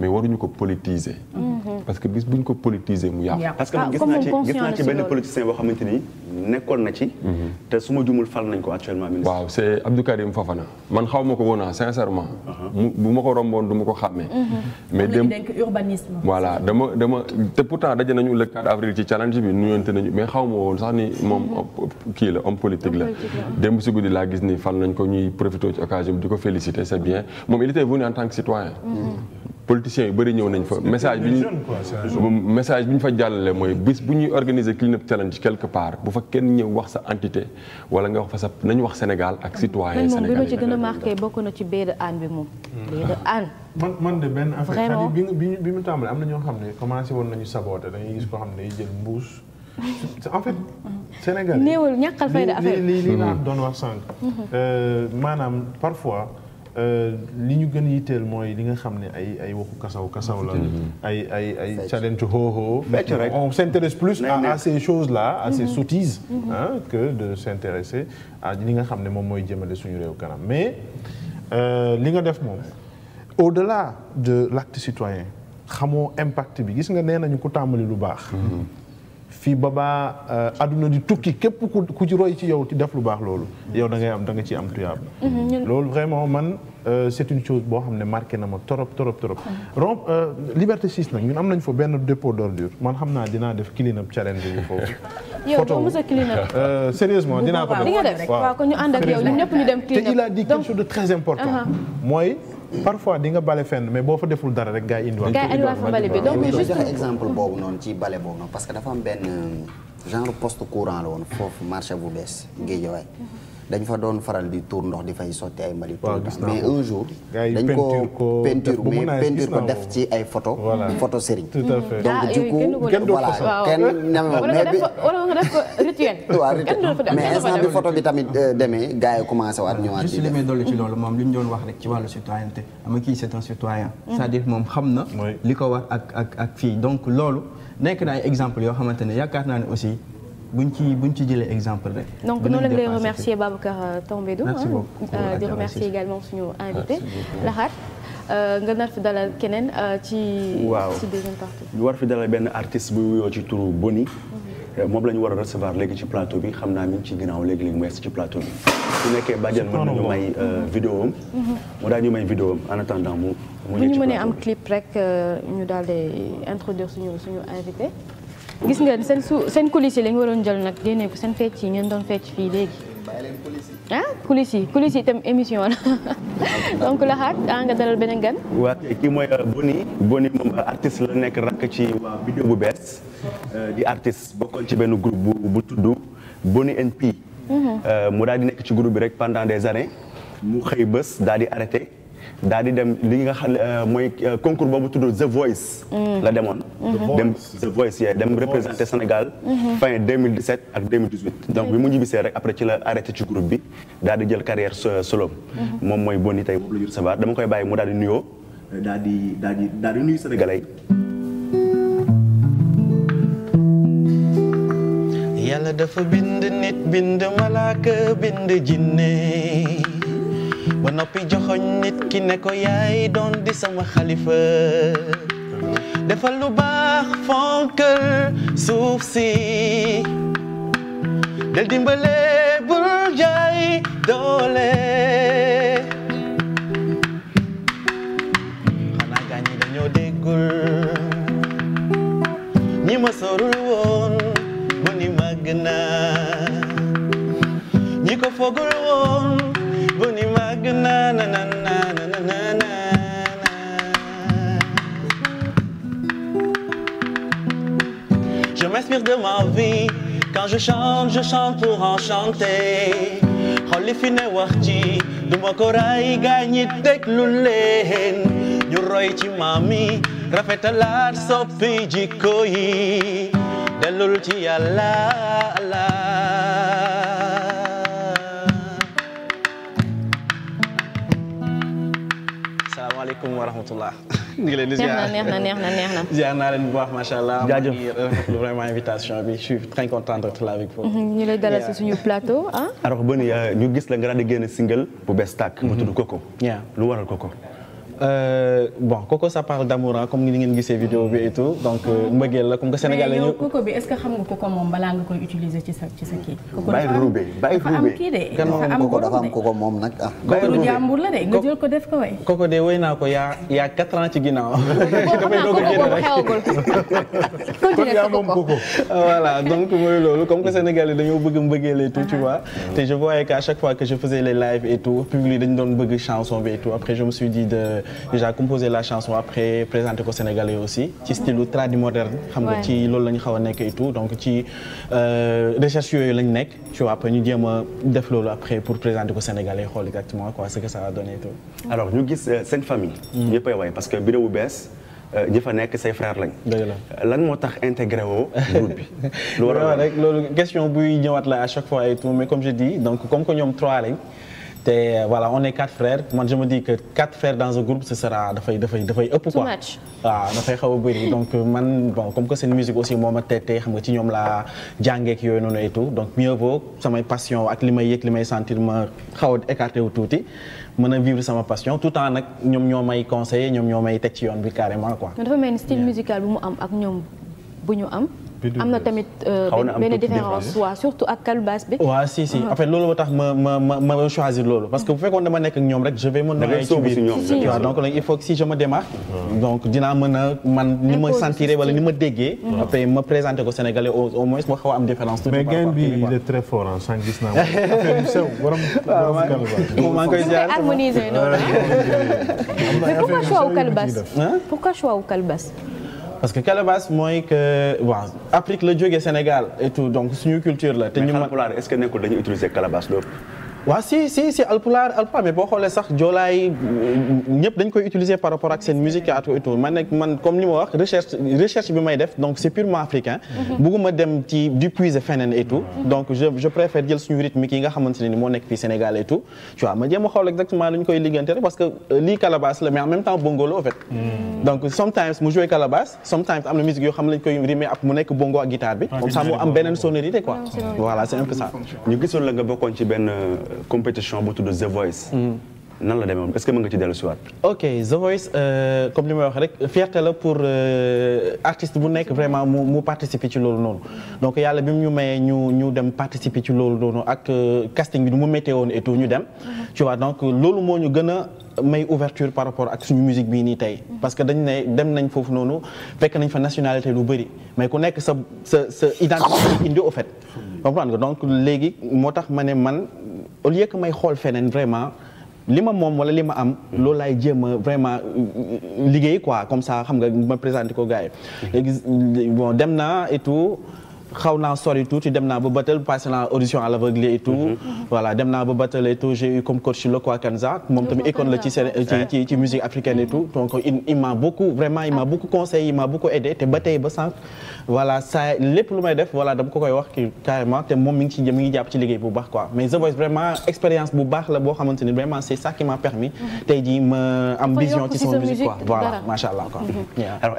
mais waruñu ko politiser. Mm-hmm. parce que bis buñ ko politiser mu yàqu. parce que ah, gis naa ci gis naa ci benn politicien boo xamante ni nekkoon na ci. Mm-hmm. te su ma jumul fal nañ ko actuellement ministre. waaw c'est Abdou Karim Fofana man xaw ma ko woon ah uh-huh. bu ma ko romboon du ma ko xàmmee. Mm-hmm. mais dem urbanisme. voilà dama dama te daje nañu le 4 avril ci challenge bi nuyonte nañu mais xaw ma woon sax ni moom kii la homme politique la. démb si guddi laa gis nii fal nañ ko ñuy profité ci occasion di ko féliciter c'est bien moom il était venu en tant que citoyen. politiciens yu bëri ñëw nañ fa. message bi ñu message bi ñu fa jàllale mooy bis bu ñuy organiser clean challenge quelque part bu fa kenn ñëw wax sa entité wala nga fa sa nañ wax Sénégal ak citoyen Sénégal ma ci gën a marqué bokk na na ñoo xam ne commencé woon nañu saboote dañuy gis koo xam ne jël mbuus. en fait Sénégal néewal ñàkkal fayda affaire li mhm. euh, maanaam parfois. Euh, li ñu gën yitteel mooy li nga xam ne ay ay waxu kasaw kasaw la. ay ay ay challenge hoho. on s'intéresse plus à, à ces choses là à ces mm-hmm. sottises. Mm-hmm. Hein, que de s'intéresser à li nga xam ne moom mooy jëmale suñu réew kanam mais euh, li nga def moom au-delà de l'acte citoyen xamoo impact bi gis nga nee nañu ku tàmbali lu baax. Mm-hmm. fii ba baa adduna euh, di tukki képp ku ci roy ci yow ci def lu baax loolu. yow dangay am da nga ciy am tuyaab. loolu vraiment man. Euh, c'est une chose boo xam ne marqué na ma trop trop trop. rond euh, Liberté 6 nag ñun am nañ fa benn dépôt d'ordure man xam naa dinaa def clean up challenge bi foofu. yow doo mos a euh, sérieusement dinaa ko def waaw ko ñu te il a dit quelque chose de très important. Uh-huh. mooy parfois di nga bale fenn mais boo fa deful dara rek gars yi indiwaat. gars fa bale bi donc juste exemple boobu noonu ci bale boobu noonu parce que dafa am benn. genre poste courant la woon foofu marché bu bees Guédiawaye dañ fa doon faral di tuur ndox di fay sotti ay mbalit mais un jour dañ ko peinture mais peinture ko def ci ay photo foto sëriñ ah, donc du coup voilà kenn mais bi wala nga def ko euh, rituel demee gars yi commencé waat ñëwaat di def dolli ci loolu moom li ñu doon wax rek ci wàllu citoyenneté ama kii c'est un citoyen mm. moom xam na li ko war ak ak ak fii donc loolu nekk na ay exemple yoo xamante ne yaakaar naa ne aussi buñ ci buñ ci jëlee exemple rek. donc noonu lañ lay remercier Babacar euh, Tambédou. merci beaucoup euh, di remercier également suñu invité. Laxaat euh, nga nar fi dalal keneen ci. waaw ci deuxième partie. war fi dalal benn artiste bu wuyoo ci turu Boni. Mhm. moom la ñu war a recevoir léegi ci plateau bi xam naa mi ngi ci ginnaaw léegi léegi mu yegg ci plateau bi. su nekkee bàjjen mën nañu may mhm. vidéo am. Mhm. mu daal ñu may vidéo am en attendant mu. bu ñu mënee am clip rek euh, ñu daal di introduire suñu suñu invité. gis nga seen su seen coulisses yi waroon jël nag génne ko seen fecc yi ngeen doon fecc fii léegi. ah coulisses yi coulisses émission la donc la xaar ah nga dalal beneen gan. waa kii mooy euh, Boni Boni moom euh, artiste la nekk rakk ci waa bu bees di artiste bokkoon ci benn groupe bu bu tudd Boni NP. Mhm. mu daal di nekk ci groupe bi rek pendant des années mu xëy bës daal di arrêté. daal di dem li nga xam euh, mooy euh, concours boobu tudd The Voice. Mm. la demoon. dem The Voice yee dem représenté Sénégal. Mm-hmm. fin ak donc bi mu ñibbisee rek après ci la arrêté ci groupe bi daal di jël carrière solo. Mm-hmm. moom mooy Boni tey boobu la ñu recevoir dama koy bàyyi mu daal di nuyoo. daal di nuyu Sénégalais yàlla dafa bind nit bind malaaka bind jinne ba noppi joxoñ nit ki ne ko yaay doon di sama xalifa defal lu baax fonkal suuf si del dimbale bul jaay doole xanaa gaa ñi dañoo déggul ñi ma sorul woon ba ni màgg ñi ko fogul woon bu ni màgg na na na na na na Je m'inspire de ma vie quand je chante, je chante pour enchanter xolli oh, fi ne wax ci duma ko ray gaa ñi déglu leen ñu roy ci maam yi rafetalaat soppi jikko yi dellul ci yàlla asalaamaaleykum wa rahmatullah ñu ngi leen di ziar neex na neex na neex na ziar naa leen bu baax macha allah jaajëf maa ngi rafetlu vraiment invitation bi je suis très content d'être là avec vous mhm, ñu lay dalal si suñu plateau ah alors Boni euh, ñu gis la nga daal di génn single bu bees tàkk mu tudd Coco lu waral Coco Euh, bon Coco ça parle d'amour comme ni ngeen gisee vidéo bi et tout donc euh, mbëggeel la comme que Sénégal la ñu. mais yow Coco bi est-ce que xam moom balaa nga koy utiliser ci sa ci sa kii. bàyyi ruube moom nag ah. bàyyi ruube jàmbur la de nga ko def ko way. de woy naa ko yaa yaa quatre ans ci ginnaaw. damay doog a génn rek kon yaa moom Coco. voilà donc mooy loolu comme que mm. Sénégal dañoo bëgg mbëggeel et tout tu vois. Mm. te je chaque fois que je faisais les lives et tout public dañu doon bëgg chanson bi et tout après je me déjà composé la chanson après présenté ko Sénégalais aussi ci style lu tradi moderne xam nga ci loolu la ñu xaw nekk et tout donc ci euh, recherche yooyu lañ nekk ci vois après ñu jéem def loolu après pour présenter ko Sénégalais xool exactement quoi ce que ça a donné tout alors ñu gis euh, seen famille mm. ñëppay way parce que Bidew bu bees euh, ñi fa nekk say frère lañ. dëgg lan moo tax intégré woo groupe bi. loolu rek loolu question buy ñëwaat la à chaque fois et tout comme que ñoom trois lañ. te voilà on est quatre frères man je me quatre frères dans un groupe ce sera dafay dafay ëpp quoi. waaw ah, dafay xaw a bëri donc euh, man bon comme que seen musique aussi moo ma teetee xam nga ci ñoom laa jàngeek yooyu noonu et donc mieux vaut samay passion ak li may yëg li may sentir ma xaw a écarté wu tuuti mën a vivre sama passion tout temps nag ñoom ñoo may conseiller ñoom ñoo may teg ci yoon bi carrément quoi. dafa mel style musical bu mu am ak ñoom bu ñu am na tamit euh, benn différence waaw surtout ak kalbaas bi waaw si si ah. en fait loolu moo tax ma choisir loolu parce que bu fekkoon dama nekk ñoom rek je vais mën a ci biir donc il faut man ni ma sentiré wala ni ma déggee mm-hmm. après ma présenté ko Sénégalais au moins ma xaw am différence mais gain bi il est très fort ah sànq gis naa affaire pourquoi choix wu pourquoi choix wu parce que Calabas mooy que bon Afrique la jógee Sénégal et tout donc suñu culture la. te ñu mais xalpulaar est-ce que nekkul dañuy utiliser Calabas loolu. waaw si si si alpulaar alpulaar mais boo xoolee sax joolaay ñëpp dañ koy utiliser par rapport ak seen musique at et tout man nag man comme ni ma wax recherche recherche bi may def donc c'est purement africain mhm. bugguma mhm. jël suñu rythmique yi nga xamante ne ni moo nekk fii Sénégal et parce que euh, lii calebasse la mais en même temps bongo la en mhm. donc sometimes mu jouer calebasse sometimes am na musique yoo xam ne lañ koy rimer ak mu nekk bongo ak guitare bi comme mu am beneen sonorité quoi voilà c'est un peu compétition bu tudd The Voice. Mhm. nan la demee est-ce que mën nga ci dellu waat. ok The Voice euh, comme li may wax rek fierté la pour euh, artiste bu nekk vraiment mu mu participer ci loolu noonu donc yàlla bi mu ñu mayee ñu dem participer ci loolu noonu ak euh, casting bi mu météo woon et ñu dem. Mhm. tu vois donc loolu moo ñu gën may ouverture par rapport ak suñu musique bii nii tey parce que dañ dem nañ foofu noonu fekk nañ fa nationalité lu bari mais ku nekk sa sa sa identité indi au léegi moo tax ma ne man au lieu may xool feneen vraiment li ma moom wala li ma am loolu laay jéem a vraiment euh, liggéey koi comme ça xam nga ma présenté ko gars yi dem naa et tout xaw naa sori tuuti dem naa ba Batel passé naa audition à l'aveugle et tout. Mhm. voilà dem naa ba Batel et tout j'ai eu comme coach Lokwa Kanza moom tamit école la ci ci ci musique africaine et tout mhm. donc il il m'a beaucoup vraiment il m'a ah. beaucoup conseillé il m'a beaucoup aidé te ba tey ba sànq voilà ça lépp lu may def voilà dama ko koy wax kii carrément te moom mi ngi ci mi ngi jàpp ci liggéey bu baax quoi mais The Voice vraiment expérience bu baax la boo xamante ni vraiment c'est ça qui m'a permis mhm. tey jii ma am vision ci sama musique quoi voilà macha allah quoi alors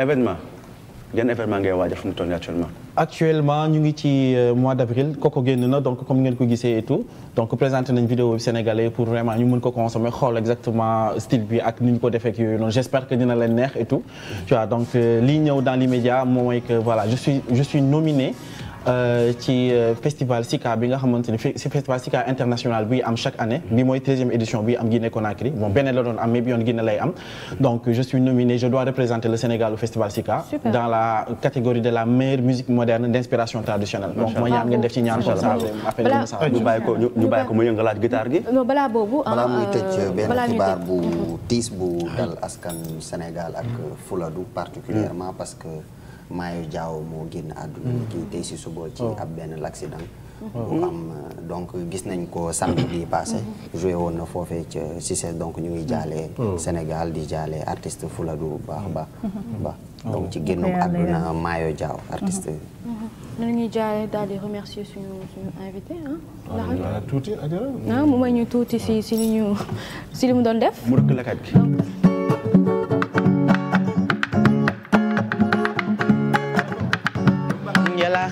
yan événement ngay waajal fu mu toll actuellement. actuellement ñu ngi ci euh, mois d' avril kooku génn na donc comme ngeen ko gisee et tout donc présenté nañ vidéo bi sénégalais pour vraiment ñu mën ko consommer xool exactement style bi ak ni ñu ko defee ak yooyu noonu j' espère que dina leen neex et tout. tu vois donc euh, li ñëw dans l' immédiat moom mooy que voilà je suis nominé. Euh, ci euh, festival Sika bi nga xamante ni si festival Sika international buy am chaque année bi mooy treizième édition buy am Guinée Conakry bon beneen la doon am mais bi yoon Guinée lay am donc je suis nominé je dois représenter le Sénégal au festival Sika dans la catégorie de la meilleure musique moderne d'inspiration traditionnelle donc mooy ñaan ngeen def ci ñaan affaire ñu bàyyi ko boobu euh, balaa muy tëj bu dal askan Sénégal ak Fuladu particulièrement parce que Maayo jaaw moo génn àdduna ni mm. kii tey si suba ci oh. ab benn l'accident bu mm. am euh, donc gis nañ ko samedi bi passé mm-hmm. joué woon na foofee ca Cissé donc ñu ngi jaalee mm. oh. Sénégal di jaalee artiste Fouladou baax mm-hmm. ba ba mm-hmm. donc ci oh. génn àdduna jaaw artist artiste noonu ngi jaaree daal di remercier suñu suñu invité ah, tuuti ah, mu may ñu tuuti si si li ñu si li mu doon def. murk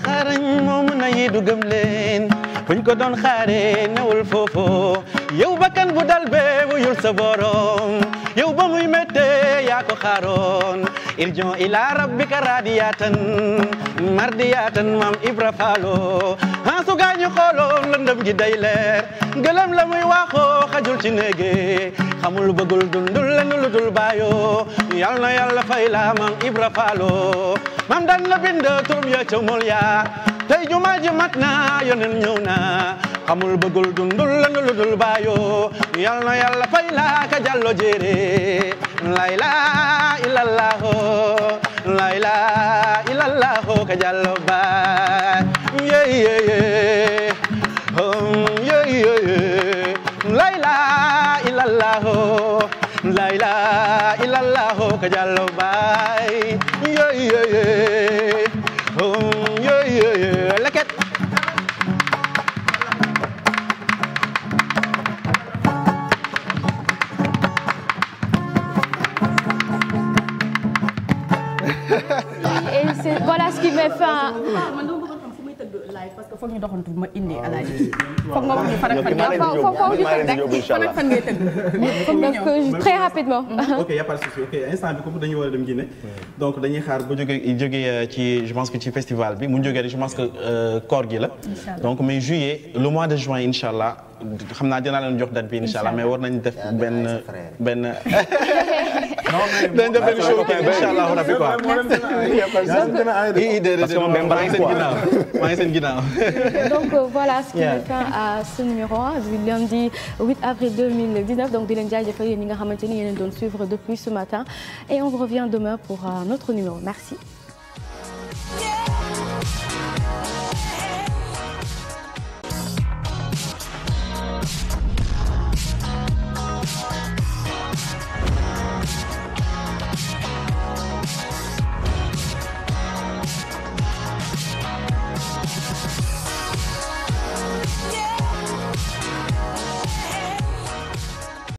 xarañ moo mën a gëm leen buñ ko doon xaare newul foofu yow bakkan bu dal be wuyul sa borom yow ba muy méttee yaa ko xaaroon irjon ila rabbika radiyatan mardiyatan maam Ibra Faalo han su gaañu xooloon lëndëm gi day leer gëlëm la muy waaxoo xajul ci néege xamul bëggul dundul lenn lu dul baayo yal na yàlla fay la maam Ibra Faalo maam daan la bind turum ya ca mool ya tey jumaa ji mat na xamul bëggul dul dul la dul dul baayo yal na yàlla fay la ka jàllo jéere layla ilallahu layla ilallahu ka jàllo baay yeyeye yeyeye layla ilallahu layla ilallahu ka jàllo baay yeyeye voilà ce qui m'est fait parce que foog ñu doxantu ma indi alaaji foog ma wax farak fan nga farak fan ngay tëgg très rapidement de souci donc dañuy xaar bu jógee jógee euh, ci je pense que ci festival bi mu jógee rek je pense que euh, koor gi la donc mais juillet le mois de juin inshallah xam naa dinaa leen jox date bi inshallah mais war nañu def benn benn dañ def benn show inshallah on a fait quoi maa ngi seen ginnaaw donc euh, voilà ce qui nga xamante ni yéen doon suivre depuis ce